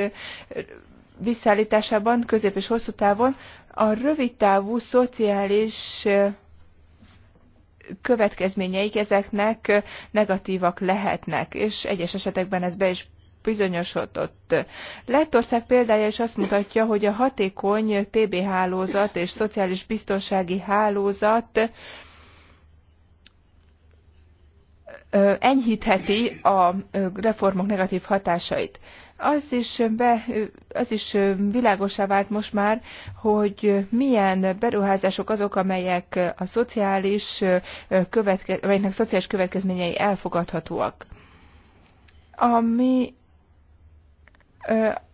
Speaker 2: visszaállításában, közép és hosszú távon, a rövidtávú szociális következményeik ezeknek negatívak lehetnek, és egyes esetekben ez be is bizonyosodott. Lettország példája is azt mutatja, hogy a hatékony TB hálózat és szociális biztonsági hálózat enyhítheti a reformok negatív hatásait. Az is, be, az is világosá vált most már, hogy milyen beruházások azok, amelyek a szociális követke, szociális következményei elfogadhatóak. Ami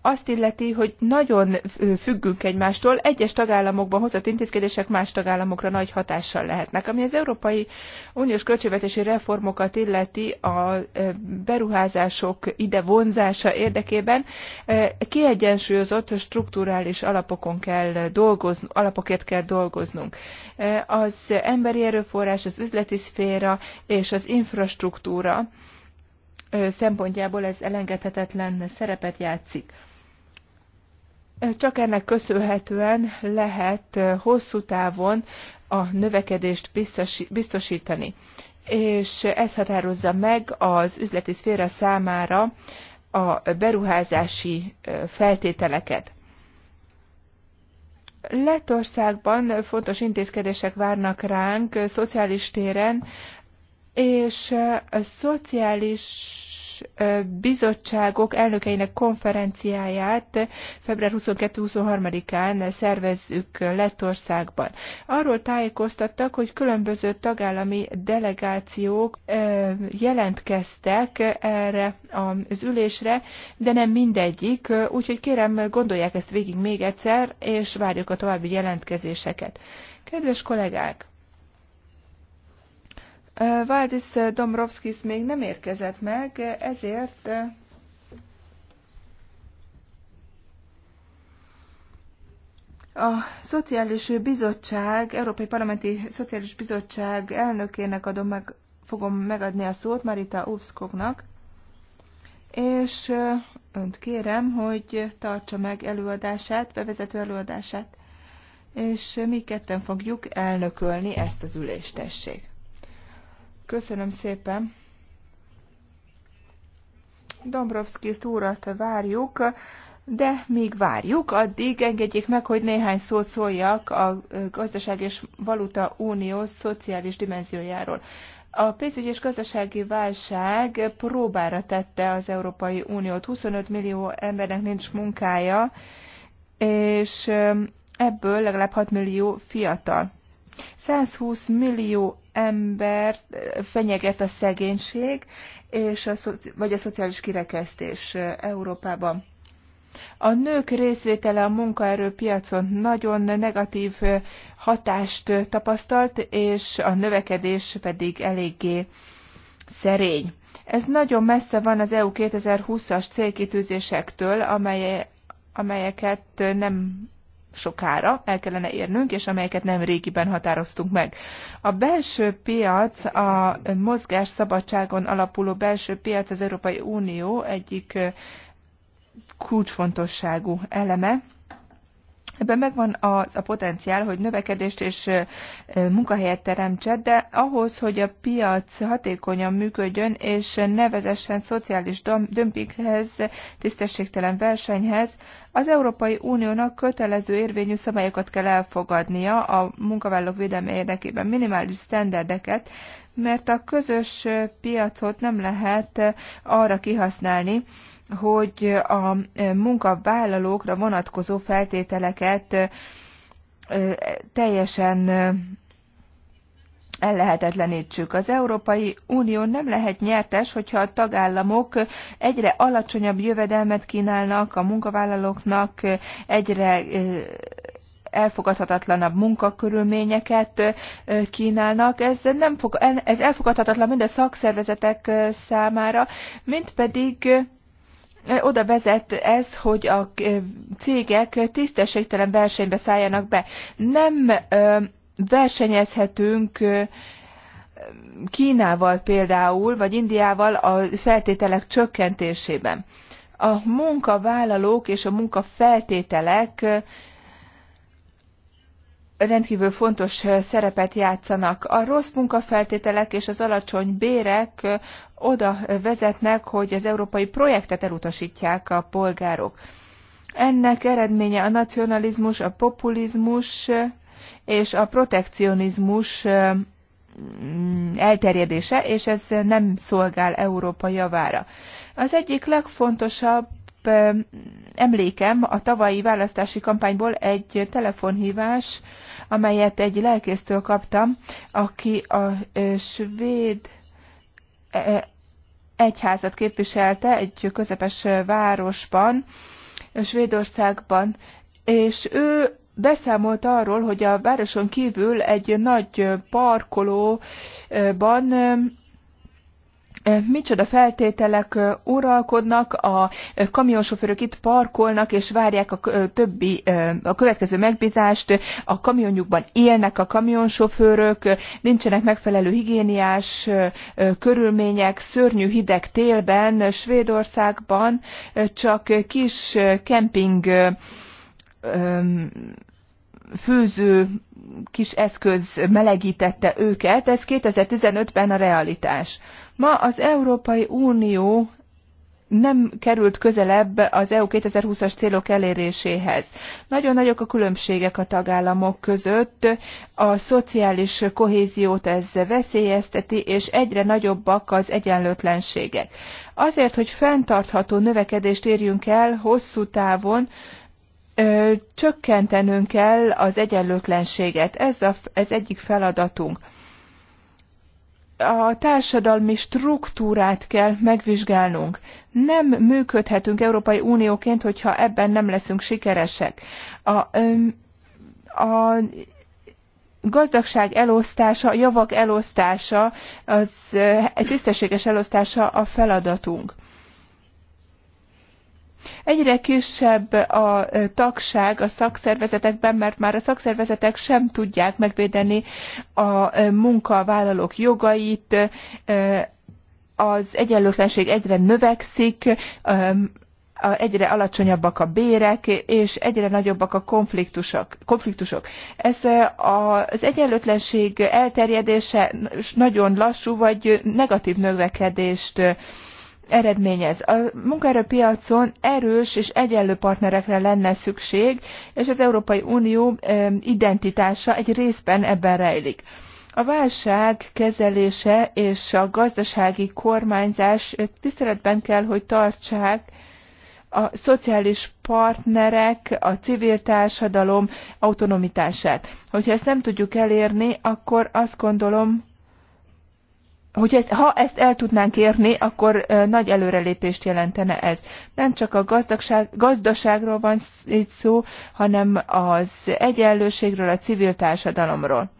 Speaker 2: azt illeti, hogy nagyon függünk egymástól, egyes tagállamokban hozott intézkedések más tagállamokra nagy hatással lehetnek. Ami az Európai Uniós költségvetési reformokat illeti a beruházások ide vonzása érdekében, kiegyensúlyozott strukturális alapokon kell dolgozni, alapokért kell dolgoznunk. Az emberi erőforrás, az üzleti szféra és az infrastruktúra, szempontjából ez elengedhetetlen szerepet játszik. Csak ennek köszönhetően lehet hosszú távon a növekedést biztosítani, és ez határozza meg az üzleti szféra számára a beruházási feltételeket. Lettországban fontos intézkedések várnak ránk szociális téren, és a szociális bizottságok elnökeinek konferenciáját február 22-23-án szervezzük Lettországban. Arról tájékoztattak, hogy különböző tagállami delegációk jelentkeztek erre az ülésre, de nem mindegyik, úgyhogy kérem, gondolják ezt végig még egyszer, és várjuk a további jelentkezéseket. Kedves kollégák! Valdis Dombrovskis még nem érkezett meg, ezért a Szociális Bizottság, Európai Parlamenti Szociális Bizottság elnökének adom meg, fogom megadni a szót, Marita Uvszkognak, és önt kérem, hogy tartsa meg előadását, bevezető előadását, és mi ketten fogjuk elnökölni ezt az ülést, tessék. Köszönöm szépen. Dombrovskis úrat várjuk, de még várjuk, addig engedjék meg, hogy néhány szót szóljak a Gazdaság és Valuta Unió szociális dimenziójáról. A pénzügyi és gazdasági válság próbára tette az Európai Uniót. 25 millió embernek nincs munkája, és ebből legalább 6 millió fiatal. 120 millió ember fenyeget a szegénység, és a, vagy a szociális kirekesztés Európában. A nők részvétele a munkaerőpiacon nagyon negatív hatást tapasztalt, és a növekedés pedig eléggé szerény. Ez nagyon messze van az EU 2020-as célkitűzésektől, amely, amelyeket nem sokára el kellene érnünk, és amelyeket nem régiben határoztunk meg. A belső piac, a mozgás szabadságon alapuló belső piac az Európai Unió egyik kulcsfontosságú eleme, Ebben megvan az a potenciál, hogy növekedést és munkahelyet teremtse, de ahhoz, hogy a piac hatékonyan működjön és nevezessen szociális dömpinghez, tisztességtelen versenyhez, az Európai Uniónak kötelező érvényű szabályokat kell elfogadnia a munkavállalók védelme érdekében, minimális sztenderdeket, mert a közös piacot nem lehet arra kihasználni, hogy a munkavállalókra vonatkozó feltételeket teljesen ellehetetlenítsük. Az Európai Unió nem lehet nyertes, hogyha a tagállamok egyre alacsonyabb jövedelmet kínálnak a munkavállalóknak, egyre elfogadhatatlanabb munkakörülményeket kínálnak. Ez, nem fog, ez elfogadhatatlan mind a szakszervezetek számára, mint pedig oda vezet ez, hogy a cégek tisztességtelen versenybe szálljanak be. Nem versenyezhetünk Kínával például, vagy Indiával a feltételek csökkentésében. A munkavállalók és a munkafeltételek rendkívül fontos eh, szerepet játszanak. A rossz munkafeltételek és az alacsony bérek eh, oda vezetnek, hogy az európai projektet elutasítják a polgárok. Ennek eredménye a nacionalizmus, a populizmus eh, és a protekcionizmus mm, elterjedése, és ez nem szolgál Európa javára. Az egyik legfontosabb emlékem a tavalyi választási kampányból egy telefonhívás amelyet egy lelkésztől kaptam, aki a svéd egyházat képviselte egy közepes városban, Svédországban, és ő beszámolt arról, hogy a városon kívül egy nagy parkolóban micsoda feltételek uralkodnak, a kamionsofőrök itt parkolnak és várják a többi, a következő megbízást, a kamionjukban élnek a kamionsofőrök, nincsenek megfelelő higiéniás körülmények, szörnyű hideg télben, Svédországban csak kis kemping főző kis eszköz melegítette őket, ez 2015-ben a realitás. Ma az Európai Unió nem került közelebb az EU 2020-as célok eléréséhez. Nagyon nagyok a különbségek a tagállamok között, a szociális kohéziót ez veszélyezteti, és egyre nagyobbak az egyenlőtlenségek. Azért, hogy fenntartható növekedést érjünk el hosszú távon, ö, csökkentenünk kell az egyenlőtlenséget. Ez, a, ez egyik feladatunk a társadalmi struktúrát kell megvizsgálnunk. Nem működhetünk Európai Unióként, hogyha ebben nem leszünk sikeresek. A, a gazdagság elosztása, a javak elosztása, az tisztességes elosztása a feladatunk. Egyre kisebb a tagság a szakszervezetekben, mert már a szakszervezetek sem tudják megvédeni a munkavállalók jogait, az egyenlőtlenség egyre növekszik, egyre alacsonyabbak a bérek, és egyre nagyobbak a konfliktusok. konfliktusok. Ez az egyenlőtlenség elterjedése nagyon lassú, vagy negatív növekedést eredményez. A munkaerőpiacon erős és egyenlő partnerekre lenne szükség, és az Európai Unió identitása egy részben ebben rejlik. A válság kezelése és a gazdasági kormányzás tiszteletben kell, hogy tartsák a szociális partnerek, a civil társadalom autonomitását. Hogyha ezt nem tudjuk elérni, akkor azt gondolom, hogy ezt, ha ezt el tudnánk érni, akkor nagy előrelépést jelentene ez. Nem csak a gazdagság, gazdaságról van itt szó, hanem az egyenlőségről, a civil társadalomról.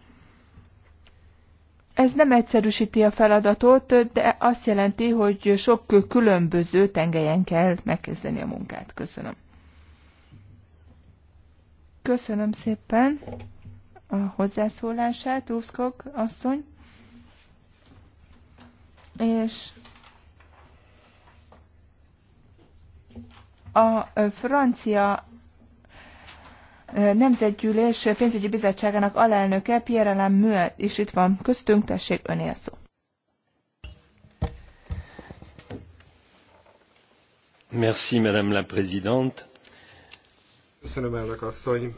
Speaker 2: Ez nem egyszerűsíti a feladatot, de azt jelenti, hogy sok különböző tengelyen kell megkezdeni a munkát. Köszönöm. Köszönöm szépen a hozzászólását, Úszkok asszony és a francia eh, Nemzetgyűlés pénzügyi bizottságának alelnöke Pierre Alain Muel is itt van köztünk, tessék önél szó.
Speaker 1: Merci, Madame la Présidente.
Speaker 5: Köszönöm, elnök asszony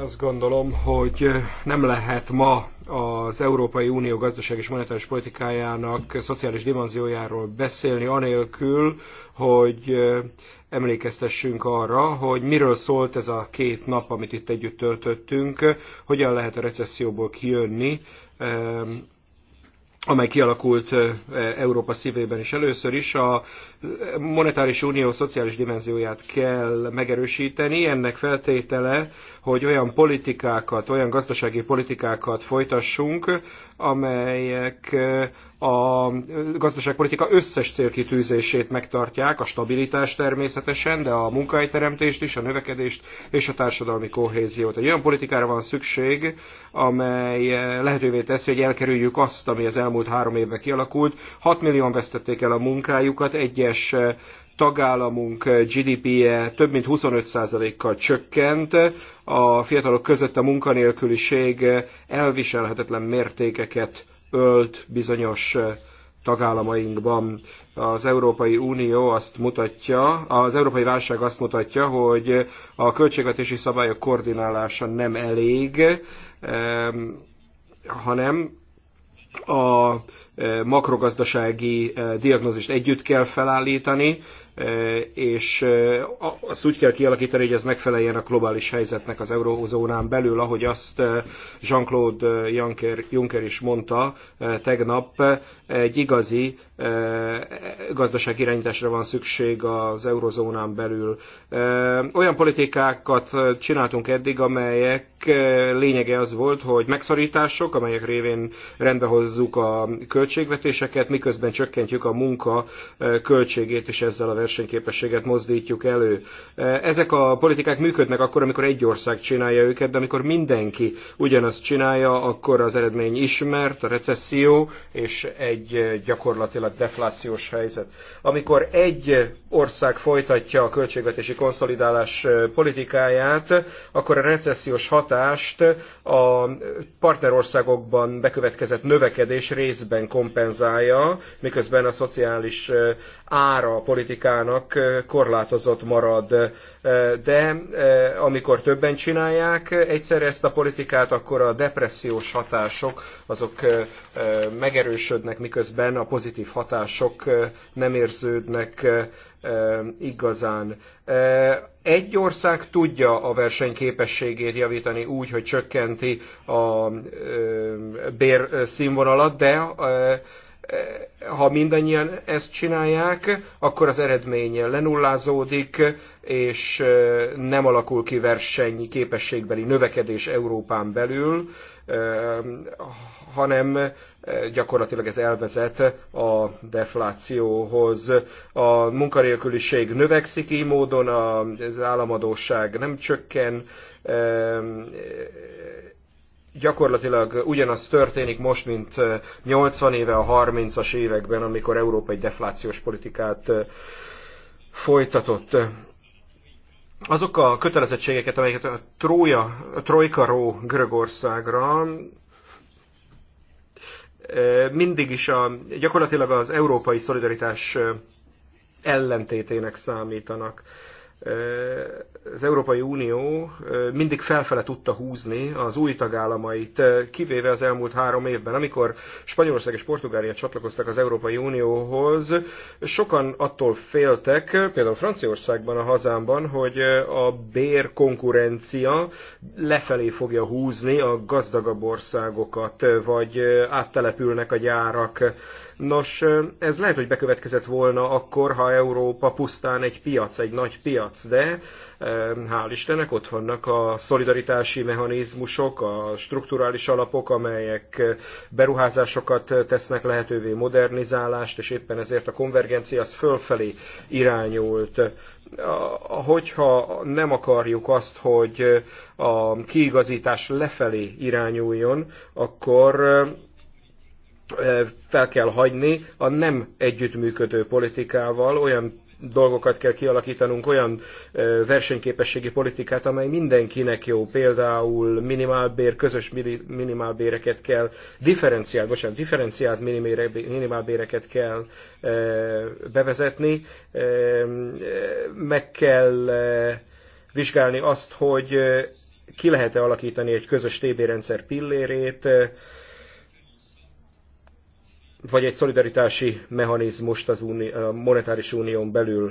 Speaker 5: azt gondolom, hogy nem lehet ma az Európai Unió gazdaság és monetáris politikájának szociális dimenziójáról beszélni, anélkül, hogy emlékeztessünk arra, hogy miről szólt ez a két nap, amit itt együtt töltöttünk, hogyan lehet a recesszióból kijönni, amely kialakult Európa szívében is először is. A monetáris unió szociális dimenzióját kell megerősíteni, ennek feltétele hogy olyan politikákat, olyan gazdasági politikákat folytassunk, amelyek a gazdaságpolitika összes célkitűzését megtartják, a stabilitást természetesen, de a munkahelyteremtést is, a növekedést és a társadalmi kohéziót. Egy olyan politikára van szükség, amely lehetővé teszi, hogy elkerüljük azt, ami az elmúlt három évben kialakult. 6 millióan vesztették el a munkájukat, egyes tagállamunk GDP-je több mint 25%-kal csökkent, a fiatalok között a munkanélküliség elviselhetetlen mértékeket ölt bizonyos tagállamainkban. Az Európai Unió azt mutatja, az Európai Válság azt mutatja, hogy a költségvetési szabályok koordinálása nem elég, ehm, hanem a eh, makrogazdasági eh, diagnózist együtt kell felállítani, és azt úgy kell kialakítani, hogy ez megfeleljen a globális helyzetnek az eurózónán belül, ahogy azt Jean-Claude Juncker, Juncker is mondta tegnap, egy igazi gazdaságirányításra van szükség az eurózónán belül. Olyan politikákat csináltunk eddig, amelyek lényege az volt, hogy megszorítások, amelyek révén rendbehozzuk a költségvetéseket, miközben csökkentjük a munka költségét, és ezzel a versenyképességet mozdítjuk elő. E, ezek a politikák működnek akkor, amikor egy ország csinálja őket, de amikor mindenki ugyanazt csinálja, akkor az eredmény ismert, a recesszió és egy gyakorlatilag deflációs helyzet. Amikor egy ország folytatja a költségvetési konszolidálás e, politikáját, akkor a recessziós hatást a partnerországokban bekövetkezett növekedés részben kompenzálja, miközben a szociális e, ára a munkának eh, korlátozott marad. Eh, de eh, amikor többen csinálják egyszer ezt a politikát, akkor a depressziós hatások azok megerősödnek, miközben a pozitív hatások nem érződnek igazán. Egy ország tudja a versenyképességét javítani úgy, hogy csökkenti a bérszínvonalat, de ha mindannyian ezt csinálják, akkor az eredmény lenullázódik, és nem alakul ki verseny képességbeli növekedés Európán belül, hanem gyakorlatilag ez elvezet a deflációhoz. A munkanélküliség növekszik így módon, az államadóság nem csökken, gyakorlatilag ugyanaz történik most, mint 80 éve a 30-as években, amikor európai deflációs politikát folytatott. Azok a kötelezettségeket, amelyeket a, Trója, a Trojka ró Görögországra mindig is a, gyakorlatilag az európai szolidaritás ellentétének számítanak az Európai Unió mindig felfele tudta húzni az új tagállamait, kivéve az elmúlt három évben. Amikor Spanyolország és Portugália csatlakoztak az Európai Unióhoz, sokan attól féltek, például Franciaországban, a hazámban, hogy a bérkonkurencia lefelé fogja húzni a gazdagabb országokat, vagy áttelepülnek a gyárak Nos, ez lehet, hogy bekövetkezett volna akkor, ha Európa pusztán egy piac, egy nagy piac, de hál' Istennek ott vannak a szolidaritási mechanizmusok, a strukturális alapok, amelyek beruházásokat tesznek lehetővé, modernizálást, és éppen ezért a konvergencia az fölfelé irányult. Hogyha nem akarjuk azt, hogy a kiigazítás lefelé irányuljon, akkor Eh, fel kell hagyni a nem együttműködő politikával, olyan dolgokat kell kialakítanunk, olyan eh, versenyképességi politikát, amely mindenkinek jó. Például minimálbér, közös minimálbéreket kell, differenciált, bocsánat, differenciált minimálbéreket kell eh, bevezetni. Meg kell vizsgálni azt, hogy ki lehet-e alakítani egy közös TB rendszer pillérét, vagy egy szolidaritási mechanizmust az uni, a monetáris unión belül.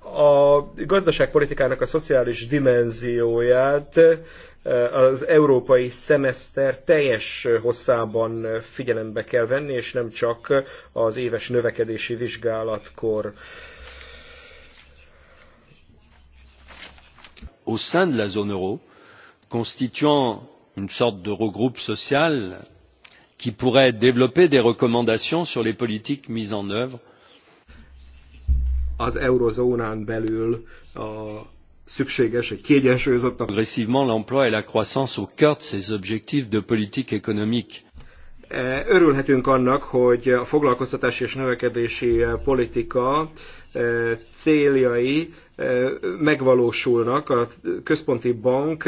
Speaker 5: A, a gazdaságpolitikának a szociális dimenzióját eh, az európai szemeszter teljes hosszában figyelembe kell venni, és nem csak az éves növekedési vizsgálatkor.
Speaker 1: au sein de la zone euro constituant une sorte de regroupe social qui pourrait développer des recommandations sur les politiques mises en œuvre. Az
Speaker 5: eurozónán belül a szükséges, egy kiegyensúlyozott progressivement l'emploi et la croissance au cœur de ses objectifs de politique économique. E, örülhetünk annak, hogy a foglalkoztatási és növekedési e, politika e, céljai megvalósulnak. A központi bank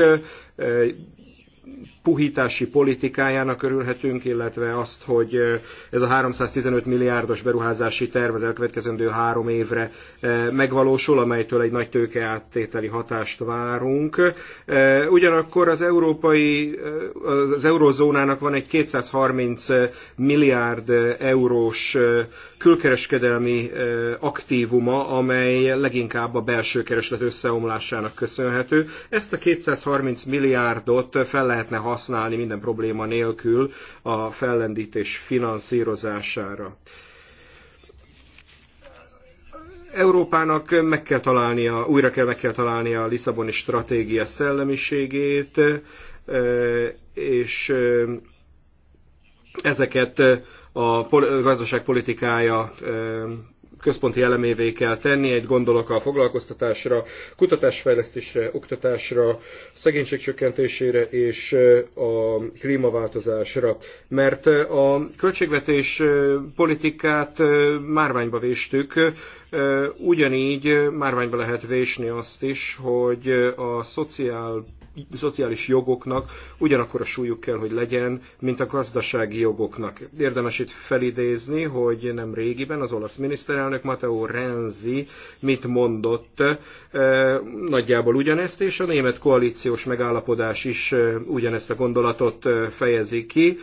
Speaker 5: puhítási politikájának örülhetünk, illetve azt, hogy ez a 315 milliárdos beruházási terv az elkövetkezendő három évre megvalósul, amelytől egy nagy tőkeáttételi hatást várunk. Ugyanakkor az európai, az eurozónának van egy 230 milliárd eurós külkereskedelmi aktívuma, amely leginkább a belső kereslet összeomlásának köszönhető. Ezt a 230 milliárdot fel lehetne használni használni minden probléma nélkül a fellendítés finanszírozására. Európának meg kell találnia, újra kell meg kell találnia a Lisszaboni stratégia szellemiségét, eh, és eh, ezeket a gazdaságpolitikája eh, központi elemévé kell tenni, egy gondolok a foglalkoztatásra, kutatásfejlesztésre, oktatásra, szegénység csökkentésére és a klímaváltozásra. Mert a költségvetés politikát márványba véstük, ugyanígy márványba lehet vésni azt is, hogy a szociál szociális jogoknak ugyanakkor a súlyuk kell, hogy legyen, mint a gazdasági jogoknak. Érdemes itt felidézni, hogy nem régiben az olasz miniszterelnök miniszterelnök Matteo Renzi mit mondott, nagyjából ugyanezt, és a német koalíciós megállapodás is ugyanezt a gondolatot fejezi ki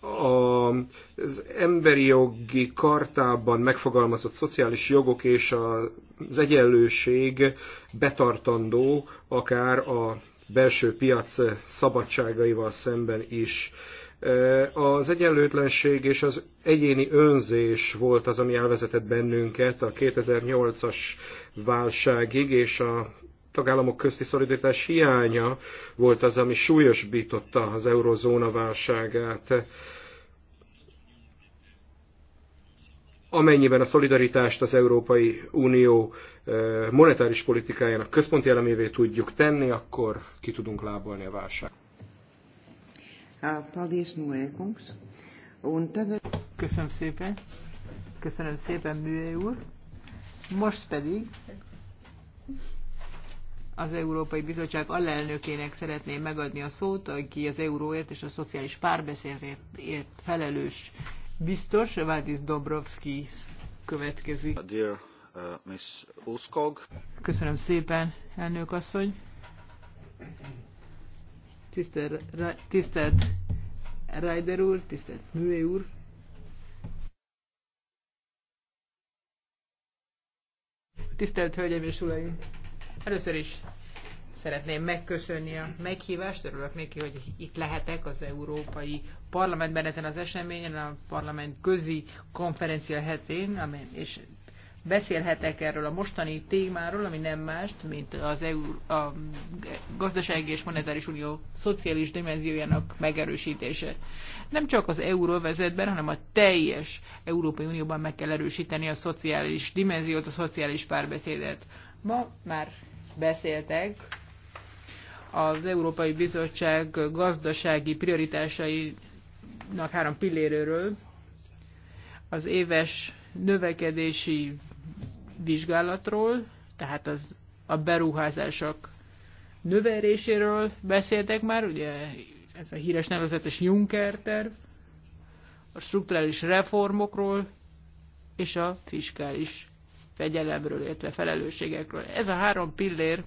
Speaker 5: az emberi jogi kartában megfogalmazott szociális jogok és az egyenlőség betartandó akár a belső piac szabadságaival szemben is. Az egyenlőtlenség és az egyéni önzés volt az, ami elvezetett bennünket a 2008-as válságig, és a tagállamok közti szolidaritás hiánya volt az, ami súlyosbította az eurozóna válságát. Amennyiben a szolidaritást az Európai Unió eh, monetáris politikájának központi elemévé tudjuk tenni, akkor ki tudunk lábolni a válságot.
Speaker 6: Köszönöm szépen. Köszönöm szépen, Műhely úr.
Speaker 3: Most pedig az Európai Bizottság alelnökének szeretném megadni a szót, aki az euróért és a szociális párbeszédért felelős biztos, Vádis Dobrovski következik. Dear, uh, Miss Köszönöm szépen, elnök asszony. Tisztelt, tisztelt Ryder úr, tisztelt Nőé úr. Tisztelt Hölgyeim és Uraim! Először is szeretném megköszönni a meghívást. Örülök neki, hogy itt lehetek az Európai Parlamentben ezen az eseményen, a parlament közi konferencia hetén, és beszélhetek erről a mostani témáról, ami nem mást, mint az EU, a gazdasági és monetáris unió szociális dimenziójának megerősítése. Nem csak az euróvezetben, hanem a teljes Európai Unióban meg kell erősíteni a szociális dimenziót, a szociális párbeszédet. Ma már beszéltek az Európai Bizottság gazdasági prioritásainak három pilléről, az éves növekedési vizsgálatról, tehát az a beruházások növeléséről beszéltek már, ugye ez a híres nevezetes Juncker terv, a strukturális reformokról és a fiskális fegyelemről, illetve felelősségekről. Ez a három pillér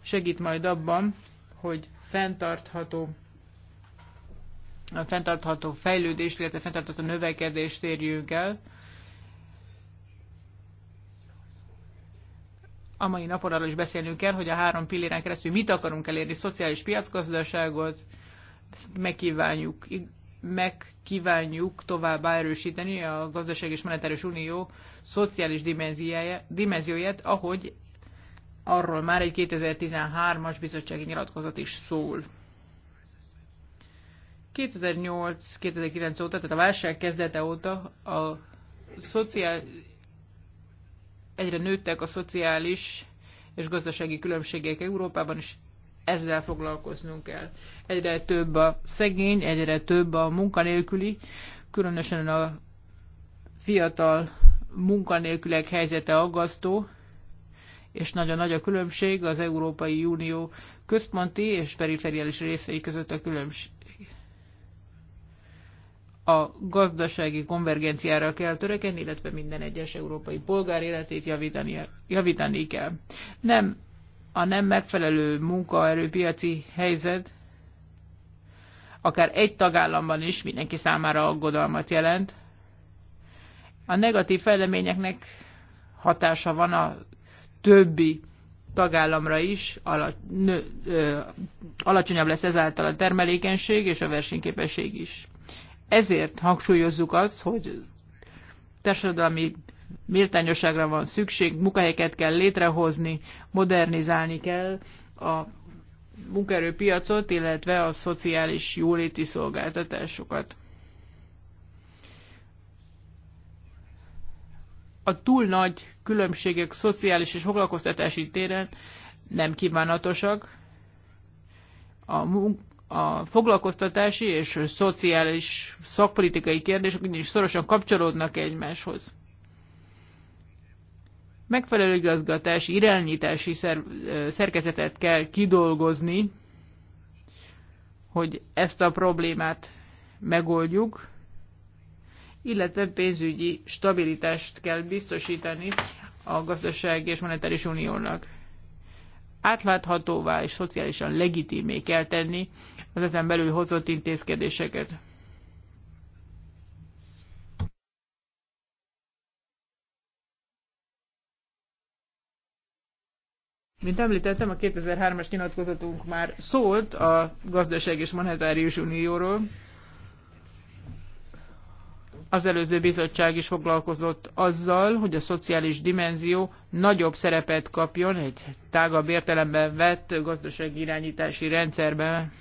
Speaker 3: segít majd abban, hogy fenntartható a fenntartható fejlődést, illetve fenntartható növekedést érjük el. A mai napon arról is beszélnünk kell, hogy a három pilléren keresztül mit akarunk elérni, szociális piacgazdaságot, megkívánjuk, megkívánjuk tovább erősíteni a gazdaság és monetáris unió szociális dimenzióját, ahogy arról már egy 2013-as bizottsági nyilatkozat is szól. 2008-2009 óta, tehát a válság kezdete óta a szociál... egyre nőttek a szociális és gazdasági különbségek Európában, és ezzel foglalkoznunk kell. Egyre több a szegény, egyre több a munkanélküli, különösen a fiatal munkanélkülek helyzete aggasztó, és nagyon nagy a különbség az Európai Unió központi és periferiális részei között a, különbség, a gazdasági konvergenciára kell törekedni, illetve minden egyes európai polgár életét javítani, javítani kell. Nem a nem megfelelő munkaerőpiaci helyzet akár egy tagállamban is mindenki számára aggodalmat jelent. A negatív fejleményeknek hatása van a többi tagállamra is, alacsonyabb lesz ezáltal a termelékenység és a versenyképesség is ezért hangsúlyozzuk azt, hogy társadalmi méltányosságra van szükség, munkahelyeket kell létrehozni, modernizálni kell a munkaerőpiacot, illetve a szociális jóléti szolgáltatásokat. A túl nagy különbségek szociális és foglalkoztatási téren nem kívánatosak. A a foglalkoztatási és szociális szakpolitikai kérdések is szorosan kapcsolódnak egymáshoz. Megfelelő igazgatási, irányítási szer, szerkezetet kell kidolgozni, hogy ezt a problémát megoldjuk, illetve pénzügyi stabilitást kell biztosítani a gazdasági és monetáris uniónak átláthatóvá és szociálisan legitimé kell tenni az ezen belül hozott intézkedéseket. Mint említettem, a 2003-as nyilatkozatunk már szólt a Gazdaság és Monetárius Unióról. Az előző bizottság is foglalkozott azzal, hogy a szociális dimenzió nagyobb szerepet kapjon egy tágabb értelemben vett gazdasági irányítási rendszerben.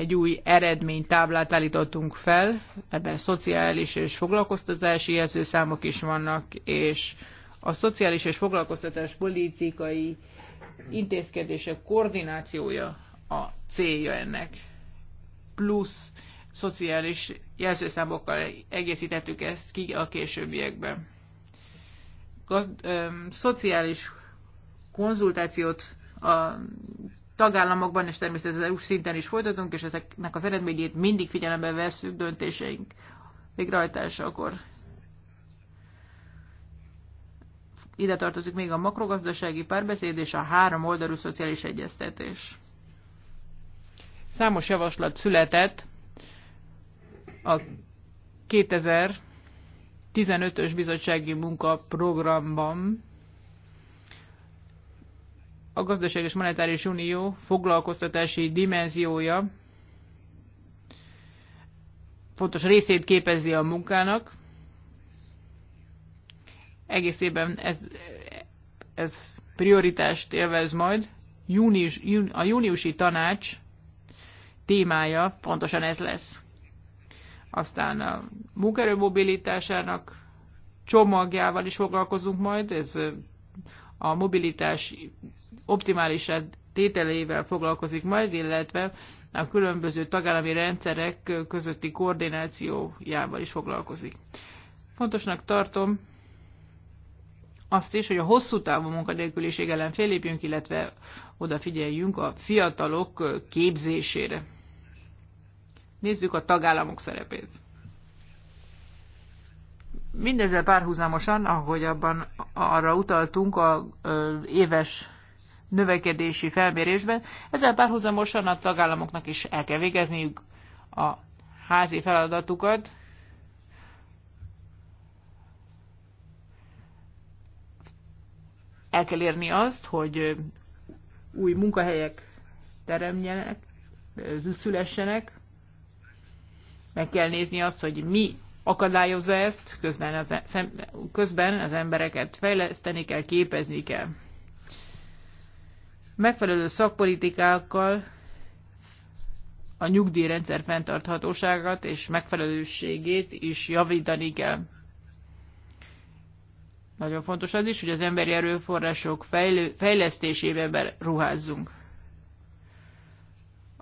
Speaker 3: egy új eredménytáblát állítottunk fel, ebben szociális és foglalkoztatási jelzőszámok is vannak, és a szociális és foglalkoztatás politikai intézkedések koordinációja a célja ennek. Plusz szociális jelzőszámokkal egészítettük ezt ki a későbbiekben. Gazd, ö, szociális konzultációt a tagállamokban, és természetesen EU szinten is folytatunk, és ezeknek az eredményét mindig figyelembe vesszük döntéseink végrehajtásakor. Ide tartozik még a makrogazdasági párbeszéd és a három oldalú szociális egyeztetés. Számos javaslat született a 2015-ös bizottsági munkaprogramban, a gazdaság és monetáris unió foglalkoztatási dimenziója fontos részét képezi a munkának. Egészében ez, ez prioritást élvez majd. Június, a júniusi tanács témája pontosan ez lesz. Aztán a munkerő mobilitásának csomagjával is foglalkozunk majd, ez a mobilitás optimális tételével foglalkozik majd, illetve a különböző tagállami rendszerek közötti koordinációjával is foglalkozik. Fontosnak tartom azt is, hogy a hosszú távú munkanélküliség ellen félépjünk, illetve odafigyeljünk a fiatalok képzésére. Nézzük a tagállamok szerepét. Mindezzel párhuzamosan, ahogy abban arra utaltunk a éves növekedési felmérésben, ezzel párhuzamosan a tagállamoknak is el kell végezniük a házi feladatukat, el kell érni azt, hogy új munkahelyek teremjenek, szülessenek, meg kell nézni azt, hogy mi akadályozza ezt, közben az, közben az embereket fejleszteni kell, képezni kell. Megfelelő szakpolitikákkal a nyugdíjrendszer fenntarthatóságát és megfelelőségét is javítani kell. Nagyon fontos az is, hogy az emberi erőforrások fejlő, fejlesztésében ruházzunk.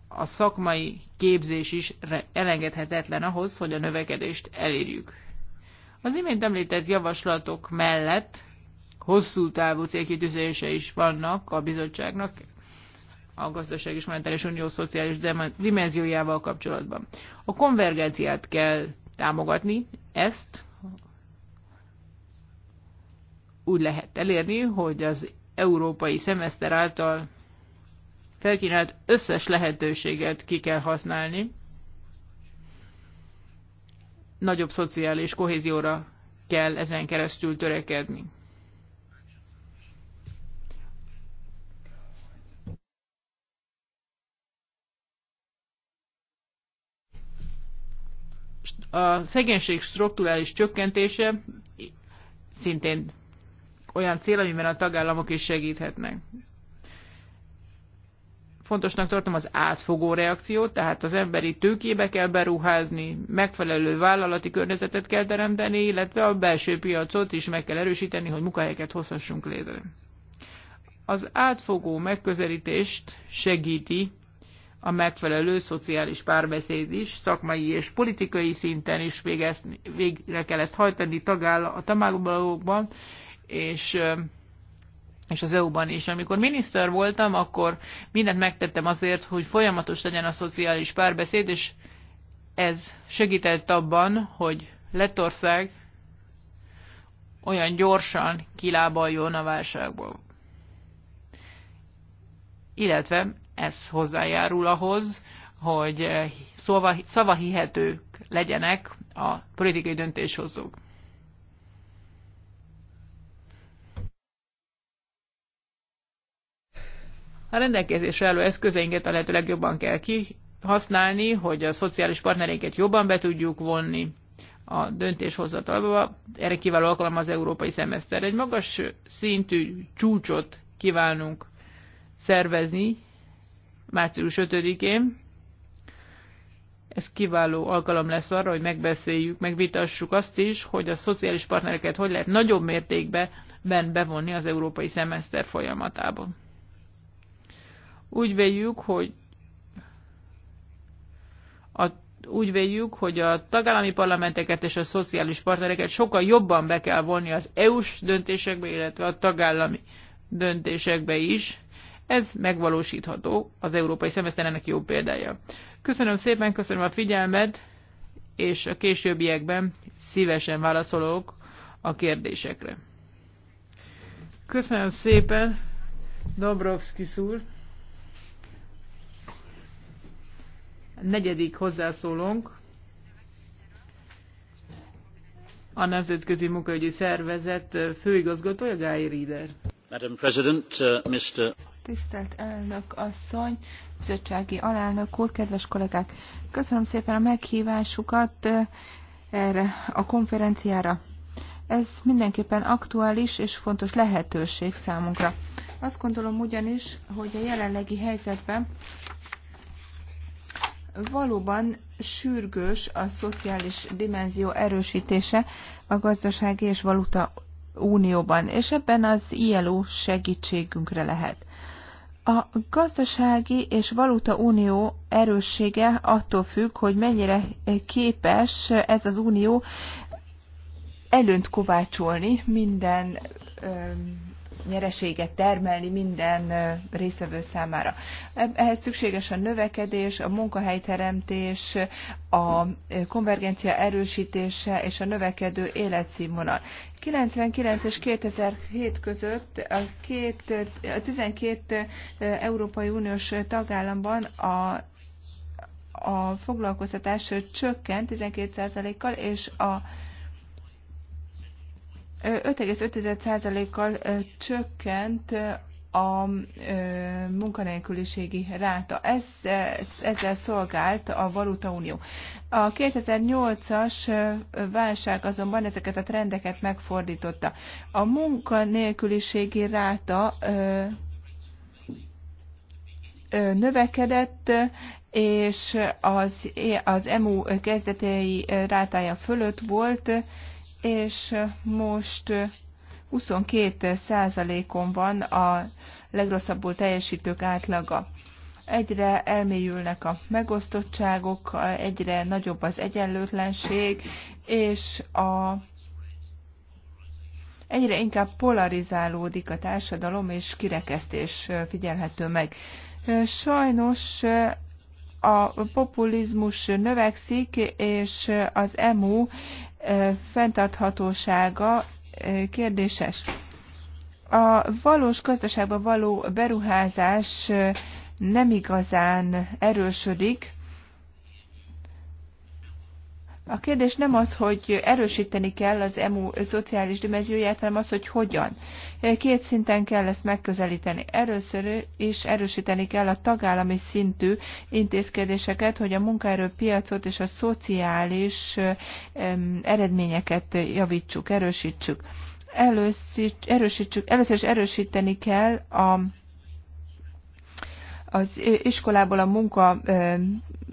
Speaker 3: A szakmai képzés is elengedhetetlen ahhoz, hogy a növekedést elérjük. Az imént említett javaslatok mellett hosszú távú célkitűzése is vannak a bizottságnak a gazdaság és monetáris unió szociális dimenziójával kapcsolatban. A konvergenciát kell támogatni, ezt úgy lehet elérni, hogy az európai szemeszter által felkínált összes lehetőséget ki kell használni. Nagyobb szociális kohézióra kell ezen keresztül törekedni. A szegénység strukturális csökkentése szintén olyan cél, amiben a tagállamok is segíthetnek fontosnak tartom az átfogó reakciót, tehát az emberi tőkébe kell beruházni, megfelelő vállalati környezetet kell teremteni, illetve a belső piacot is meg kell erősíteni, hogy munkahelyeket hozhassunk létre. Az átfogó megközelítést segíti a megfelelő szociális párbeszéd is, szakmai és politikai szinten is végre kell ezt hajtani tagállal, a tagállamokban, és és az EU-ban is. Amikor miniszter voltam, akkor mindent megtettem azért, hogy folyamatos legyen a szociális párbeszéd, és ez segített abban, hogy Lettország olyan gyorsan kilábaljon a válságból. Illetve ez hozzájárul ahhoz, hogy szavahihetők legyenek a politikai döntéshozók. A rendelkezésre álló eszközeinket a lehető legjobban kell kihasználni, hogy a szociális partnereinket jobban be tudjuk vonni a döntéshozatalba. Erre kiváló alkalom az európai szemeszter. Egy magas szintű csúcsot kívánunk szervezni március 5-én. Ez kiváló alkalom lesz arra, hogy megbeszéljük, megvitassuk azt is, hogy a szociális partnereket hogy lehet nagyobb mértékben bevonni az európai szemeszter folyamatában. Úgy véljük, hogy a, úgy véljük, hogy a tagállami parlamenteket és a szociális partnereket sokkal jobban be kell vonni az EU-s döntésekbe, illetve a tagállami döntésekbe is. Ez megvalósítható, az európai szemeszter ennek jó példája. Köszönöm szépen, köszönöm a figyelmet, és a későbbiekben szívesen válaszolok a kérdésekre. Köszönöm szépen, Dobrovszki úr! Negyedik hozzászólónk a Nemzetközi Munkaügyi Szervezet főigazgatója Guy Reader.
Speaker 4: Madam President, uh, Mr.
Speaker 2: Tisztelt elnök asszony, bizottsági alelnök úr, kedves kollégák! Köszönöm szépen a meghívásukat uh, erre a konferenciára. Ez mindenképpen aktuális és fontos lehetőség számunkra. Azt gondolom ugyanis, hogy a jelenlegi helyzetben valóban sürgős a szociális dimenzió erősítése a gazdasági és valuta unióban, és ebben az ILO segítségünkre lehet. A gazdasági és valuta unió erőssége attól függ, hogy mennyire képes ez az unió előnt kovácsolni minden nyereséget termelni minden részvevő számára. Ehhez szükséges a növekedés, a munkahelyteremtés, a konvergencia erősítése és a növekedő életszínvonal. 99 és 2007 között a, két, a 12 Európai Uniós tagállamban a a foglalkoztatás csökkent 12%-kal, és a 5,5%-kal csökkent a munkanélküliségi ráta. Ez, ez, ezzel szolgált a valutaunió. A 2008-as válság azonban ezeket a trendeket megfordította. A munkanélküliségi ráta növekedett, és az, az EMU kezdetei rátája fölött volt, és most 22 százalékon van a legrosszabbul teljesítők átlaga. Egyre elmélyülnek a megosztottságok, egyre nagyobb az egyenlőtlenség, és a egyre inkább polarizálódik a társadalom, és kirekesztés figyelhető meg. Sajnos a populizmus növekszik, és az EMU eh, fenntarthatósága eh, kérdéses. A valós gazdaságban való beruházás eh, nem igazán erősödik, a kérdés nem az, hogy erősíteni kell az EMU szociális dimenzióját, hanem az, hogy hogyan. Két szinten kell ezt megközelíteni. Először is erősíteni kell a tagállami szintű intézkedéseket, hogy a munkaerőpiacot és a szociális eredményeket javítsuk, erősítsük. Először, erősítsük, először is erősíteni kell a az iskolából a munka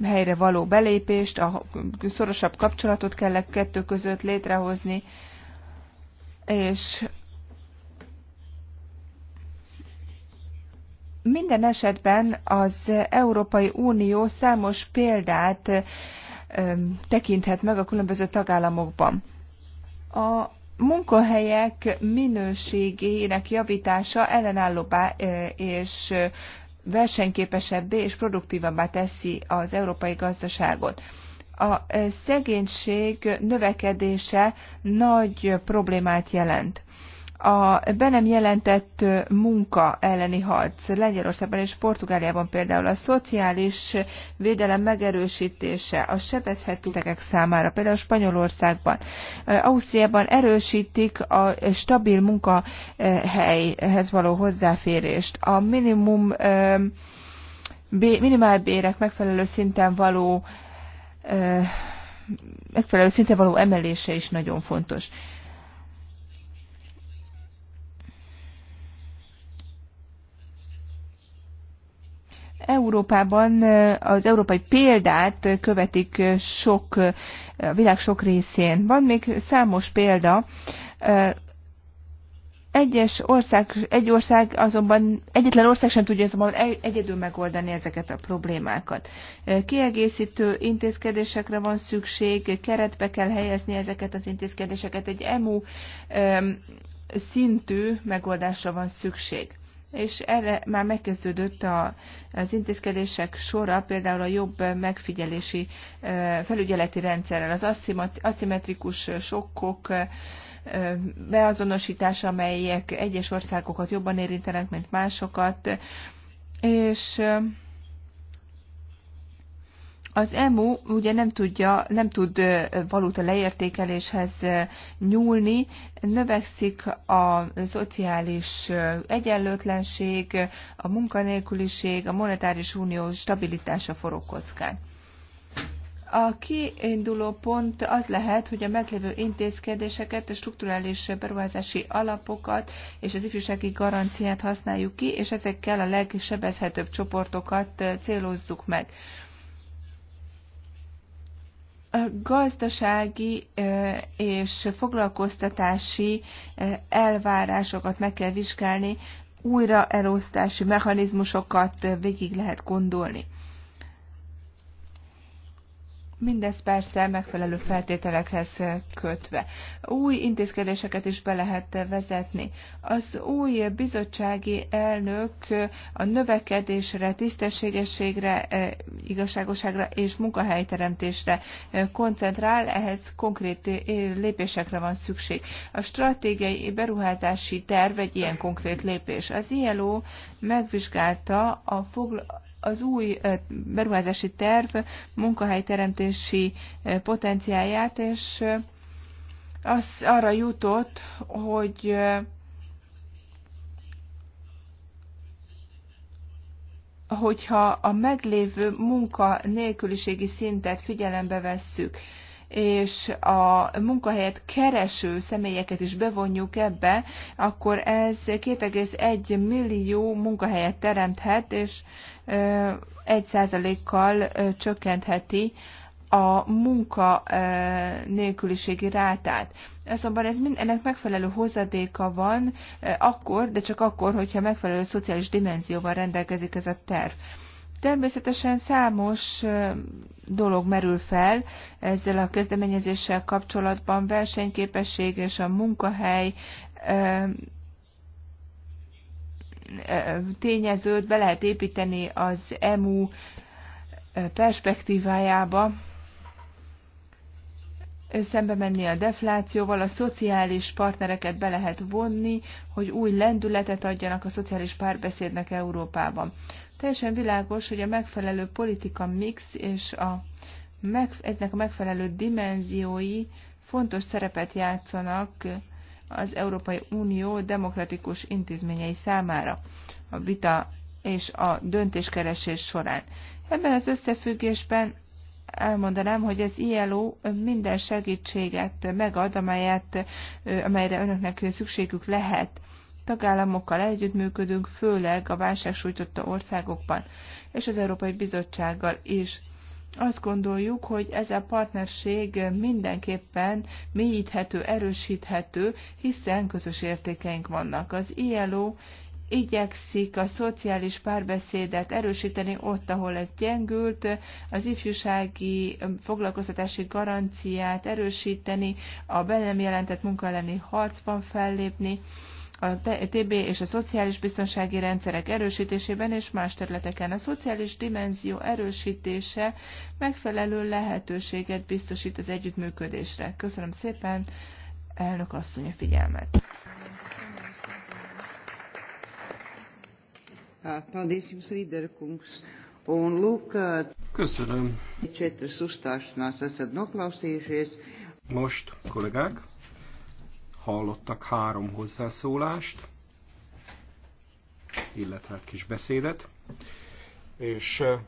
Speaker 2: helyre való belépést, a szorosabb kapcsolatot kell a kettő között létrehozni, és minden esetben az Európai Unió számos példát tekinthet meg a különböző tagállamokban. A munkahelyek minőségének javítása ellenállóbbá és versenyképesebbé és produktívabbá teszi az európai gazdaságot. A eh, szegénység növekedése nagy problémát jelent a be nem jelentett munka elleni harc Lengyelországban és Portugáliában például a szociális védelem megerősítése a sebezhetőek számára, például Spanyolországban, Ausztriában erősítik a stabil munkahelyhez való hozzáférést, a minimum minimálbérek megfelelő szinten való megfelelő szinten való emelése is nagyon fontos. Európában az európai példát követik sok, a világ sok részén. Van még számos példa. Egyes ország, egy ország azonban, egyetlen ország sem tudja azonban e-, egyedül megoldani ezeket a problémákat. Kiegészítő intézkedésekre van szükség, keretbe kell helyezni ezeket az intézkedéseket, egy EMU szintű megoldásra van szükség és erre már megkezdődött a, az intézkedések sora, például a jobb megfigyelési felügyeleti rendszerrel, az aszimmetrikus sokkok beazonosítása, amelyek egyes országokat jobban érintenek, mint másokat, és az EMU ugye nem tudja, nem tud valuta leértékeléshez nyúlni, növekszik a szociális egyenlőtlenség, a munkanélküliség, a monetáris unió stabilitása forog kockán. A kiinduló pont az lehet, hogy a meglévő intézkedéseket, a strukturális beruházási alapokat és az ifjúsági garanciát használjuk ki, és ezekkel a legsebezhetőbb csoportokat célozzuk meg gazdasági és foglalkoztatási elvárásokat meg kell vizsgálni, újraelosztási mechanizmusokat végig lehet gondolni. Mindez persze megfelelő feltételekhez kötve. Új intézkedéseket is be lehet vezetni. Az új bizottsági elnök a növekedésre, tisztességességre, eh, igazságoságra és munkahelyteremtésre eh, koncentrál, ehhez konkrét eh, lépésekre van szükség. A stratégiai beruházási terv egy ilyen konkrét lépés. Az ILO megvizsgálta a, fogla- az új beruházási terv munkahelyteremtési potenciáját, és az arra jutott, hogy hogyha a meglévő munka nélküliségi szintet figyelembe vesszük, és a munkahelyet kereső személyeket is bevonjuk ebbe, akkor ez 2,1 millió munkahelyet teremthet, és 1%-kal csökkentheti a munka nélküliségi rátát. Azonban ez mind, ennek megfelelő hozadéka van akkor, de csak akkor, hogyha megfelelő szociális dimenzióval rendelkezik ez a terv. Természetesen számos dolog merül fel ezzel a kezdeményezéssel kapcsolatban, versenyképesség és a munkahely tényezőt be lehet építeni az EMU perspektívájába, szembe menni a deflációval, a szociális partnereket be lehet vonni, hogy új lendületet adjanak a szociális párbeszédnek Európában. Teljesen világos, hogy a megfelelő politika mix és a meg, eznek a megfelelő dimenziói fontos szerepet játszanak az Európai Unió demokratikus intézményei számára a vita és a döntéskeresés során. Ebben az összefüggésben elmondanám, hogy az ILO minden segítséget megad, amelyet, amelyre önöknek szükségük lehet tagállamokkal együttműködünk, főleg a válság sújtotta országokban, és az Európai Bizottsággal is. Azt gondoljuk, hogy ez a partnerség mindenképpen mélyíthető, erősíthető, hiszen közös értékeink vannak. Az ILO igyekszik a szociális párbeszédet erősíteni ott, ahol ez gyengült, az ifjúsági foglalkoztatási garanciát erősíteni, a be nem jelentett munka elleni harcban fellépni, a TB és a szociális biztonsági rendszerek erősítésében és más területeken. A szociális dimenzió erősítése megfelelő lehetőséget biztosít az együttműködésre. Köszönöm szépen, elnök asszony, a figyelmet.
Speaker 6: Ah, Köszönöm. Most, kollégák, hallottak három hozzászólást,
Speaker 5: illetve egy kis beszédet. És eh,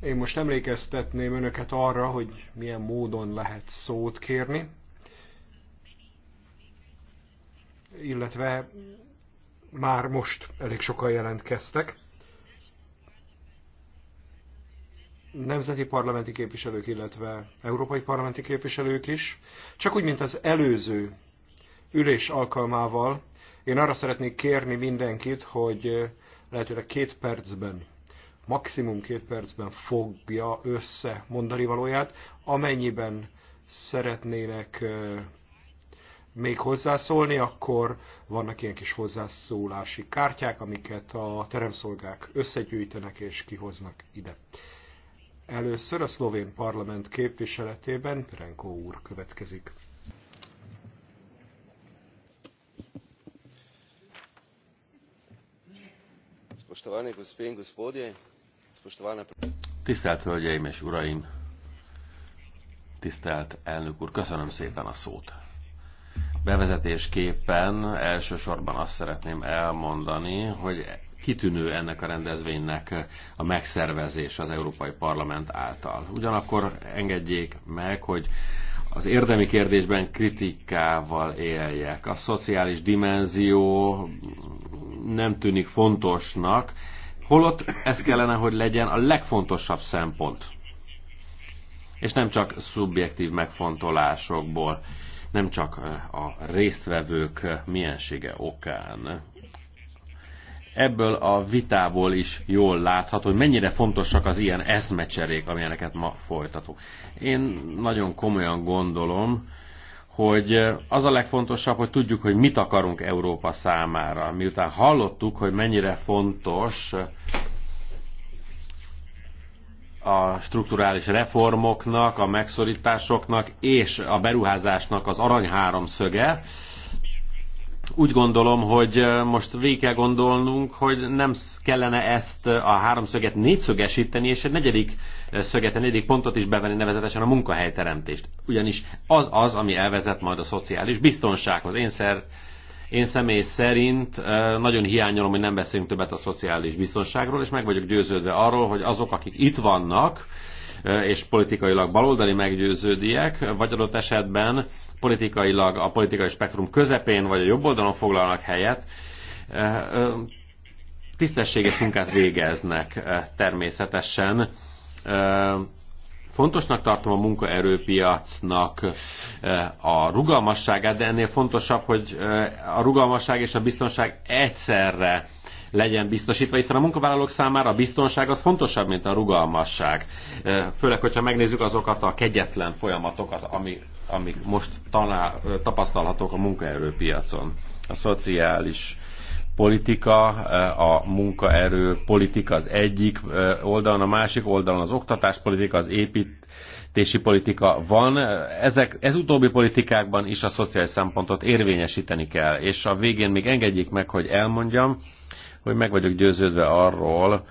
Speaker 5: én most emlékeztetném önöket arra, hogy milyen módon lehet szót kérni, illetve már most elég sokan jelentkeztek. nemzeti parlamenti képviselők, illetve európai parlamenti képviselők is. Csak úgy, mint az előző ülés alkalmával, én arra szeretnék kérni mindenkit, hogy eh, lehetőleg két percben, maximum két percben fogja össze mondani valóját, amennyiben szeretnének eh, még hozzászólni, akkor vannak ilyen kis hozzászólási kártyák, amiket a teremszolgák összegyűjtenek és kihoznak ide. Először a szlovén parlament képviseletében Renko úr következik.
Speaker 1: Tisztelt Hölgyeim és Uraim! Tisztelt elnök úr, köszönöm szépen a szót! Bevezetésképpen elsősorban azt szeretném elmondani, hogy kitűnő ennek a rendezvénynek a megszervezés az Európai Parlament által. Ugyanakkor engedjék meg, hogy az érdemi kérdésben kritikával éljek. A szociális dimenzió nem tűnik fontosnak, holott ez kellene, hogy legyen a legfontosabb szempont. És nem csak szubjektív megfontolásokból, nem csak a résztvevők miensége okán ebből a vitából is jól látható, hogy mennyire fontosak az ilyen eszmecserék, amilyeneket ma folytatunk. Én nagyon komolyan gondolom, hogy az a legfontosabb, hogy tudjuk, hogy mit akarunk Európa számára. Miután hallottuk, hogy mennyire fontos a strukturális reformoknak, a megszorításoknak és a beruházásnak az arany háromszöge, úgy gondolom, hogy eh, most végig kell gondolnunk, hogy nem kellene ezt eh, a háromszöget négyszögesíteni, és egy negyedik eh, szöget, egy negyedik pontot is bevenni, nevezetesen a munkahelyteremtést. Ugyanis az az, ami elvezet majd a szociális biztonsághoz. Én szer én személy szerint nagyon hiányolom, hogy nem beszélünk többet a szociális biztonságról, és meg vagyok győződve arról, hogy azok, akik itt vannak, és politikailag baloldali meggyőződiek, vagy adott esetben politikailag a politikai spektrum közepén vagy a jobb oldalon foglalnak helyet, eh, tisztességes munkát végeznek eh, természetesen. Eh, fontosnak tartom a munkaerőpiacnak a rugalmasságát, de ennél fontosabb, hogy a rugalmasság és a biztonság egyszerre legyen biztosítva, hiszen a munkavállalók számára a biztonság az fontosabb, mint a rugalmasság. Főleg, hogyha megnézzük azokat a kegyetlen folyamatokat, ami, amik most tanál, tapasztalhatók a munkaerőpiacon. A szociális politika, a munkaerő politika az egyik oldalon, a másik oldalon az oktatáspolitika, az építési politika van. Ezek, ez utóbbi politikákban is a szociális szempontot érvényesíteni kell. És a végén még engedjék meg, hogy elmondjam, hogy meg vagyok győződve arról,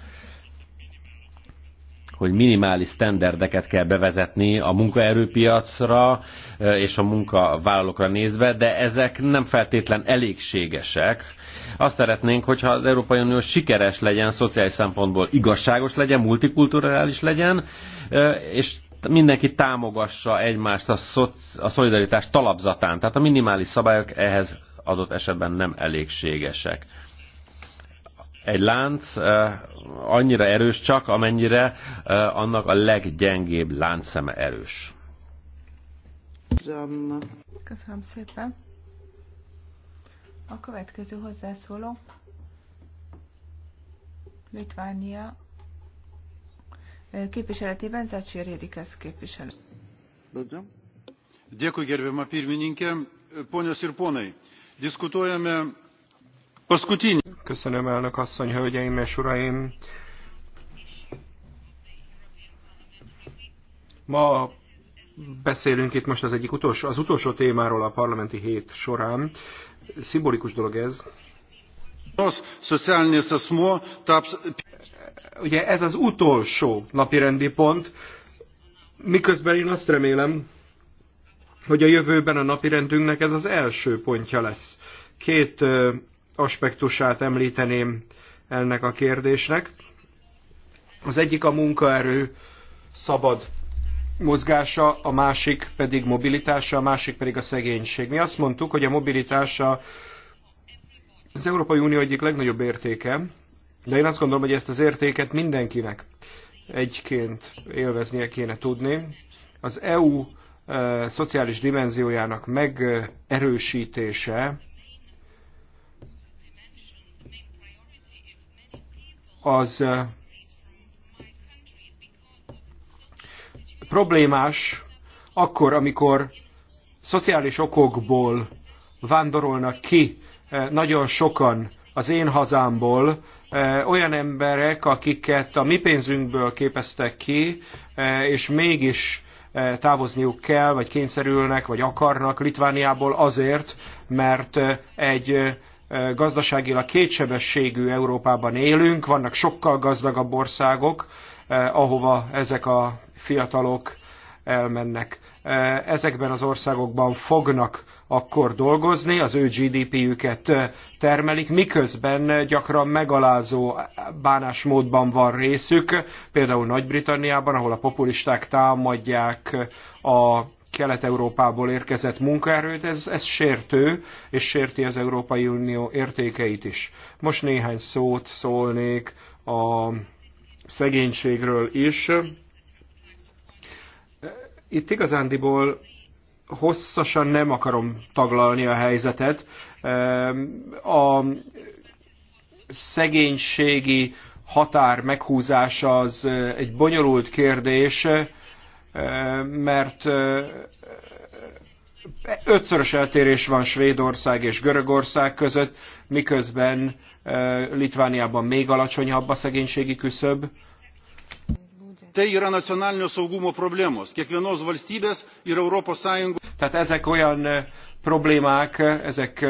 Speaker 1: hogy minimális standardeket kell bevezetni a munkaerőpiacra eh, és a munkavállalókra nézve, de ezek nem feltétlen elégségesek. Azt szeretnénk, hogyha az Európai Unió sikeres legyen, szociális szempontból igazságos legyen, multikulturális legyen, eh, és mindenki támogassa egymást a, szoci- a szolidaritás talapzatán. Tehát a minimális szabályok ehhez adott esetben nem elégségesek egy lánc eh, annyira erős csak, amennyire eh, annak a leggyengébb láncszeme erős.
Speaker 2: Köszönöm szépen. A következő hozzászóló. Litvánia eh, képviseletében Zacsér Érikesz képviselő.
Speaker 4: Dėkui, gerbiama pirmininkė. Ponios ir ponai, diskutuojame
Speaker 5: Köszönöm, elnök asszony, hölgyeim és uraim! Ma beszélünk itt most az egyik utolsó, az utolsó témáról a parlamenti hét során. Szimbolikus dolog ez. Ugye ez az utolsó napirendi pont, miközben én azt remélem, hogy a jövőben a napirendünknek ez az első pontja lesz. Két aspektusát említeném ennek a kérdésnek. Az egyik a munkaerő szabad mozgása, a másik pedig mobilitása, a másik pedig a szegénység. Mi azt mondtuk, hogy a mobilitása az Európai Unió egyik legnagyobb értéke, de én azt gondolom, hogy ezt az értéket mindenkinek egyként élveznie kéne tudni. Az EU eh, szociális dimenziójának megerősítése az problémás akkor, amikor szociális okokból vándorolnak ki nagyon sokan az én hazámból olyan emberek, akiket a mi pénzünkből képeztek ki, és mégis távozniuk kell, vagy kényszerülnek, vagy akarnak Litvániából azért, mert egy gazdaságilag kétsebességű Európában élünk, vannak sokkal gazdagabb országok, ahova ezek a fiatalok elmennek. Ezekben az országokban fognak akkor dolgozni, az ő GDP-jüket termelik, miközben gyakran megalázó bánásmódban van részük, például Nagy-Britanniában, ahol a populisták támadják a Kelet-Európából érkezett munkaerőt, ez, ez sértő, és sérti az Európai Unió értékeit is. Most néhány szót szólnék a szegénységről is. Itt igazándiból hosszasan nem akarom taglalni a helyzetet. Ehm, a szegénységi határ meghúzása az eh, egy bonyolult kérdés, mert ötszörös eltérés van Svédország és Görögország között, miközben Litvániában még alacsonyabb a szegénységi küszöb. Tehát ezek olyan problémák, ezek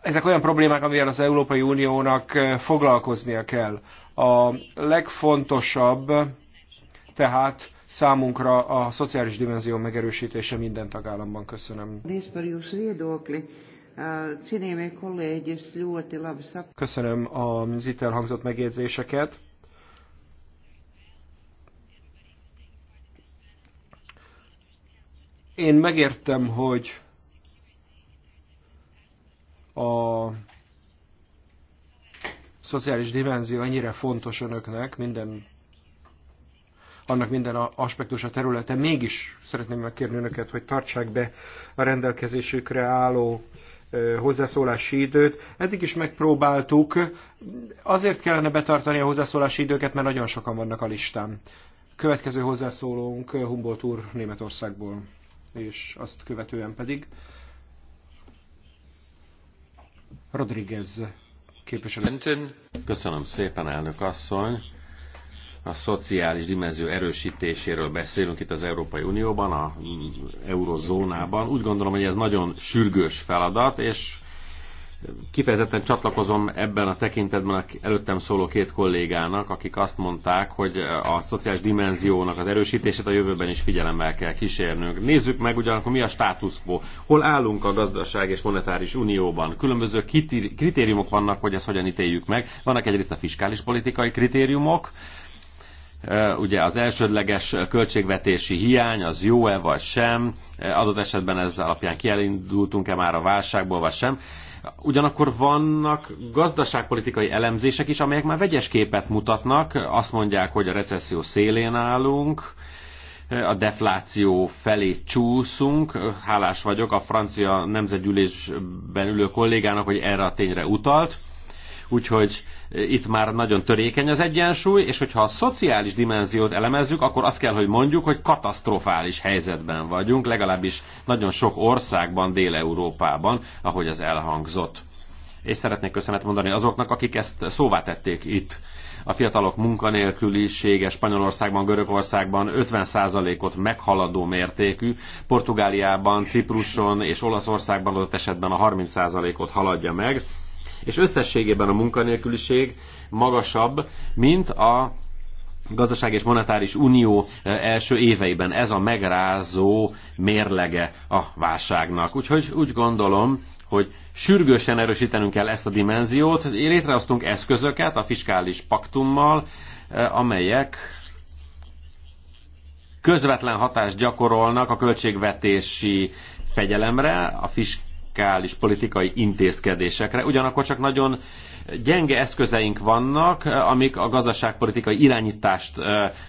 Speaker 5: ezek olyan problémák, amivel az Európai Uniónak foglalkoznia kell. A legfontosabb tehát számunkra a szociális dimenzió megerősítése minden tagállamban. Köszönöm. Köszönöm a zitter hangzott megjegyzéseket. Én megértem, hogy a szociális dimenzió ennyire fontos önöknek, minden, annak minden aspektus a területen. Mégis szeretném megkérni önöket, hogy tartsák be a rendelkezésükre álló hozzászólási időt. Eddig is megpróbáltuk, azért kellene betartani a hozzászólási időket, mert nagyon sokan vannak a listán. Következő hozzászólónk Humboldt úr Németországból, és azt követően pedig Rodriguez
Speaker 1: Köszönöm szépen, elnök asszony. A szociális dimenzió erősítéséről beszélünk itt az Európai Unióban, a eurozónában. Úgy gondolom, hogy ez nagyon sürgős feladat, és Kifejezetten csatlakozom ebben a tekintetben előttem szóló két kollégának, akik azt mondták, hogy a szociális dimenziónak az erősítését a jövőben is figyelemmel kell kísérnünk. Nézzük meg ugyanakkor mi a status quo. Hol állunk a gazdaság és monetáris unióban? Különböző kritériumok vannak, hogy ezt hogyan ítéljük meg. Vannak egyrészt a fiskális politikai kritériumok, ugye az elsődleges költségvetési hiány az jó-e vagy sem, adott esetben ez alapján kielindultunk-e már a válságból vagy sem. Ugyanakkor vannak gazdaságpolitikai elemzések is, amelyek már vegyes képet mutatnak. Azt mondják, hogy a recesszió szélén állunk, a defláció felé csúszunk. Hálás vagyok a francia nemzetgyűlésben ülő kollégának, hogy erre a tényre utalt. Úgyhogy itt már nagyon törékeny az egyensúly, és hogyha a szociális dimenziót elemezzük, akkor azt kell, hogy mondjuk, hogy katasztrofális helyzetben vagyunk, legalábbis nagyon sok országban, Dél-Európában, ahogy az elhangzott. És szeretnék köszönet mondani azoknak, akik ezt szóvá tették itt a fiatalok munkanélkülisége Spanyolországban, Görögországban 50%-ot meghaladó mértékű, Portugáliában, Cipruson és Olaszországban adott esetben a 30%-ot haladja meg és összességében a munkanélküliség magasabb, mint a gazdaság és monetáris unió e, első éveiben. Ez a megrázó mérlege a válságnak. Úgyhogy úgy gondolom, hogy sürgősen erősítenünk kell ezt a dimenziót. Létrehoztunk eszközöket a fiskális paktummal, e, amelyek közvetlen hatást gyakorolnak a költségvetési fegyelemre, a fisk radikális politikai intézkedésekre, ugyanakkor csak nagyon gyenge eszközeink vannak, amik a gazdaságpolitikai irányítást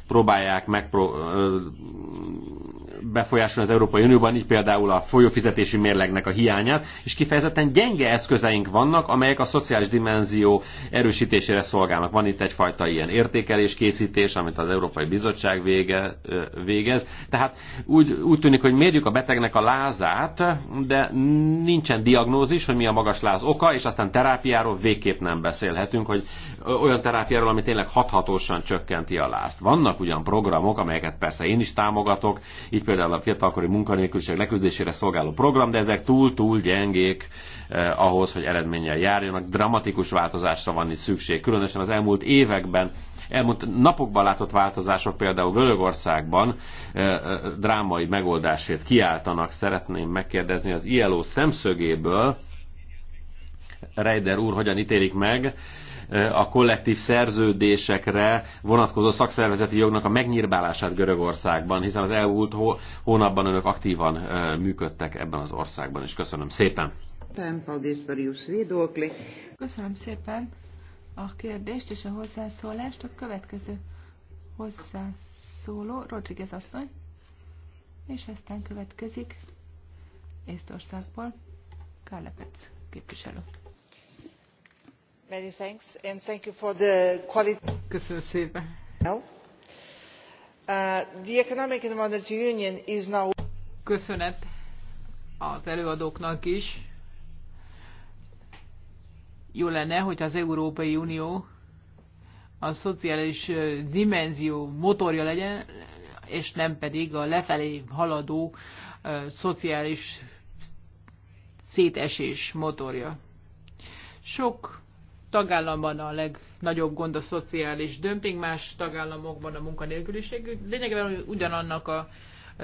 Speaker 1: próbálják meg befolyásolni az Európai Unióban, így például a folyófizetési mérlegnek a hiányát, és kifejezetten gyenge eszközeink vannak, amelyek a szociális dimenzió erősítésére szolgálnak. Van itt egyfajta ilyen értékeléskészítés, amit az Európai Bizottság vége, végez. Tehát úgy, úgy tűnik, hogy mérjük a betegnek a lázát, de nincsen diagnózis, hogy mi a magas láz oka, és aztán terápiáról végképp nem beszélhetünk, hogy olyan terápiáról, ami tényleg hathatósan csökkenti a lázt. Vannak ugyan programok, amelyeket persze én is támogatok, így például a fiatalkori munkanélküliség leküzdésére szolgáló program, de ezek túl-túl gyengék eh, ahhoz, hogy eredménnyel járjanak. Dramatikus változásra van itt szükség, különösen az elmúlt években elmúlt napokban látott változások például Görögországban eh, eh, drámai megoldásért kiáltanak. Szeretném megkérdezni az ILO szemszögéből, Reider úr hogyan ítélik meg a kollektív szerződésekre vonatkozó szakszervezeti jognak a megnyírbálását Görögországban, hiszen az elmúlt hónapban önök aktívan működtek ebben az országban, és köszönöm szépen.
Speaker 2: Köszönöm szépen a kérdést és a hozzászólást. A következő hozzászóló Rodriguez asszony, és aztán következik Észtországból Kárlepec képviselő.
Speaker 6: Köszönöm szépen. Uh,
Speaker 3: Köszönet az előadóknak is. Jó lenne, hogy az Európai Unió a szociális dimenzió motorja legyen, és nem pedig a lefelé haladó szociális szétesés motorja. Sok tagállamban a legnagyobb gond a szociális dömping, más tagállamokban a munkanélküliség. Lényegében ugyanannak a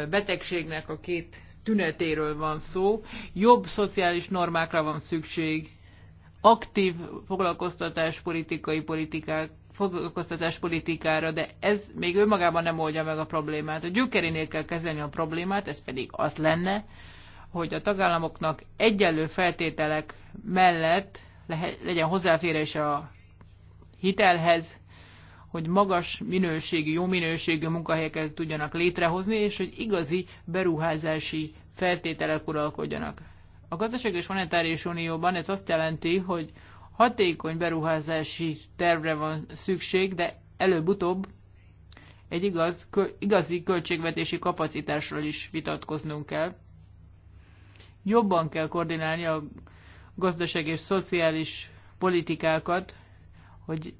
Speaker 3: betegségnek a két tünetéről van szó. Jobb szociális normákra van szükség, aktív foglalkoztatáspolitikai politikák, foglalkoztatáspolitikára, de ez még önmagában nem oldja meg a problémát. A gyökerénél kell kezelni a problémát, ez pedig az lenne, hogy a tagállamoknak egyenlő feltételek mellett legyen hozzáférés a hitelhez, hogy magas minőségű, jó minőségű munkahelyeket tudjanak létrehozni, és hogy igazi beruházási feltételek uralkodjanak. A gazdaság és monetáris unióban ez azt jelenti, hogy hatékony beruházási tervre van szükség, de előbb-utóbb egy igaz, kö, igazi költségvetési kapacitásról is vitatkoznunk kell. Jobban kell koordinálni a gazdaság és szociális politikákat, hogy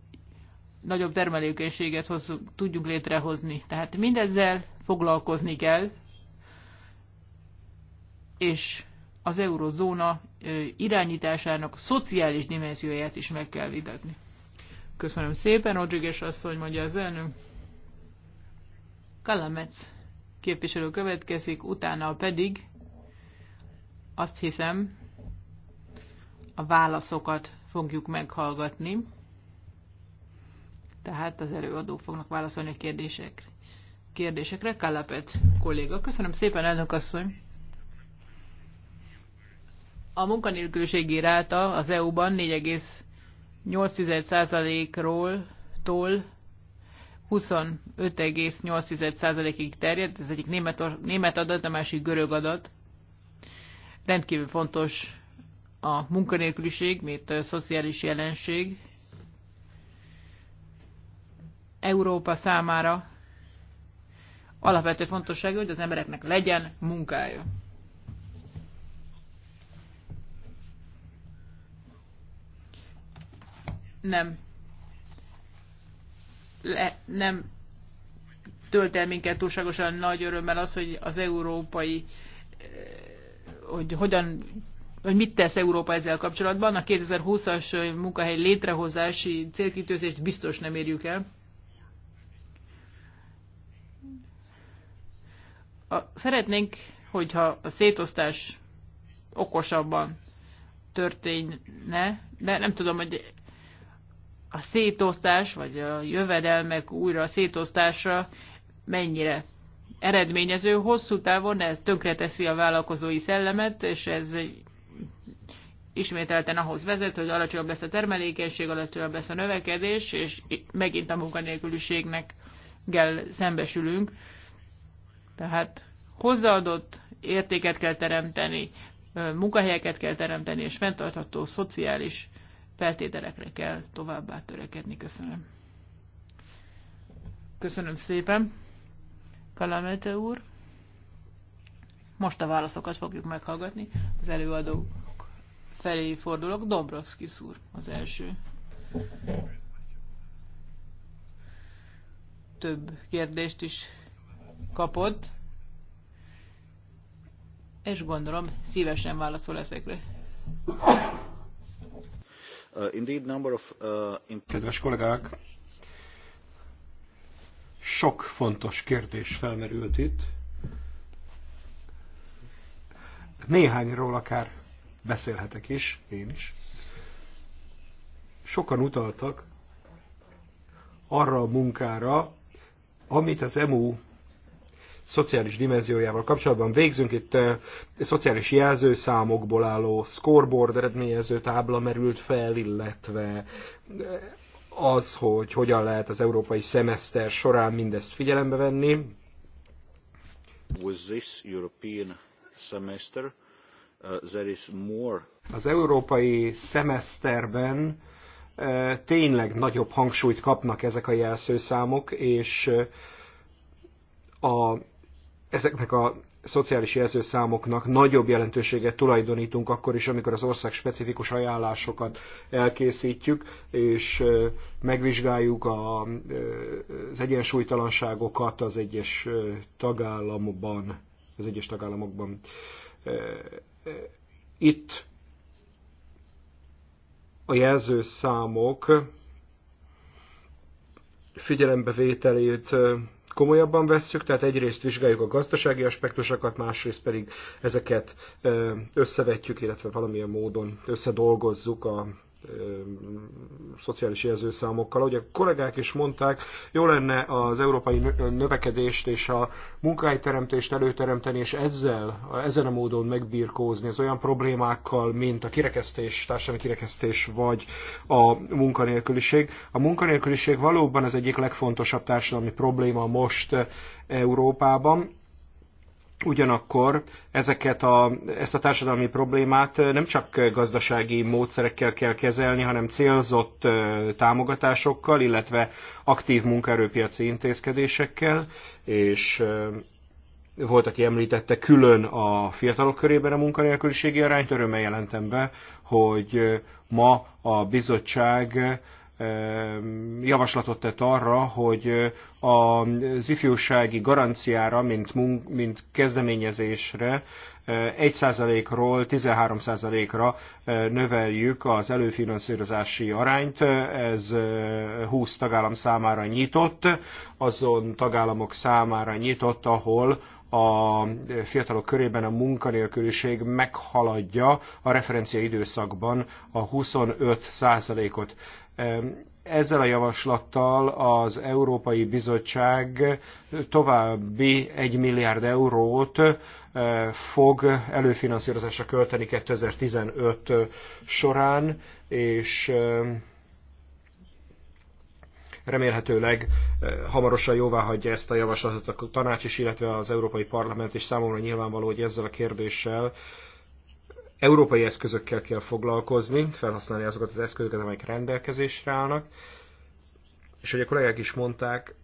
Speaker 3: nagyobb termelőkészséget hozzuk, tudjuk létrehozni. Tehát mindezzel foglalkozni kell, és az eurozóna irányításának szociális dimenzióját is meg kell vitatni. Köszönöm szépen, Rodriguez asszony, mondja az elnök. Kalamec képviselő következik, utána pedig azt hiszem, a válaszokat fogjuk meghallgatni. Tehát az előadók fognak válaszolni a kérdésekre. Kérdésekre Kallapet kolléga. Köszönöm szépen, elnök asszony. A munkanélküliségi ráta az EU-ban 4,8%-ról tól 25,8%-ig terjed. Ez egyik német, német adat, a másik görög adat. Rendkívül fontos a munkanélküliség, mint a szociális jelenség Európa számára alapvető fontosságú, hogy az embereknek legyen munkája. Nem. Le, nem tölt el minket túlságosan nagy örömmel az, hogy az európai hogy hogyan hogy mit tesz Európa ezzel kapcsolatban. A 2020-as munkahely létrehozási célkítőzést biztos nem érjük el. A, szeretnénk, hogyha a szétosztás okosabban történne, de nem tudom, hogy a szétosztás, vagy a jövedelmek újra a szétosztásra mennyire eredményező. Hosszú távon ez tönkreteszi a vállalkozói szellemet, és ez ismételten ahhoz vezet, hogy alacsonyabb lesz a termelékenység, alacsonyabb lesz a növekedés, és megint a munkanélküliségnek kell szembesülünk. Tehát hozzáadott értéket kell teremteni, munkahelyeket kell teremteni, és fenntartható szociális feltételekre kell továbbá törekedni. Köszönöm. Köszönöm szépen. Kalamete úr. Most a válaszokat fogjuk meghallgatni. Az előadók felé fordulok. Dombrovski szúr az első. Több kérdést is kapott, és gondolom szívesen válaszol ezekre. Uh,
Speaker 5: uh, Kedves kollégák, sok fontos kérdés felmerült itt. Néhányról akár beszélhetek is, én is. Sokan utaltak arra a munkára, amit az EMU szociális dimenziójával kapcsolatban végzünk. Itt uh, szociális jelzőszámokból álló scoreboard eredményező tábla merült fel, illetve eh, az, hogy hogyan lehet az európai szemeszter során mindezt figyelembe venni.
Speaker 4: this European semester, uh, there is more.
Speaker 5: Az európai szemeszterben uh, tényleg nagyobb hangsúlyt kapnak ezek a jelszőszámok, és uh, a, ezeknek a szociális jelzőszámoknak nagyobb jelentőséget tulajdonítunk akkor is, amikor az ország specifikus ajánlásokat elkészítjük, és megvizsgáljuk a, az egyensúlytalanságokat az egyes tagállamban az egyes tagállamokban. Itt a jelzőszámok figyelembevételét komolyabban vesszük, tehát egyrészt vizsgáljuk a gazdasági aspektusokat, másrészt pedig ezeket összevetjük, illetve valamilyen módon összedolgozzuk a szociális jelzőszámokkal. Ahogy a kollégák is mondták, jó lenne az európai növekedést és a munkahelyteremtést előteremteni, és ezzel, ezen a módon megbirkózni az olyan problémákkal, mint a kirekesztés, társadalmi kirekesztés vagy a munkanélküliség. A munkanélküliség valóban az egyik legfontosabb társadalmi probléma most Európában Ugyanakkor ezeket a, ezt a társadalmi problémát nem csak gazdasági módszerekkel kell kezelni, hanem célzott támogatásokkal, illetve aktív munkaerőpiaci intézkedésekkel, és volt, aki említette külön a fiatalok körében a munkanélküliségi arányt. Örömmel jelentem be, hogy ma a bizottság javaslatot tett arra, hogy az ifjúsági garanciára, mint, munk, mint kezdeményezésre 1%-ról 13%-ra növeljük az előfinanszírozási arányt. Ez 20 tagállam számára nyitott, azon tagállamok számára nyitott, ahol a fiatalok körében a munkanélküliség meghaladja a referencia időszakban a 25 ot ezzel a javaslattal az Európai Bizottság további 1 milliárd eurót eh, fog előfinanszírozásra költeni 2015 eh, során, és remélhetőleg eh, hamarosan jóvá hagyja ezt a javaslatot a tanács is, illetve az Európai Parlament, és számomra nyilvánvaló, hogy ezzel a kérdéssel európai eszközökkel kell foglalkozni, felhasználni azokat az eszközöket, amelyek rendelkezésre állnak. És hogy a kollégák is mondták,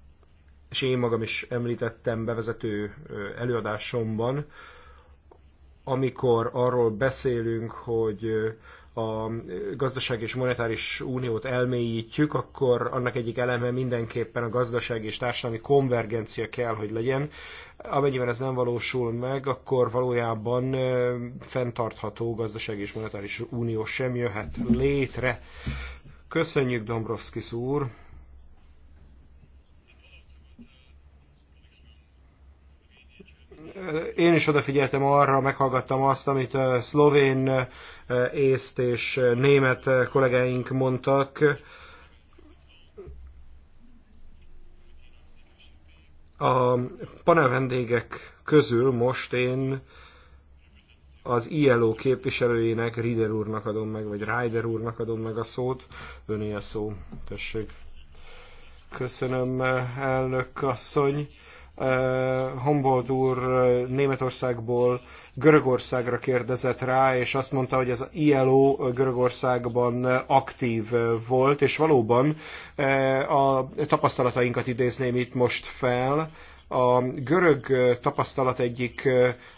Speaker 5: és én magam is említettem bevezető előadásomban, amikor arról beszélünk, hogy a gazdaság és monetáris uniót elmélyítjük, akkor annak egyik eleme mindenképpen a gazdaság és társadalmi konvergencia kell, hogy legyen. Amennyiben ez nem valósul meg, akkor valójában fenntartható gazdaság és monetáris unió sem jöhet létre. Köszönjük, Dombrovskis úr! én is odafigyeltem arra, meghallgattam azt, amit szlovén, észt és német kollégáink mondtak. A panel vendégek közül most én az ILO képviselőjének, Rider úrnak adom meg, vagy Rider úrnak adom meg a szót. Öné a szó, tessék. Köszönöm, elnök asszony. Eh, Humboldt úr eh, Németországból Görögországra kérdezett rá, és azt mondta, hogy az ILO Görögországban eh, aktív volt, és valóban a tapasztalatainkat idézném itt most fel, a görög tapasztalat egyik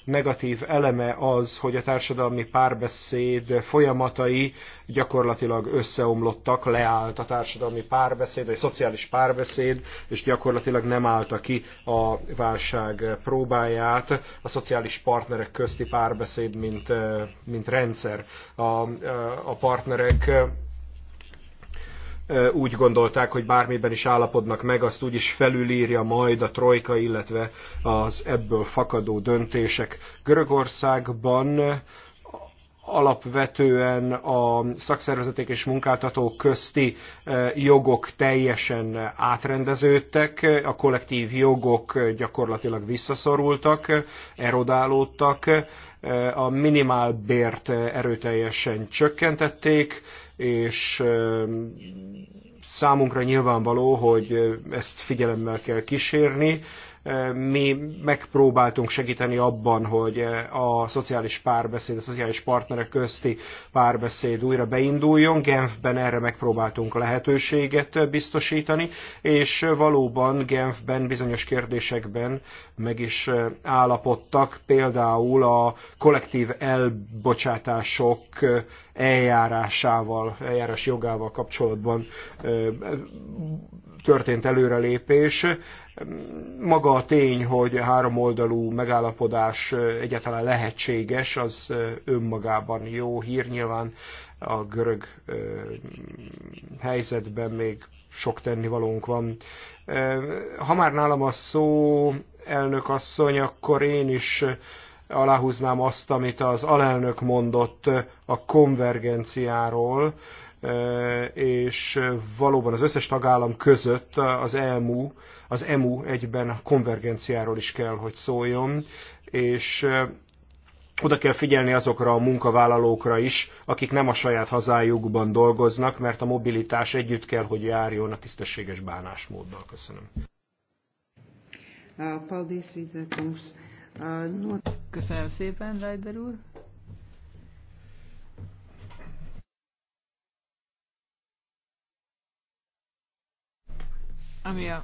Speaker 5: negatív eleme az, hogy a társadalmi párbeszéd folyamatai gyakorlatilag összeomlottak, leállt a társadalmi párbeszéd, vagy szociális párbeszéd, és gyakorlatilag nem állta ki a válság próbáját. A szociális partnerek közti párbeszéd, mint, mint rendszer. A, a partnerek úgy gondolták, hogy bármiben is állapodnak meg, azt úgyis felülírja majd a trojka, illetve az ebből fakadó döntések. Görögországban alapvetően a szakszervezetek és munkáltatók közti jogok teljesen átrendeződtek, a kollektív jogok gyakorlatilag visszaszorultak, erodálódtak, a minimálbért erőteljesen csökkentették, és számunkra nyilvánvaló, hogy ezt figyelemmel kell kísérni, mi megpróbáltunk segíteni abban, hogy a szociális párbeszéd, a szociális partnerek közti párbeszéd újra beinduljon. Genfben erre megpróbáltunk lehetőséget biztosítani, és valóban Genfben bizonyos kérdésekben meg is állapodtak, például a kollektív elbocsátások eljárásával, eljárás jogával kapcsolatban történt előrelépés. Maga a tény, hogy háromoldalú megállapodás egyáltalán lehetséges, az önmagában jó hír. Nyilván a görög helyzetben még sok tennivalónk van. Ha már nálam a szó, elnök asszony, akkor én is aláhúznám azt, amit az alelnök mondott a konvergenciáról és valóban az összes tagállam között az EMU, az EMU egyben a konvergenciáról is kell, hogy szóljon, és oda kell figyelni azokra a munkavállalókra is, akik nem a saját hazájukban dolgoznak, mert a mobilitás együtt kell, hogy járjon a tisztességes bánásmóddal. Köszönöm.
Speaker 6: Köszönöm szépen, Leider úr.
Speaker 3: Ami a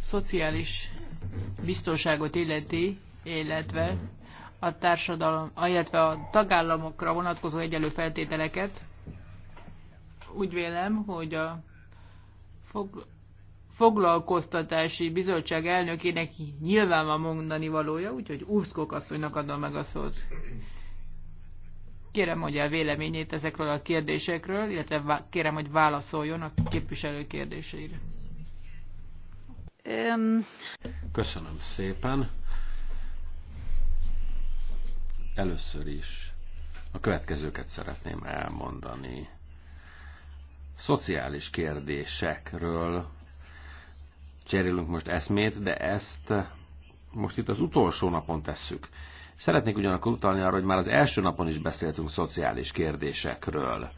Speaker 3: szociális biztonságot illeti, illetve a társadalom, illetve a tagállamokra vonatkozó egyenlő feltételeket, úgy vélem, hogy a foglalkoztatási bizottság elnökének nyilván van mondani valója, úgyhogy Úvszkok asszonynak adom meg a szót. Kérem, mondja a véleményét ezekről a kérdésekről, illetve kérem, hogy válaszoljon a képviselő kérdéseire.
Speaker 1: Köszönöm szépen. Először is a következőket szeretném elmondani. Szociális kérdésekről cserélünk most eszmét, de ezt most itt az utolsó napon tesszük. Szeretnék ugyanakkor utalni arra, hogy már az első napon is beszéltünk szociális kérdésekről.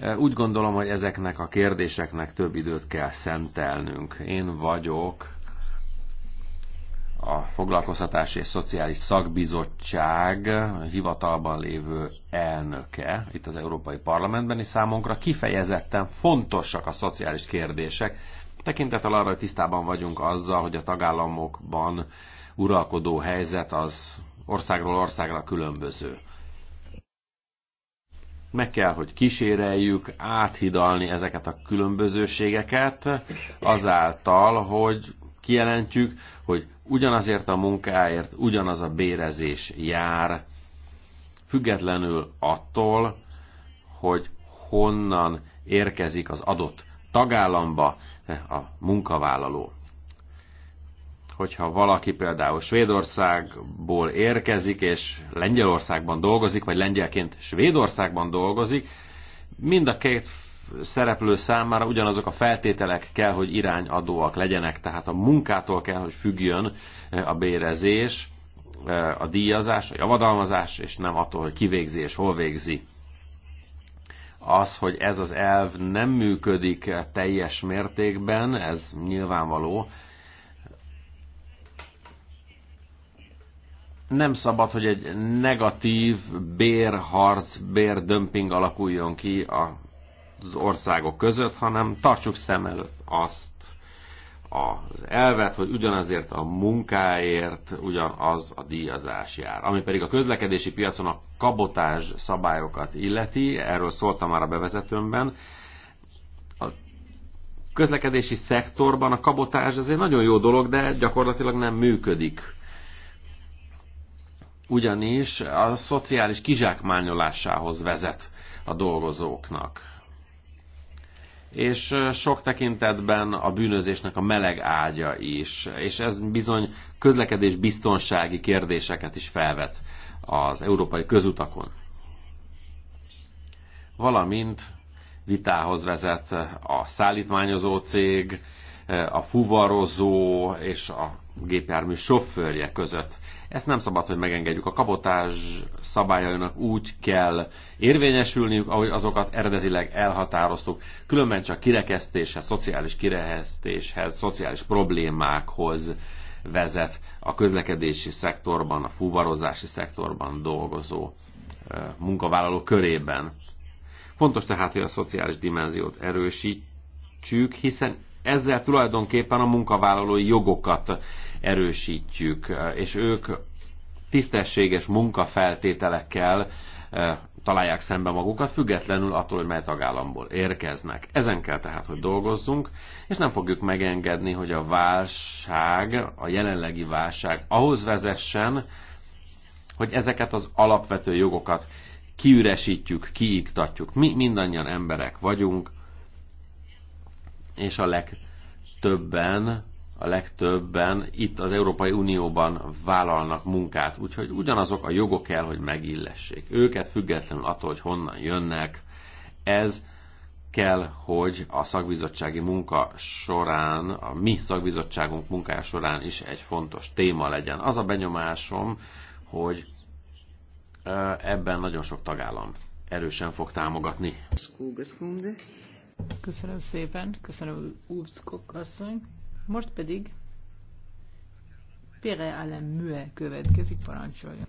Speaker 1: E, úgy gondolom, hogy ezeknek a kérdéseknek több időt kell szentelnünk. Én vagyok a Foglalkoztatási és Szociális Szakbizottság hivatalban lévő elnöke itt az Európai Parlamentben, és számunkra kifejezetten fontosak a szociális kérdések, tekintettel arra, hogy tisztában vagyunk azzal, hogy a tagállamokban uralkodó helyzet az országról országra különböző. Meg kell, hogy kíséreljük áthidalni ezeket a különbözőségeket azáltal, hogy kijelentjük, hogy ugyanazért a munkáért ugyanaz a bérezés jár, függetlenül attól, hogy honnan érkezik az adott tagállamba a munkavállaló hogyha valaki például Svédországból érkezik, és Lengyelországban dolgozik, vagy lengyelként Svédországban dolgozik, mind a két szereplő számára ugyanazok a feltételek kell, hogy irányadóak legyenek, tehát a munkától kell, hogy függjön eh, a bérezés, eh, a díjazás, a javadalmazás, és nem attól, hogy kivégzi és hol végzi. Az, hogy ez az elv nem működik eh, teljes mértékben, ez nyilvánvaló, nem szabad, hogy egy negatív bérharc, bérdömping alakuljon ki az országok között, hanem tartsuk szem előtt azt az elvet, hogy ugyanazért a munkáért ugyanaz a díjazás jár. Ami pedig a közlekedési piacon a kabotás szabályokat illeti, erről szóltam már a bevezetőmben, a közlekedési szektorban a kabotás azért nagyon jó dolog, de gyakorlatilag nem működik ugyanis a szociális kizsákmányolásához vezet a dolgozóknak. És sok tekintetben a bűnözésnek a meleg ágya is, és ez bizony közlekedés biztonsági kérdéseket is felvet az európai közutakon. Valamint vitához vezet a szállítmányozó cég, a fuvarozó és a gépjármű sofőrje között. Ezt nem szabad, hogy megengedjük. A kabotás szabályainak úgy kell érvényesülniük, ahogy azokat eredetileg elhatároztuk. Különben csak kirekesztéshez, szociális kirekesztéshez, szociális problémákhoz vezet a közlekedési szektorban, a fuvarozási szektorban dolgozó munkavállaló körében. Fontos tehát, hogy a szociális dimenziót erősítsük, hiszen ezzel tulajdonképpen a munkavállalói jogokat erősítjük, és ők tisztességes munkafeltételekkel eh, találják szembe magukat, függetlenül attól, hogy mely tagállamból érkeznek. Ezen kell tehát, hogy dolgozzunk, és nem fogjuk megengedni, hogy a válság, a jelenlegi válság ahhoz vezessen, hogy ezeket az alapvető jogokat kiüresítjük, kiiktatjuk. Mi mindannyian emberek vagyunk, és a legtöbben a legtöbben itt az Európai Unióban vállalnak munkát, úgyhogy ugyanazok a jogok kell, hogy megillessék. Őket függetlenül attól, hogy honnan jönnek, ez kell, hogy a szakbizottsági munka során, a mi szakbizottságunk munkája során is egy fontos téma legyen. Az a benyomásom, hogy ebben nagyon sok tagállam erősen fog támogatni.
Speaker 6: Köszönöm
Speaker 3: szépen, köszönöm Úrckok asszony. Most pedig Pére Alain Mue következik, parancsolja.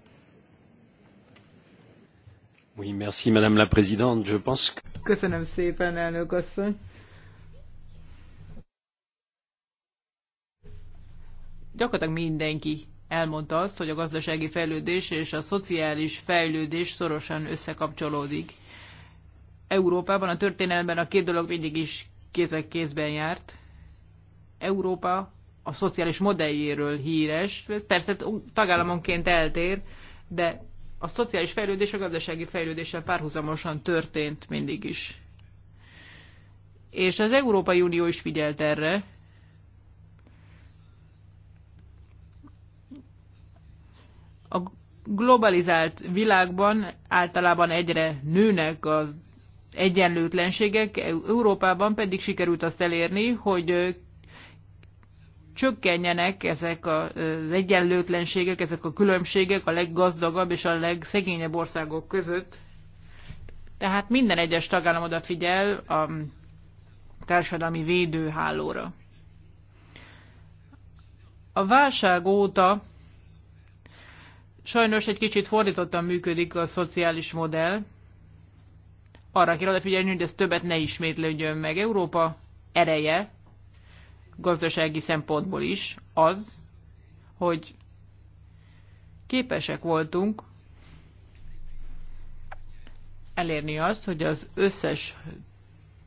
Speaker 1: Oui, merci, Madame la Présidente. Je pense que...
Speaker 3: Köszönöm szépen, elnök asszony. Gyakorlatilag mindenki elmondta azt, hogy a gazdasági fejlődés és a szociális fejlődés szorosan összekapcsolódik. Európában a történelemben a két dolog mindig is kézek kézben járt. Európa a szociális modelljéről híres, persze tagállamonként eltér, de a szociális fejlődés a gazdasági fejlődéssel párhuzamosan történt mindig is. És az Európai Unió is figyelt erre. A globalizált világban általában egyre nőnek az egyenlőtlenségek, Európában pedig sikerült azt elérni, hogy csökkenjenek ezek az egyenlőtlenségek, ezek a különbségek a leggazdagabb és a legszegényebb országok között. Tehát minden egyes tagállam odafigyel a társadalmi védőhálóra. A válság óta sajnos egy kicsit fordítottan működik a szociális modell. Arra kell odafigyelni, hogy ez többet ne ismétlődjön meg. Európa ereje gazdasági szempontból is az, hogy képesek voltunk elérni azt, hogy az összes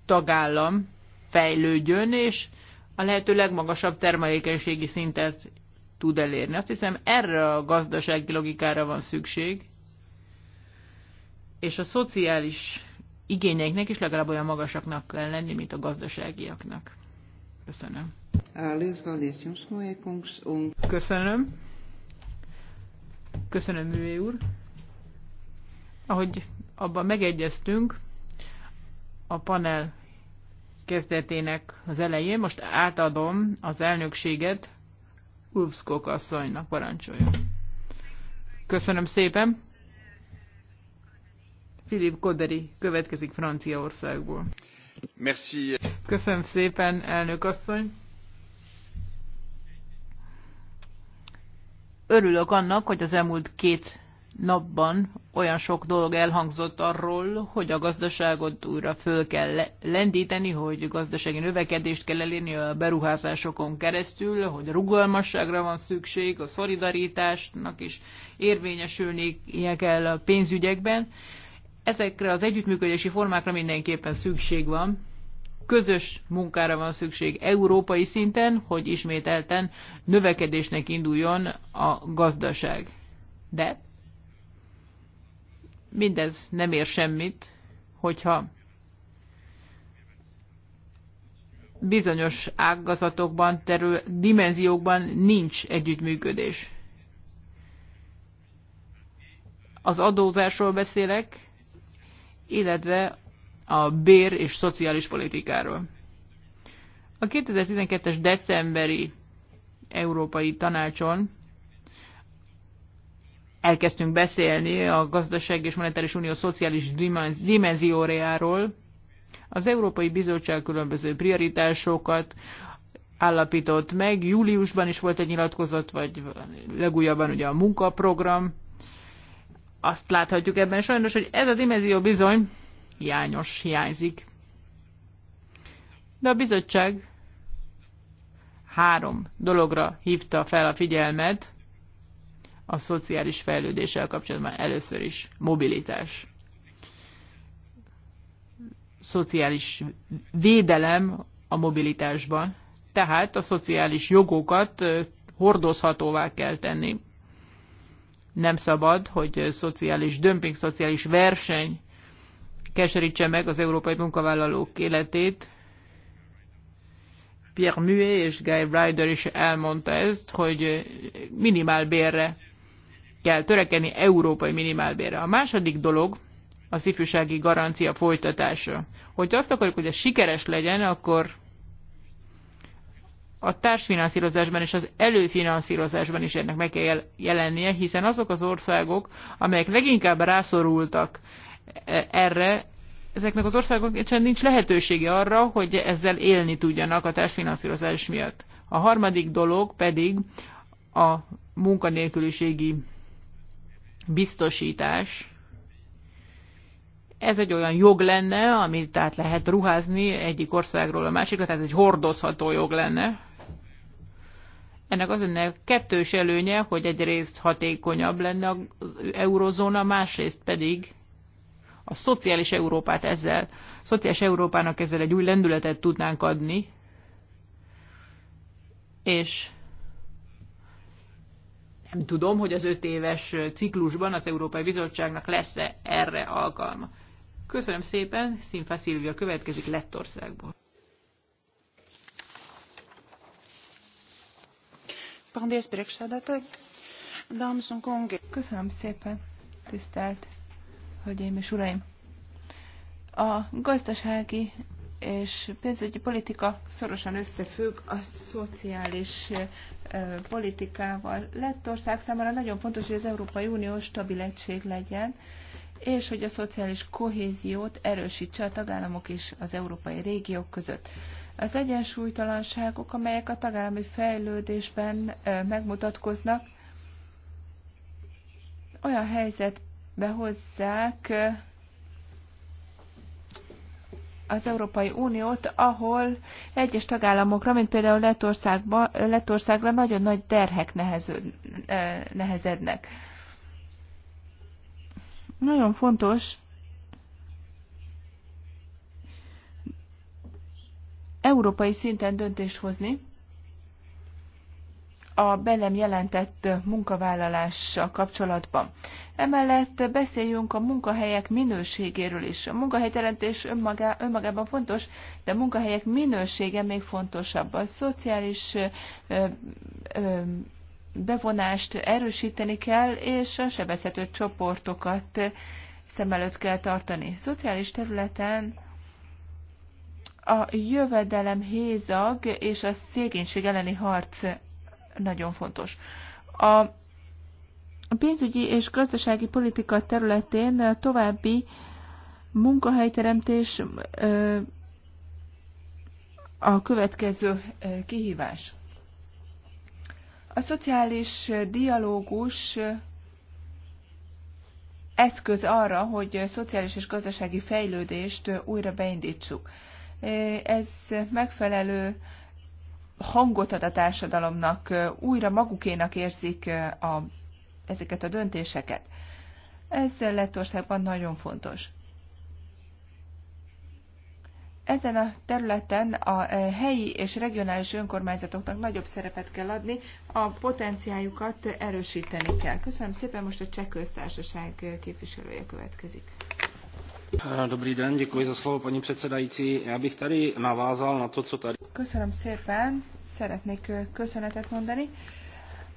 Speaker 3: tagállam fejlődjön, és a lehető legmagasabb termelékenységi szintet tud elérni. Azt hiszem erre a gazdasági logikára van szükség, és a szociális igényeknek is legalább olyan magasaknak kell lenni, mint a
Speaker 6: gazdaságiaknak. Köszönöm. Köszönöm. Köszönöm, Művé úr. Ahogy
Speaker 3: abban megegyeztünk, a panel kezdetének az elején most átadom az elnökséget Ulfskok asszonynak parancsolja. Köszönöm szépen. Philippe Koderi következik Franciaországból. Merci. Köszönöm szépen, elnök asszony. Örülök annak, hogy az elmúlt két napban olyan sok dolog elhangzott arról, hogy a gazdaságot újra föl kell lendíteni, hogy gazdasági növekedést kell elérni a beruházásokon keresztül, hogy rugalmasságra van szükség, a szolidaritásnak is érvényesülni kell a pénzügyekben. Ezekre az együttműködési formákra mindenképpen szükség van közös munkára van szükség európai szinten, hogy ismételten növekedésnek induljon a gazdaság. De mindez nem ér semmit, hogyha bizonyos ágazatokban, terül, dimenziókban nincs együttműködés. Az adózásról beszélek, illetve a bér és szociális politikáról. A 2012-es decemberi Európai Tanácson elkezdtünk beszélni a gazdaság és monetáris unió szociális dimenzióriáról. Az Európai Bizottság különböző prioritásokat állapított meg. Júliusban is volt egy nyilatkozat, vagy legújabban ugye a munkaprogram. Azt láthatjuk ebben sajnos, hogy ez a dimenzió bizony hiányos, hiányzik. De a bizottság három dologra hívta fel a figyelmet a szociális fejlődéssel kapcsolatban. Először is mobilitás. Szociális védelem a mobilitásban. Tehát a szociális jogokat hordozhatóvá kell tenni. Nem szabad, hogy szociális dömping, szociális verseny keserítse meg az európai munkavállalók életét. Pierre Muet és Guy Ryder is elmondta ezt, hogy minimálbérre kell törekedni, európai minimálbérre. A második dolog az ifjúsági garancia folytatása. Hogyha azt akarjuk, hogy ez sikeres legyen, akkor a társfinanszírozásban és az előfinanszírozásban is ennek meg kell jelennie, hiszen azok az országok, amelyek leginkább rászorultak erre, ezeknek az országok nincs lehetősége arra, hogy ezzel élni tudjanak a társfinanszírozás miatt. A harmadik dolog pedig a munkanélküliségi biztosítás. Ez egy olyan jog lenne, amit tehát lehet ruházni egyik országról a másikra, tehát egy hordozható jog lenne. Ennek az lenne kettős előnye, hogy egyrészt hatékonyabb lenne az eurozóna, másrészt pedig a szociális Európát ezzel, szociális Európának ezzel egy új lendületet tudnánk adni, és nem tudom, hogy az öt éves ciklusban az Európai Bizottságnak lesz-e erre alkalma. Köszönöm szépen, Színfa Szilvia következik Lettországból.
Speaker 2: Köszönöm szépen, tisztelt hölgyeim és uraim! A gazdasági és pénzügyi politika szorosan összefügg a szociális politikával. ország számára nagyon fontos, hogy az Európai Unió stabil egység legyen, és hogy a szociális kohéziót erősítse a tagállamok és az európai régiók között. Az egyensúlytalanságok, amelyek a tagállami fejlődésben megmutatkoznak, olyan helyzet behozzák az Európai Uniót, ahol egyes tagállamokra, mint például Lettországba, Lettországra nagyon nagy terhek eh, nehezednek. Nagyon fontos európai szinten döntést hozni a belem jelentett munkavállalással kapcsolatban. Emellett beszéljünk a munkahelyek minőségéről is. A munkahelyteremtés önmagá, önmagában fontos, de a munkahelyek minősége még fontosabb. A szociális ö, ö, bevonást erősíteni kell, és a sebezhető csoportokat szem előtt kell tartani. Szociális területen a jövedelem hézag és a szégénység elleni harc nagyon fontos. A a pénzügyi és gazdasági politika területén további munkahelyteremtés a következő kihívás. A szociális dialógus eszköz arra, hogy szociális és gazdasági fejlődést újra beindítsuk. Ez megfelelő hangot ad a társadalomnak, újra magukénak érzik a ezeket a döntéseket. Ez Lettországban nagyon fontos. Ezen a területen a e, helyi és regionális önkormányzatoknak nagyobb szerepet kell adni, a potenciájukat erősíteni kell. Köszönöm szépen, most a Cseh Köztársaság képviselője következik.
Speaker 5: Dobrý den, děkuji za slovo, paní předsedající. Já bych tady navázal na to, co tady...
Speaker 2: Köszönöm szépen, szeretnék köszönetet mondani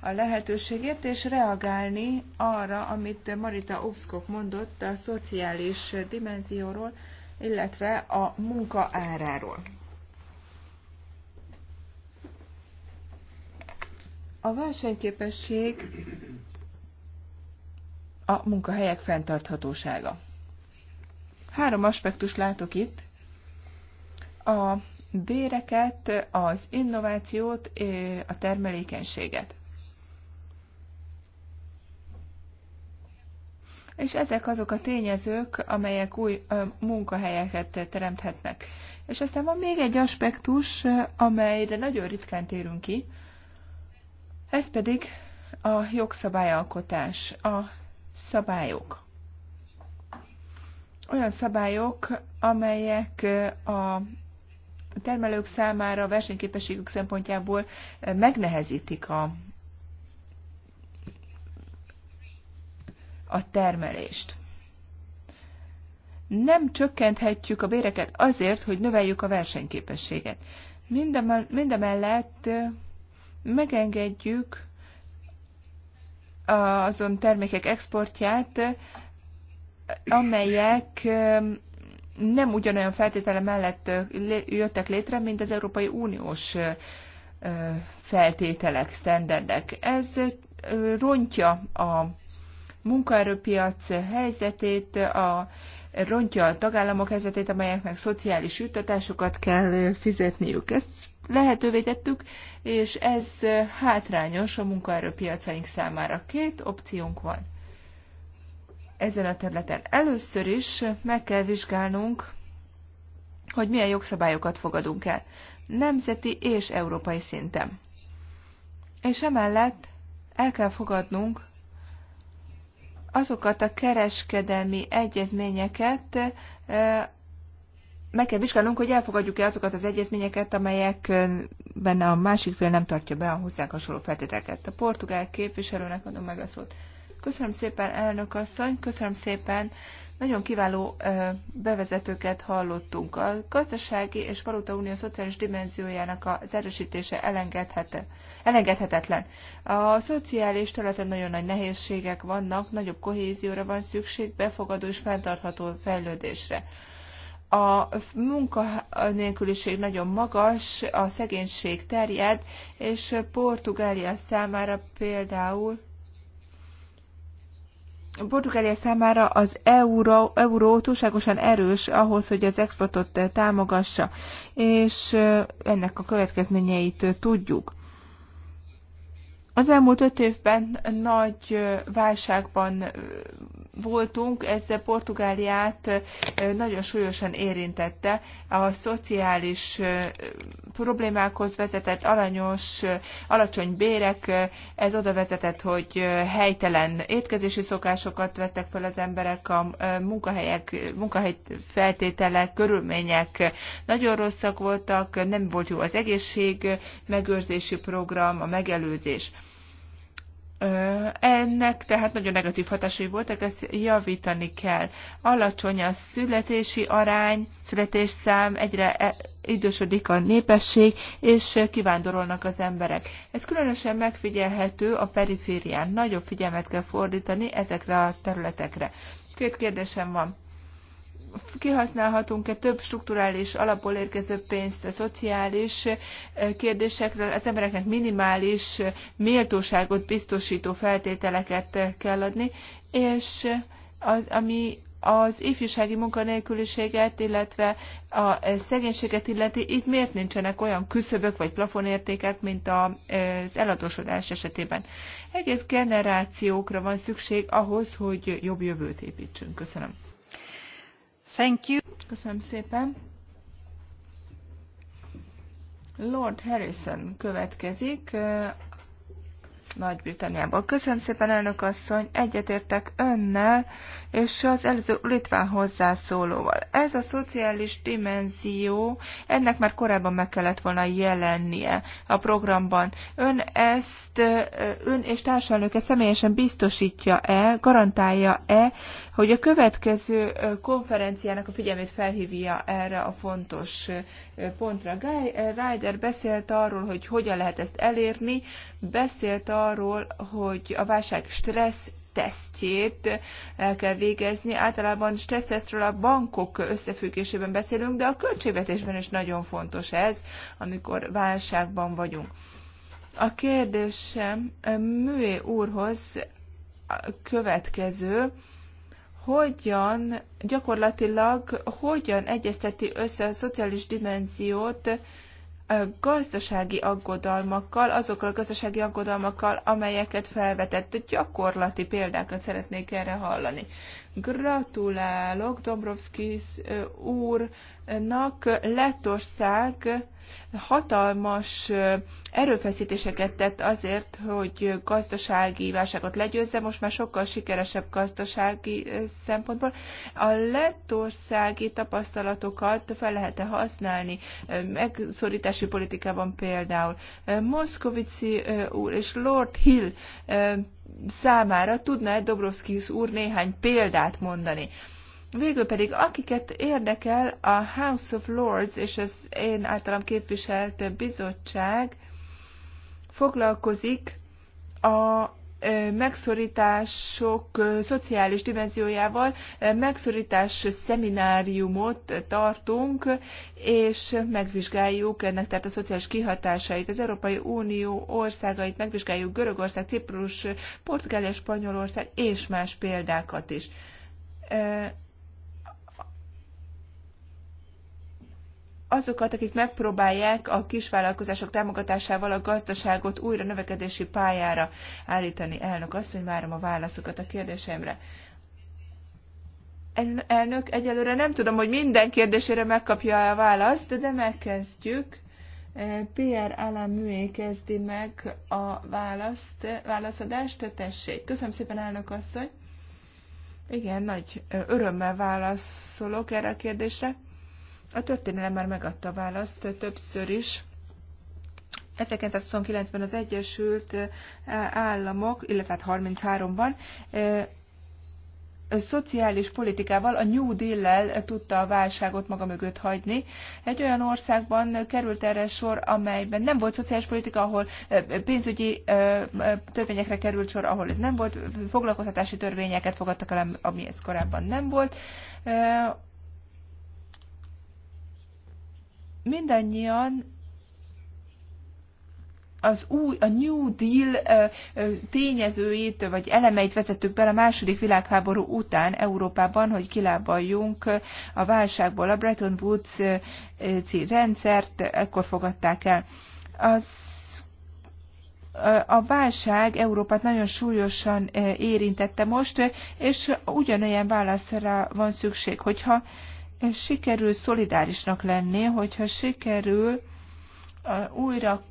Speaker 2: a lehetőségét, és reagálni arra, amit Marita Obszkok mondott a szociális dimenzióról, illetve a munka áráról. A versenyképesség a munkahelyek fenntarthatósága. Három aspektus látok itt. A béreket, az innovációt, eh, a termelékenységet. és ezek azok a tényezők, amelyek új munkahelyeket teremthetnek. És aztán van még egy aspektus, amelyre nagyon ritkán térünk ki, ez pedig a jogszabályalkotás, a szabályok. Olyan szabályok, amelyek a termelők számára a versenyképességük szempontjából megnehezítik a a termelést. Nem csökkenthetjük a béreket azért, hogy növeljük a versenyképességet. Mindemellett megengedjük azon termékek exportját, amelyek nem ugyanolyan feltétele mellett jöttek létre, mint az Európai Uniós feltételek, sztenderdek. Ez rontja a munkaerőpiac helyzetét, a, rontja a tagállamok helyzetét, amelyeknek szociális juttatásokat kell fizetniük. Ezt lehetővé tettük, és ez hátrányos a munkaerőpiacaink számára. Két opciónk van ezen a területen. Először is meg kell vizsgálnunk, hogy milyen jogszabályokat fogadunk el, nemzeti és európai szinten. És emellett el kell fogadnunk azokat a kereskedelmi egyezményeket meg kell vizsgálnunk, hogy elfogadjuk-e azokat az egyezményeket, amelyekben a másik fél nem tartja be a hozzánk hasonló feltételeket. A portugál képviselőnek adom meg a szót. Köszönöm szépen, elnök asszony, köszönöm szépen nagyon kiváló bevezetőket hallottunk. A gazdasági és unió szociális dimenziójának az erősítése elengedhetetlen. A szociális területen nagyon nagy nehézségek vannak, nagyobb kohézióra van szükség, befogadó és fenntartható fejlődésre. A munkanélküliség nagyon magas, a szegénység terjed, és Portugália számára például Portugália számára az euró, euró túlságosan erős ahhoz, hogy az exportot eh, támogassa, és eh, ennek a következményeit eh, tudjuk. Az elmúlt öt évben nagy válságban voltunk, ez Portugáliát nagyon súlyosan érintette. A szociális problémákhoz vezetett alanyos, alacsony bérek, ez oda vezetett, hogy helytelen étkezési szokásokat vettek fel az emberek, a munkahelyek, munkahely feltételek, körülmények nagyon rosszak voltak, nem volt jó az egészség, megőrzési program, a megelőzés ennek tehát nagyon negatív hatásai voltak, ezt javítani kell. Alacsony a születési arány, születésszám, egyre e, idősödik a népesség, és kivándorolnak az emberek. Ez különösen megfigyelhető a periférián. Nagyobb figyelmet kell fordítani ezekre a területekre. Két kérdésem van kihasználhatunk-e több strukturális alapból érkező pénzt a szociális eh, kérdésekre, az embereknek minimális eh, méltóságot biztosító feltételeket eh, kell adni, és az, ami az ifjúsági munkanélküliséget, illetve a szegénységet illeti, itt miért nincsenek olyan küszöbök vagy plafonértékek, mint az eladósodás esetében. Egész generációkra van szükség ahhoz, hogy jobb jövőt építsünk. Köszönöm. Thank you. Köszönöm szépen. Lord Harrison következik Nagy-Britanniából. Köszönöm szépen, elnök asszony, egyetértek önnel, és az előző litván hozzászólóval. Ez a szociális dimenzió, ennek már korábban meg kellett volna jelennie a programban. Ön ezt, ön és társadalmöke személyesen biztosítja-e, garantálja-e, hogy a következő konferenciának a figyelmét felhívja erre a fontos pontra. Guy Ryder beszélt arról, hogy hogyan lehet ezt elérni, beszélt arról, hogy a válság stressz tesztjét el kell végezni. Általában stressztesztről a bankok összefüggésében beszélünk, de a költségvetésben is nagyon fontos ez, amikor válságban vagyunk. A kérdésem Műé úrhoz következő, hogyan, gyakorlatilag hogyan egyezteti össze a szociális dimenziót gazdasági aggodalmakkal, azokkal a gazdasági aggodalmakkal, amelyeket felvetett. Gyakorlati példákat szeretnék erre hallani. Gratulálok Dombrovskis úrnak. Lettország hatalmas erőfeszítéseket tett azért, hogy gazdasági válságot legyőzze, most már sokkal sikeresebb gazdasági szempontból. A lettországi tapasztalatokat fel lehet -e használni, megszorítási politikában például. Moszkovici úr és Lord Hill számára tudna-e Dobrovskis úr néhány példát mondani. Végül pedig, akiket érdekel, a House of Lords és az én általam képviselt bizottság foglalkozik a megszorítások szociális dimenziójával megszorítás szemináriumot tartunk, és megvizsgáljuk ennek tehát a szociális kihatásait. Az Európai Unió országait megvizsgáljuk Görögország, Ciprus, Portugália, Spanyolország és más példákat is azokat, akik megpróbálják a kisvállalkozások támogatásával a gazdaságot újra növekedési pályára állítani. Elnök asszony, várom a válaszokat a kérdésemre. Elnök, egyelőre nem tudom, hogy minden kérdésére megkapja a választ, de megkezdjük. Pierre Alain Mué kezdi meg a választ, válaszadást. Tessék. Köszönöm szépen, elnök asszony. Igen, nagy örömmel válaszolok erre a kérdésre. A történelem már megadta választ többször is. 1929-ben az Egyesült eh, Államok, illetve hát 33-ban eh, szociális politikával, a New Deal-lel tudta a válságot maga mögött hagyni. Egy olyan országban került erre sor, amelyben nem volt szociális politika, ahol eh, pénzügyi törvényekre került sor, ahol ez nem volt, foglalkoztatási törvényeket fogadtak el, ami ez korábban nem volt mindannyian az új, a New Deal tényezőit, vagy elemeit vezettük bele a második világháború után Európában, hogy kilábaljunk a válságból. A Bretton Woods rendszert ekkor fogadták el. Az a válság Európát nagyon súlyosan érintette most, és ugyanolyan válaszra van szükség, hogyha sikerül szolidárisnak lenni, hogyha sikerül újra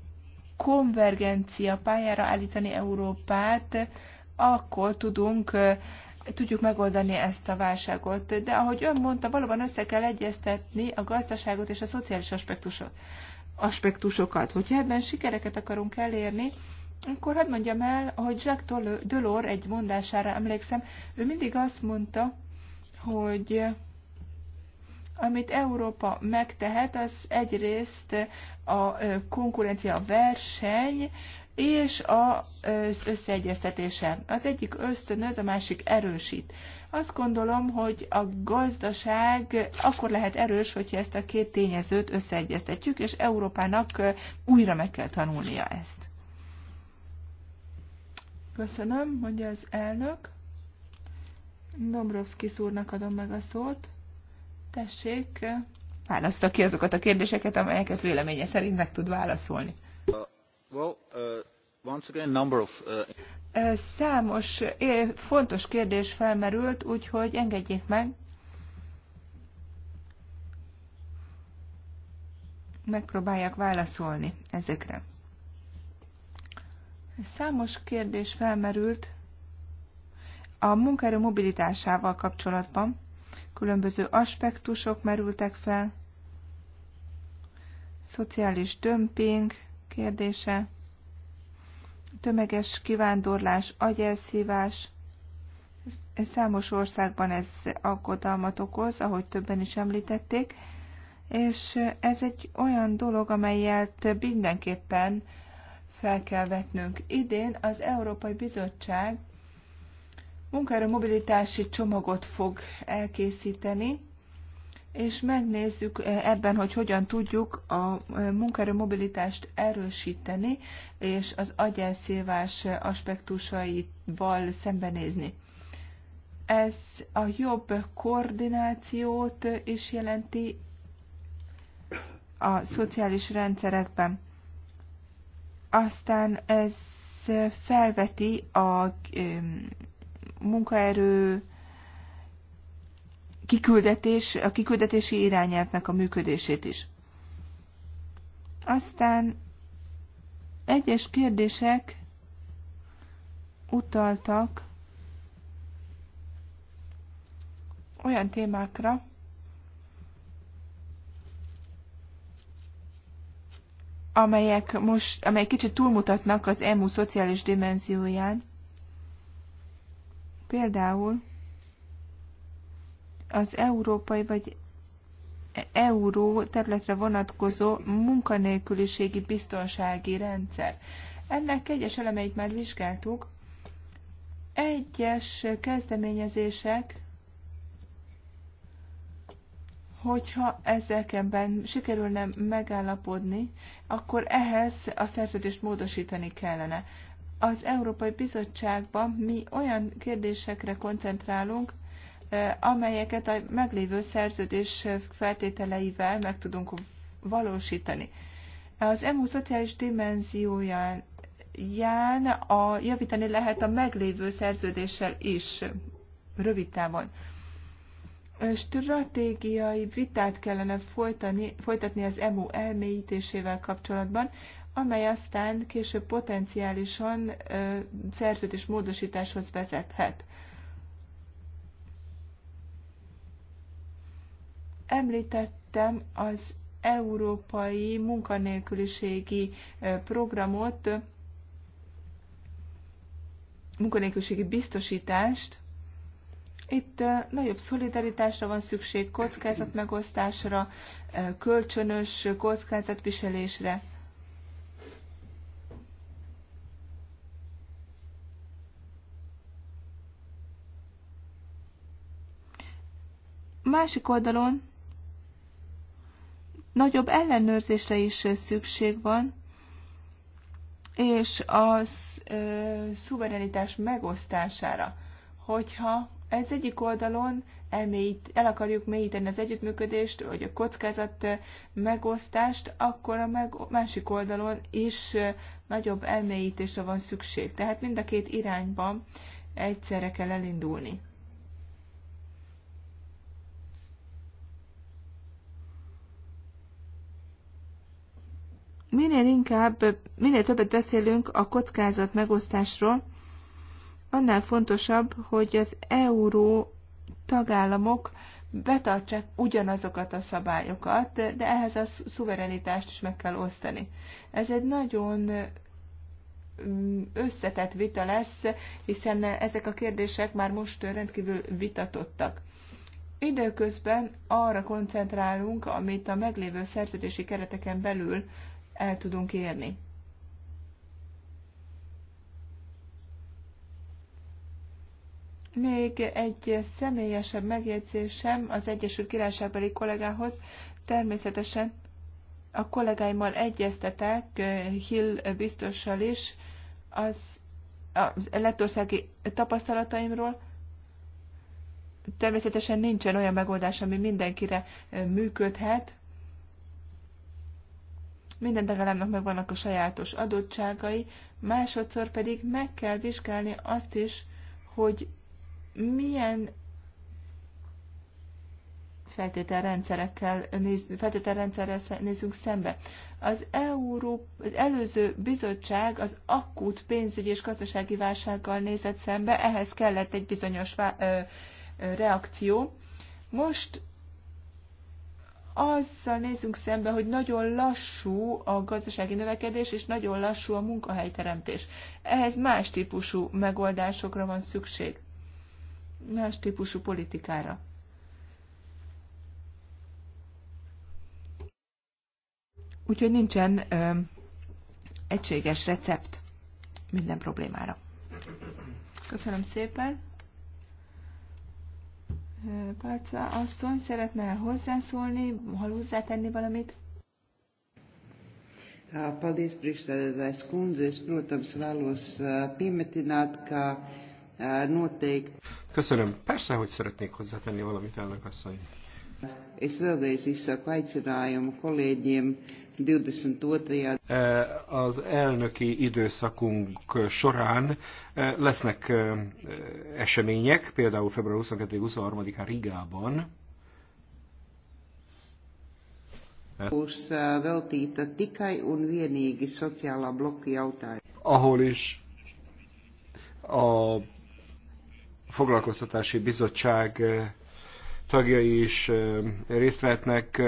Speaker 2: konvergencia pályára állítani Európát, akkor tudunk tudjuk megoldani ezt a válságot. De ahogy ön mondta, valóban össze kell egyeztetni a gazdaságot és a szociális aspektusokat. Hogyha ebben sikereket akarunk elérni, akkor hadd mondjam el, hogy Jacques Delors egy mondására emlékszem, ő mindig azt mondta, hogy amit Európa megtehet, az egyrészt a konkurencia, verseny, és az összeegyeztetése. Az egyik ösztönöz, a másik erősít. Azt gondolom, hogy a gazdaság akkor lehet erős, hogyha ezt a két tényezőt összeegyeztetjük, és Európának újra meg kell tanulnia ezt. Köszönöm, mondja az elnök. Dombrovszki szúrnak adom meg a szót. Tessék, válassza ki azokat a kérdéseket, amelyeket véleménye szerint meg tud válaszolni.
Speaker 4: Uh, well, uh, once again, number of,
Speaker 2: uh... uh számos fontos kérdés felmerült, úgyhogy engedjék meg. Megpróbálják válaszolni ezekre. Számos kérdés felmerült a munkaerő mobilitásával kapcsolatban különböző aspektusok merültek fel, szociális dömping kérdése, tömeges kivándorlás, agyelszívás, számos országban ez aggodalmat okoz, ahogy többen is említették, és ez egy olyan dolog, amelyet mindenképpen fel kell vetnünk. Idén az Európai Bizottság munkaerő mobilitási csomagot fog elkészíteni, és megnézzük eh, ebben, hogy hogyan tudjuk a eh, munkaerő mobilitást erősíteni, és az agyelszívás aspektusaival szembenézni. Ez a jobb koordinációt is jelenti a szociális rendszerekben. Aztán ez felveti a munkaerő kiküldetés, a kiküldetési irányelvnek a működését is. Aztán egyes kérdések utaltak olyan témákra, amelyek most, amelyek kicsit túlmutatnak az EMU szociális dimenzióján, Például az európai vagy euró területre vonatkozó munkanélküliségi biztonsági rendszer. Ennek egyes elemeit már vizsgáltuk. Egyes kezdeményezések, hogyha ezekben sikerülne megállapodni, akkor ehhez a szerződést módosítani kellene az Európai Bizottságban mi olyan kérdésekre koncentrálunk, eh, amelyeket a meglévő szerződés feltételeivel meg tudunk valósítani. Az EMU szociális dimenzióján a, javítani lehet a meglévő szerződéssel is rövid távon. Stratégiai vitát kellene folytani, folytatni az EMU elmélyítésével kapcsolatban, amely aztán később potenciálisan szerződés módosításhoz vezethet. Említettem az európai munkanélküliségi programot, munkanélküliségi biztosítást. Itt nagyobb szolidaritásra van szükség, kockázatmegosztásra, kölcsönös kockázatviselésre. másik oldalon nagyobb ellenőrzésre is szükség van, és a szuverenitás megosztására, hogyha ez egyik oldalon elmélyít, el akarjuk mélyíteni az együttműködést, vagy a kockázat megosztást, akkor a meg, másik oldalon is nagyobb elmélyítésre van szükség. Tehát mind a két irányban egyszerre kell elindulni. Minél inkább, minél többet beszélünk a kockázat megosztásról, annál fontosabb, hogy az euró tagállamok betartsák ugyanazokat a szabályokat, de ehhez a szuverenitást is meg kell osztani. Ez egy nagyon mm, összetett vita lesz, hiszen ezek a kérdések már most rendkívül vitatottak. Időközben arra koncentrálunk, amit a meglévő szerződési kereteken belül el tudunk érni. Még egy személyesebb megjegyzésem az Egyesült Királyságbeli kollégához. Természetesen a kollégáimmal egyeztetek, Hill biztossal is, az, az lettországi tapasztalataimról. Természetesen nincsen olyan megoldás, ami mindenkire működhet, minden tagállamnak megvannak a sajátos adottságai, másodszor pedig meg kell vizsgálni azt is, hogy milyen feltételrendszerekkel, néz, feltételrendszerrel nézünk szembe. Az, Euró, az előző bizottság az akut pénzügyi és gazdasági válsággal nézett szembe, ehhez kellett egy bizonyos vá, ö, ö, reakció. Most azzal nézzünk szembe, hogy nagyon lassú a gazdasági növekedés, és nagyon lassú a munkahelyteremtés. Ehhez más típusú megoldásokra van szükség. Más típusú politikára. Úgyhogy nincsen ö, egységes recept minden problémára. Köszönöm szépen! Balca asszony szeretne hozzászólni, ha hozzátenni valamit?
Speaker 6: Paldies, priekšsēdētājs kundze. Es, protams, vēlos piemetināt, ka noteikti...
Speaker 5: Köszönöm. Persze, hogy szeretnék hozzátenni valamit, elnök asszony.
Speaker 6: Es vēlreiz izsaku aicinājumu kolēģiem
Speaker 5: Eh, az elnöki időszakunk során eh, lesznek eh, események, például február 22-23-án Rigában, Ahol is a foglalkoztatási bizottság tagjai is részt vehetnek,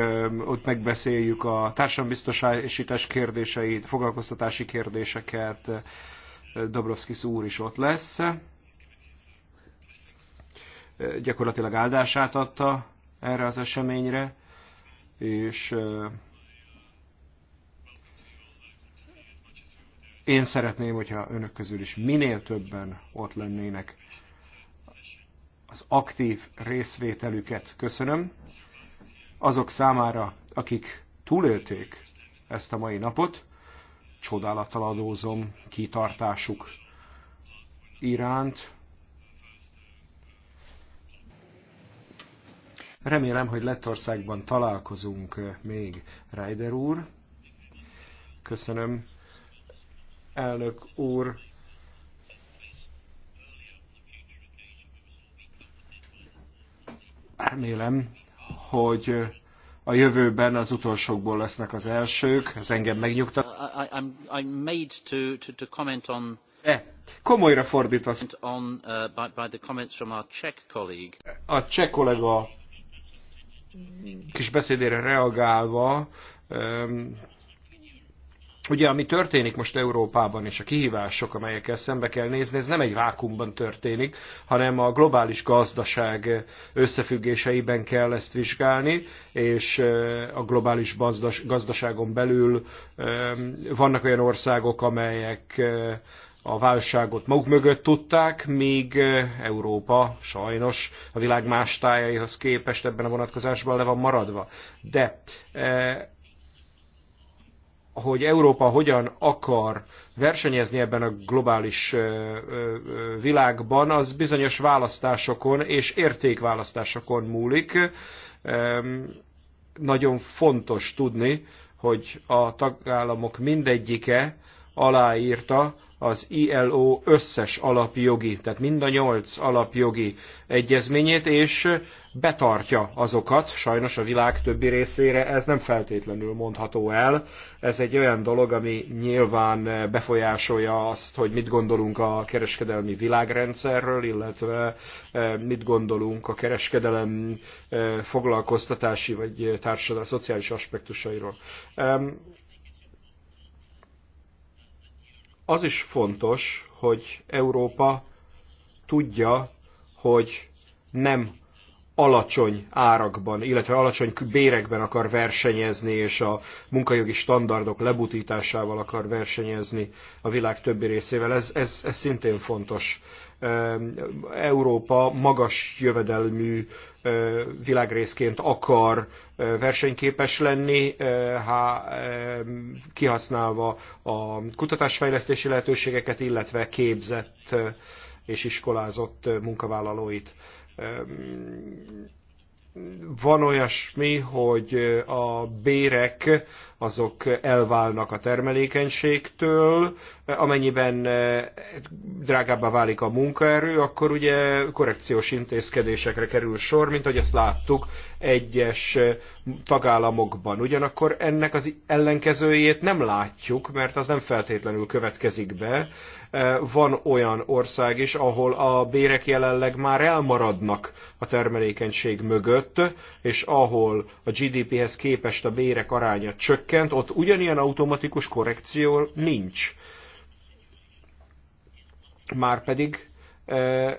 Speaker 5: ott megbeszéljük a társadalombiztosítás kérdéseit, foglalkoztatási kérdéseket, Dobrovskis úr is ott lesz. Gyakorlatilag áldását adta erre az eseményre, és én szeretném, hogyha önök közül is minél többen ott lennének az aktív részvételüket köszönöm. Azok számára, akik túlélték ezt a mai napot, csodálattal adózom kitartásuk iránt. Remélem, hogy Lettországban találkozunk eh, még, Reider úr. Köszönöm, elnök úr. Remélem, hogy a jövőben az utolsókból lesznek az elsők, ez engem megnyugtat.
Speaker 1: De made to, comment on
Speaker 5: komolyra fordítasz.
Speaker 1: Uh, by, the comments from our Czech colleague.
Speaker 5: A cseh kollega kis beszédére reagálva, um, ugye ami történik most Európában, és a kihívások, amelyekkel szembe kell nézni, ez nem egy vákumban történik, hanem a globális gazdaság összefüggéseiben kell ezt vizsgálni, és a globális gazdaságon belül vannak olyan országok, amelyek a válságot maguk mögött tudták, míg Európa sajnos a világ más tájaihoz képest ebben a vonatkozásban le van maradva. De hogy Európa hogyan akar versenyezni ebben a globális világban, az bizonyos választásokon és értékválasztásokon múlik. Nagyon fontos tudni, hogy a tagállamok mindegyike aláírta az ILO összes alapjogi, tehát mind a nyolc alapjogi egyezményét, és betartja azokat, sajnos a világ többi részére ez nem feltétlenül mondható el. Ez egy olyan dolog, ami nyilván befolyásolja azt, hogy mit gondolunk a kereskedelmi világrendszerről, illetve eh, mit gondolunk a kereskedelem eh, foglalkoztatási vagy társadalmi szociális aspektusairól az is fontos, hogy Európa tudja, hogy nem alacsony árakban, illetve alacsony bérekben akar versenyezni, és a munkajogi standardok lebutításával akar versenyezni a világ többi részével. Ez, ez, ez szintén fontos. Európa magas jövedelmű világrészként akar versenyképes lenni, ha kihasználva a kutatásfejlesztési lehetőségeket, illetve képzett és iskolázott munkavállalóit van olyasmi, hogy a bérek azok elválnak a termelékenységtől, amennyiben drágábbá válik a munkaerő, akkor ugye korrekciós intézkedésekre kerül sor, mint ahogy ezt láttuk egyes tagállamokban. Ugyanakkor ennek az ellenkezőjét nem látjuk, mert az nem feltétlenül következik be, Eh, van olyan ország is, ahol a bérek jelenleg már elmaradnak a termelékenység mögött, és ahol a GDP-hez képest a bérek aránya csökkent, ott ugyanilyen automatikus korrekció nincs. Márpedig eh,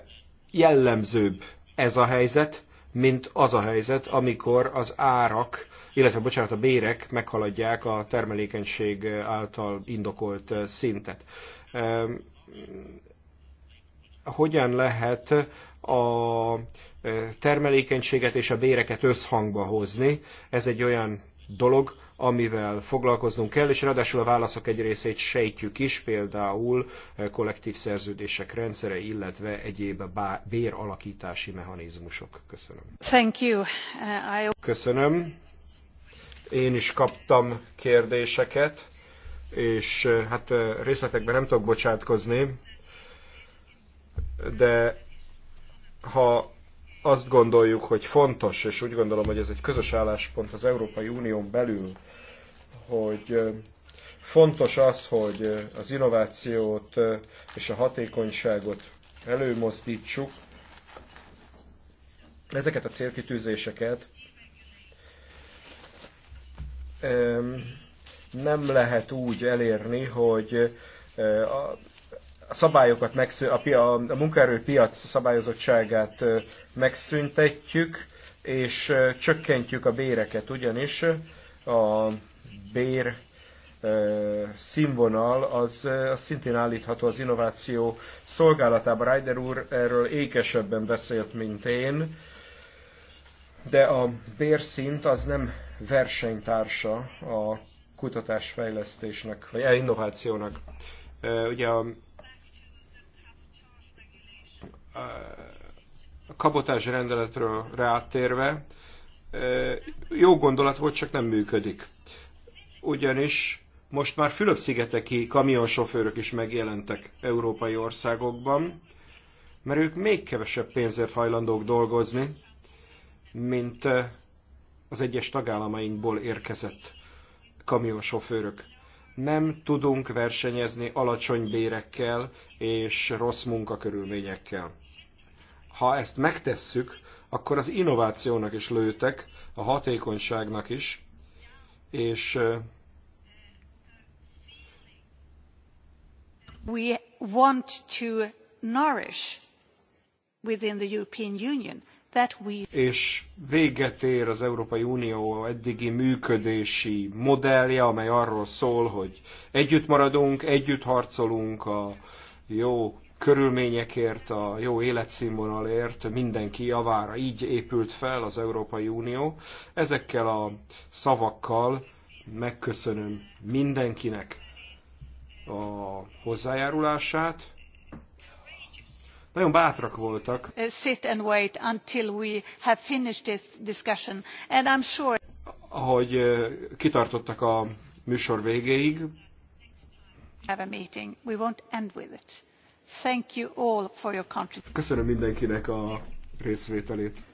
Speaker 5: jellemzőbb ez a helyzet, mint az a helyzet, amikor az árak, illetve bocsánat, a bérek meghaladják a termelékenység által indokolt szintet hogyan lehet a e, termelékenységet és a béreket összhangba hozni. Ez egy olyan dolog, amivel foglalkoznunk kell, és ráadásul a válaszok egy részét sejtjük is, például e, kollektív szerződések rendszere, illetve egyéb béralakítási mechanizmusok. Köszönöm.
Speaker 4: Thank you. Uh, I...
Speaker 5: Köszönöm. Én is kaptam kérdéseket és hát részletekben nem tudok bocsátkozni, de ha azt gondoljuk, hogy fontos, és úgy gondolom, hogy ez egy közös álláspont az Európai Unión belül, hogy fontos az, hogy az innovációt és a hatékonyságot előmozdítsuk, ezeket a célkitűzéseket nem lehet úgy elérni, hogy a szabályokat megszűn, a, a, a munkaerőpiac szabályozottságát megszüntetjük, és csökkentjük a béreket, ugyanis a bér színvonal, az, az szintén állítható az innováció szolgálatában Ryder úr erről ékesebben beszélt, mint én, de a bérszint az nem versenytársa a kutatásfejlesztésnek, vagy innovációnak. Ugye a, a kabotás rendeletről rátérve, jó gondolat volt, csak nem működik. Ugyanis most már Fülöp-szigeteki kamionsofőrök is megjelentek európai országokban, mert ők még kevesebb pénzért hajlandók dolgozni, mint az egyes tagállamainkból érkezett kamionsofőrök. Nem tudunk versenyezni alacsony bérekkel és rossz munkakörülményekkel. Ha ezt megtesszük, akkor az innovációnak is lőtek, a hatékonyságnak is, és
Speaker 4: we want to nourish within the European Union és
Speaker 5: véget ér az Európai Unió eddigi működési modellje, amely arról szól, hogy együtt maradunk, együtt harcolunk a jó körülményekért, a jó életszínvonalért, mindenki javára. Így épült fel az Európai Unió. Ezekkel a szavakkal megköszönöm mindenkinek a hozzájárulását, nagyon bátrak voltak.
Speaker 4: Uh, sit and wait until we have finished this discussion. And I'm sure...
Speaker 5: Ahogy uh, kitartottak a műsor végéig.
Speaker 2: Have a meeting. We won't end with it. Thank you all for your contribution.
Speaker 5: Köszönöm mindenkinek a részvételét.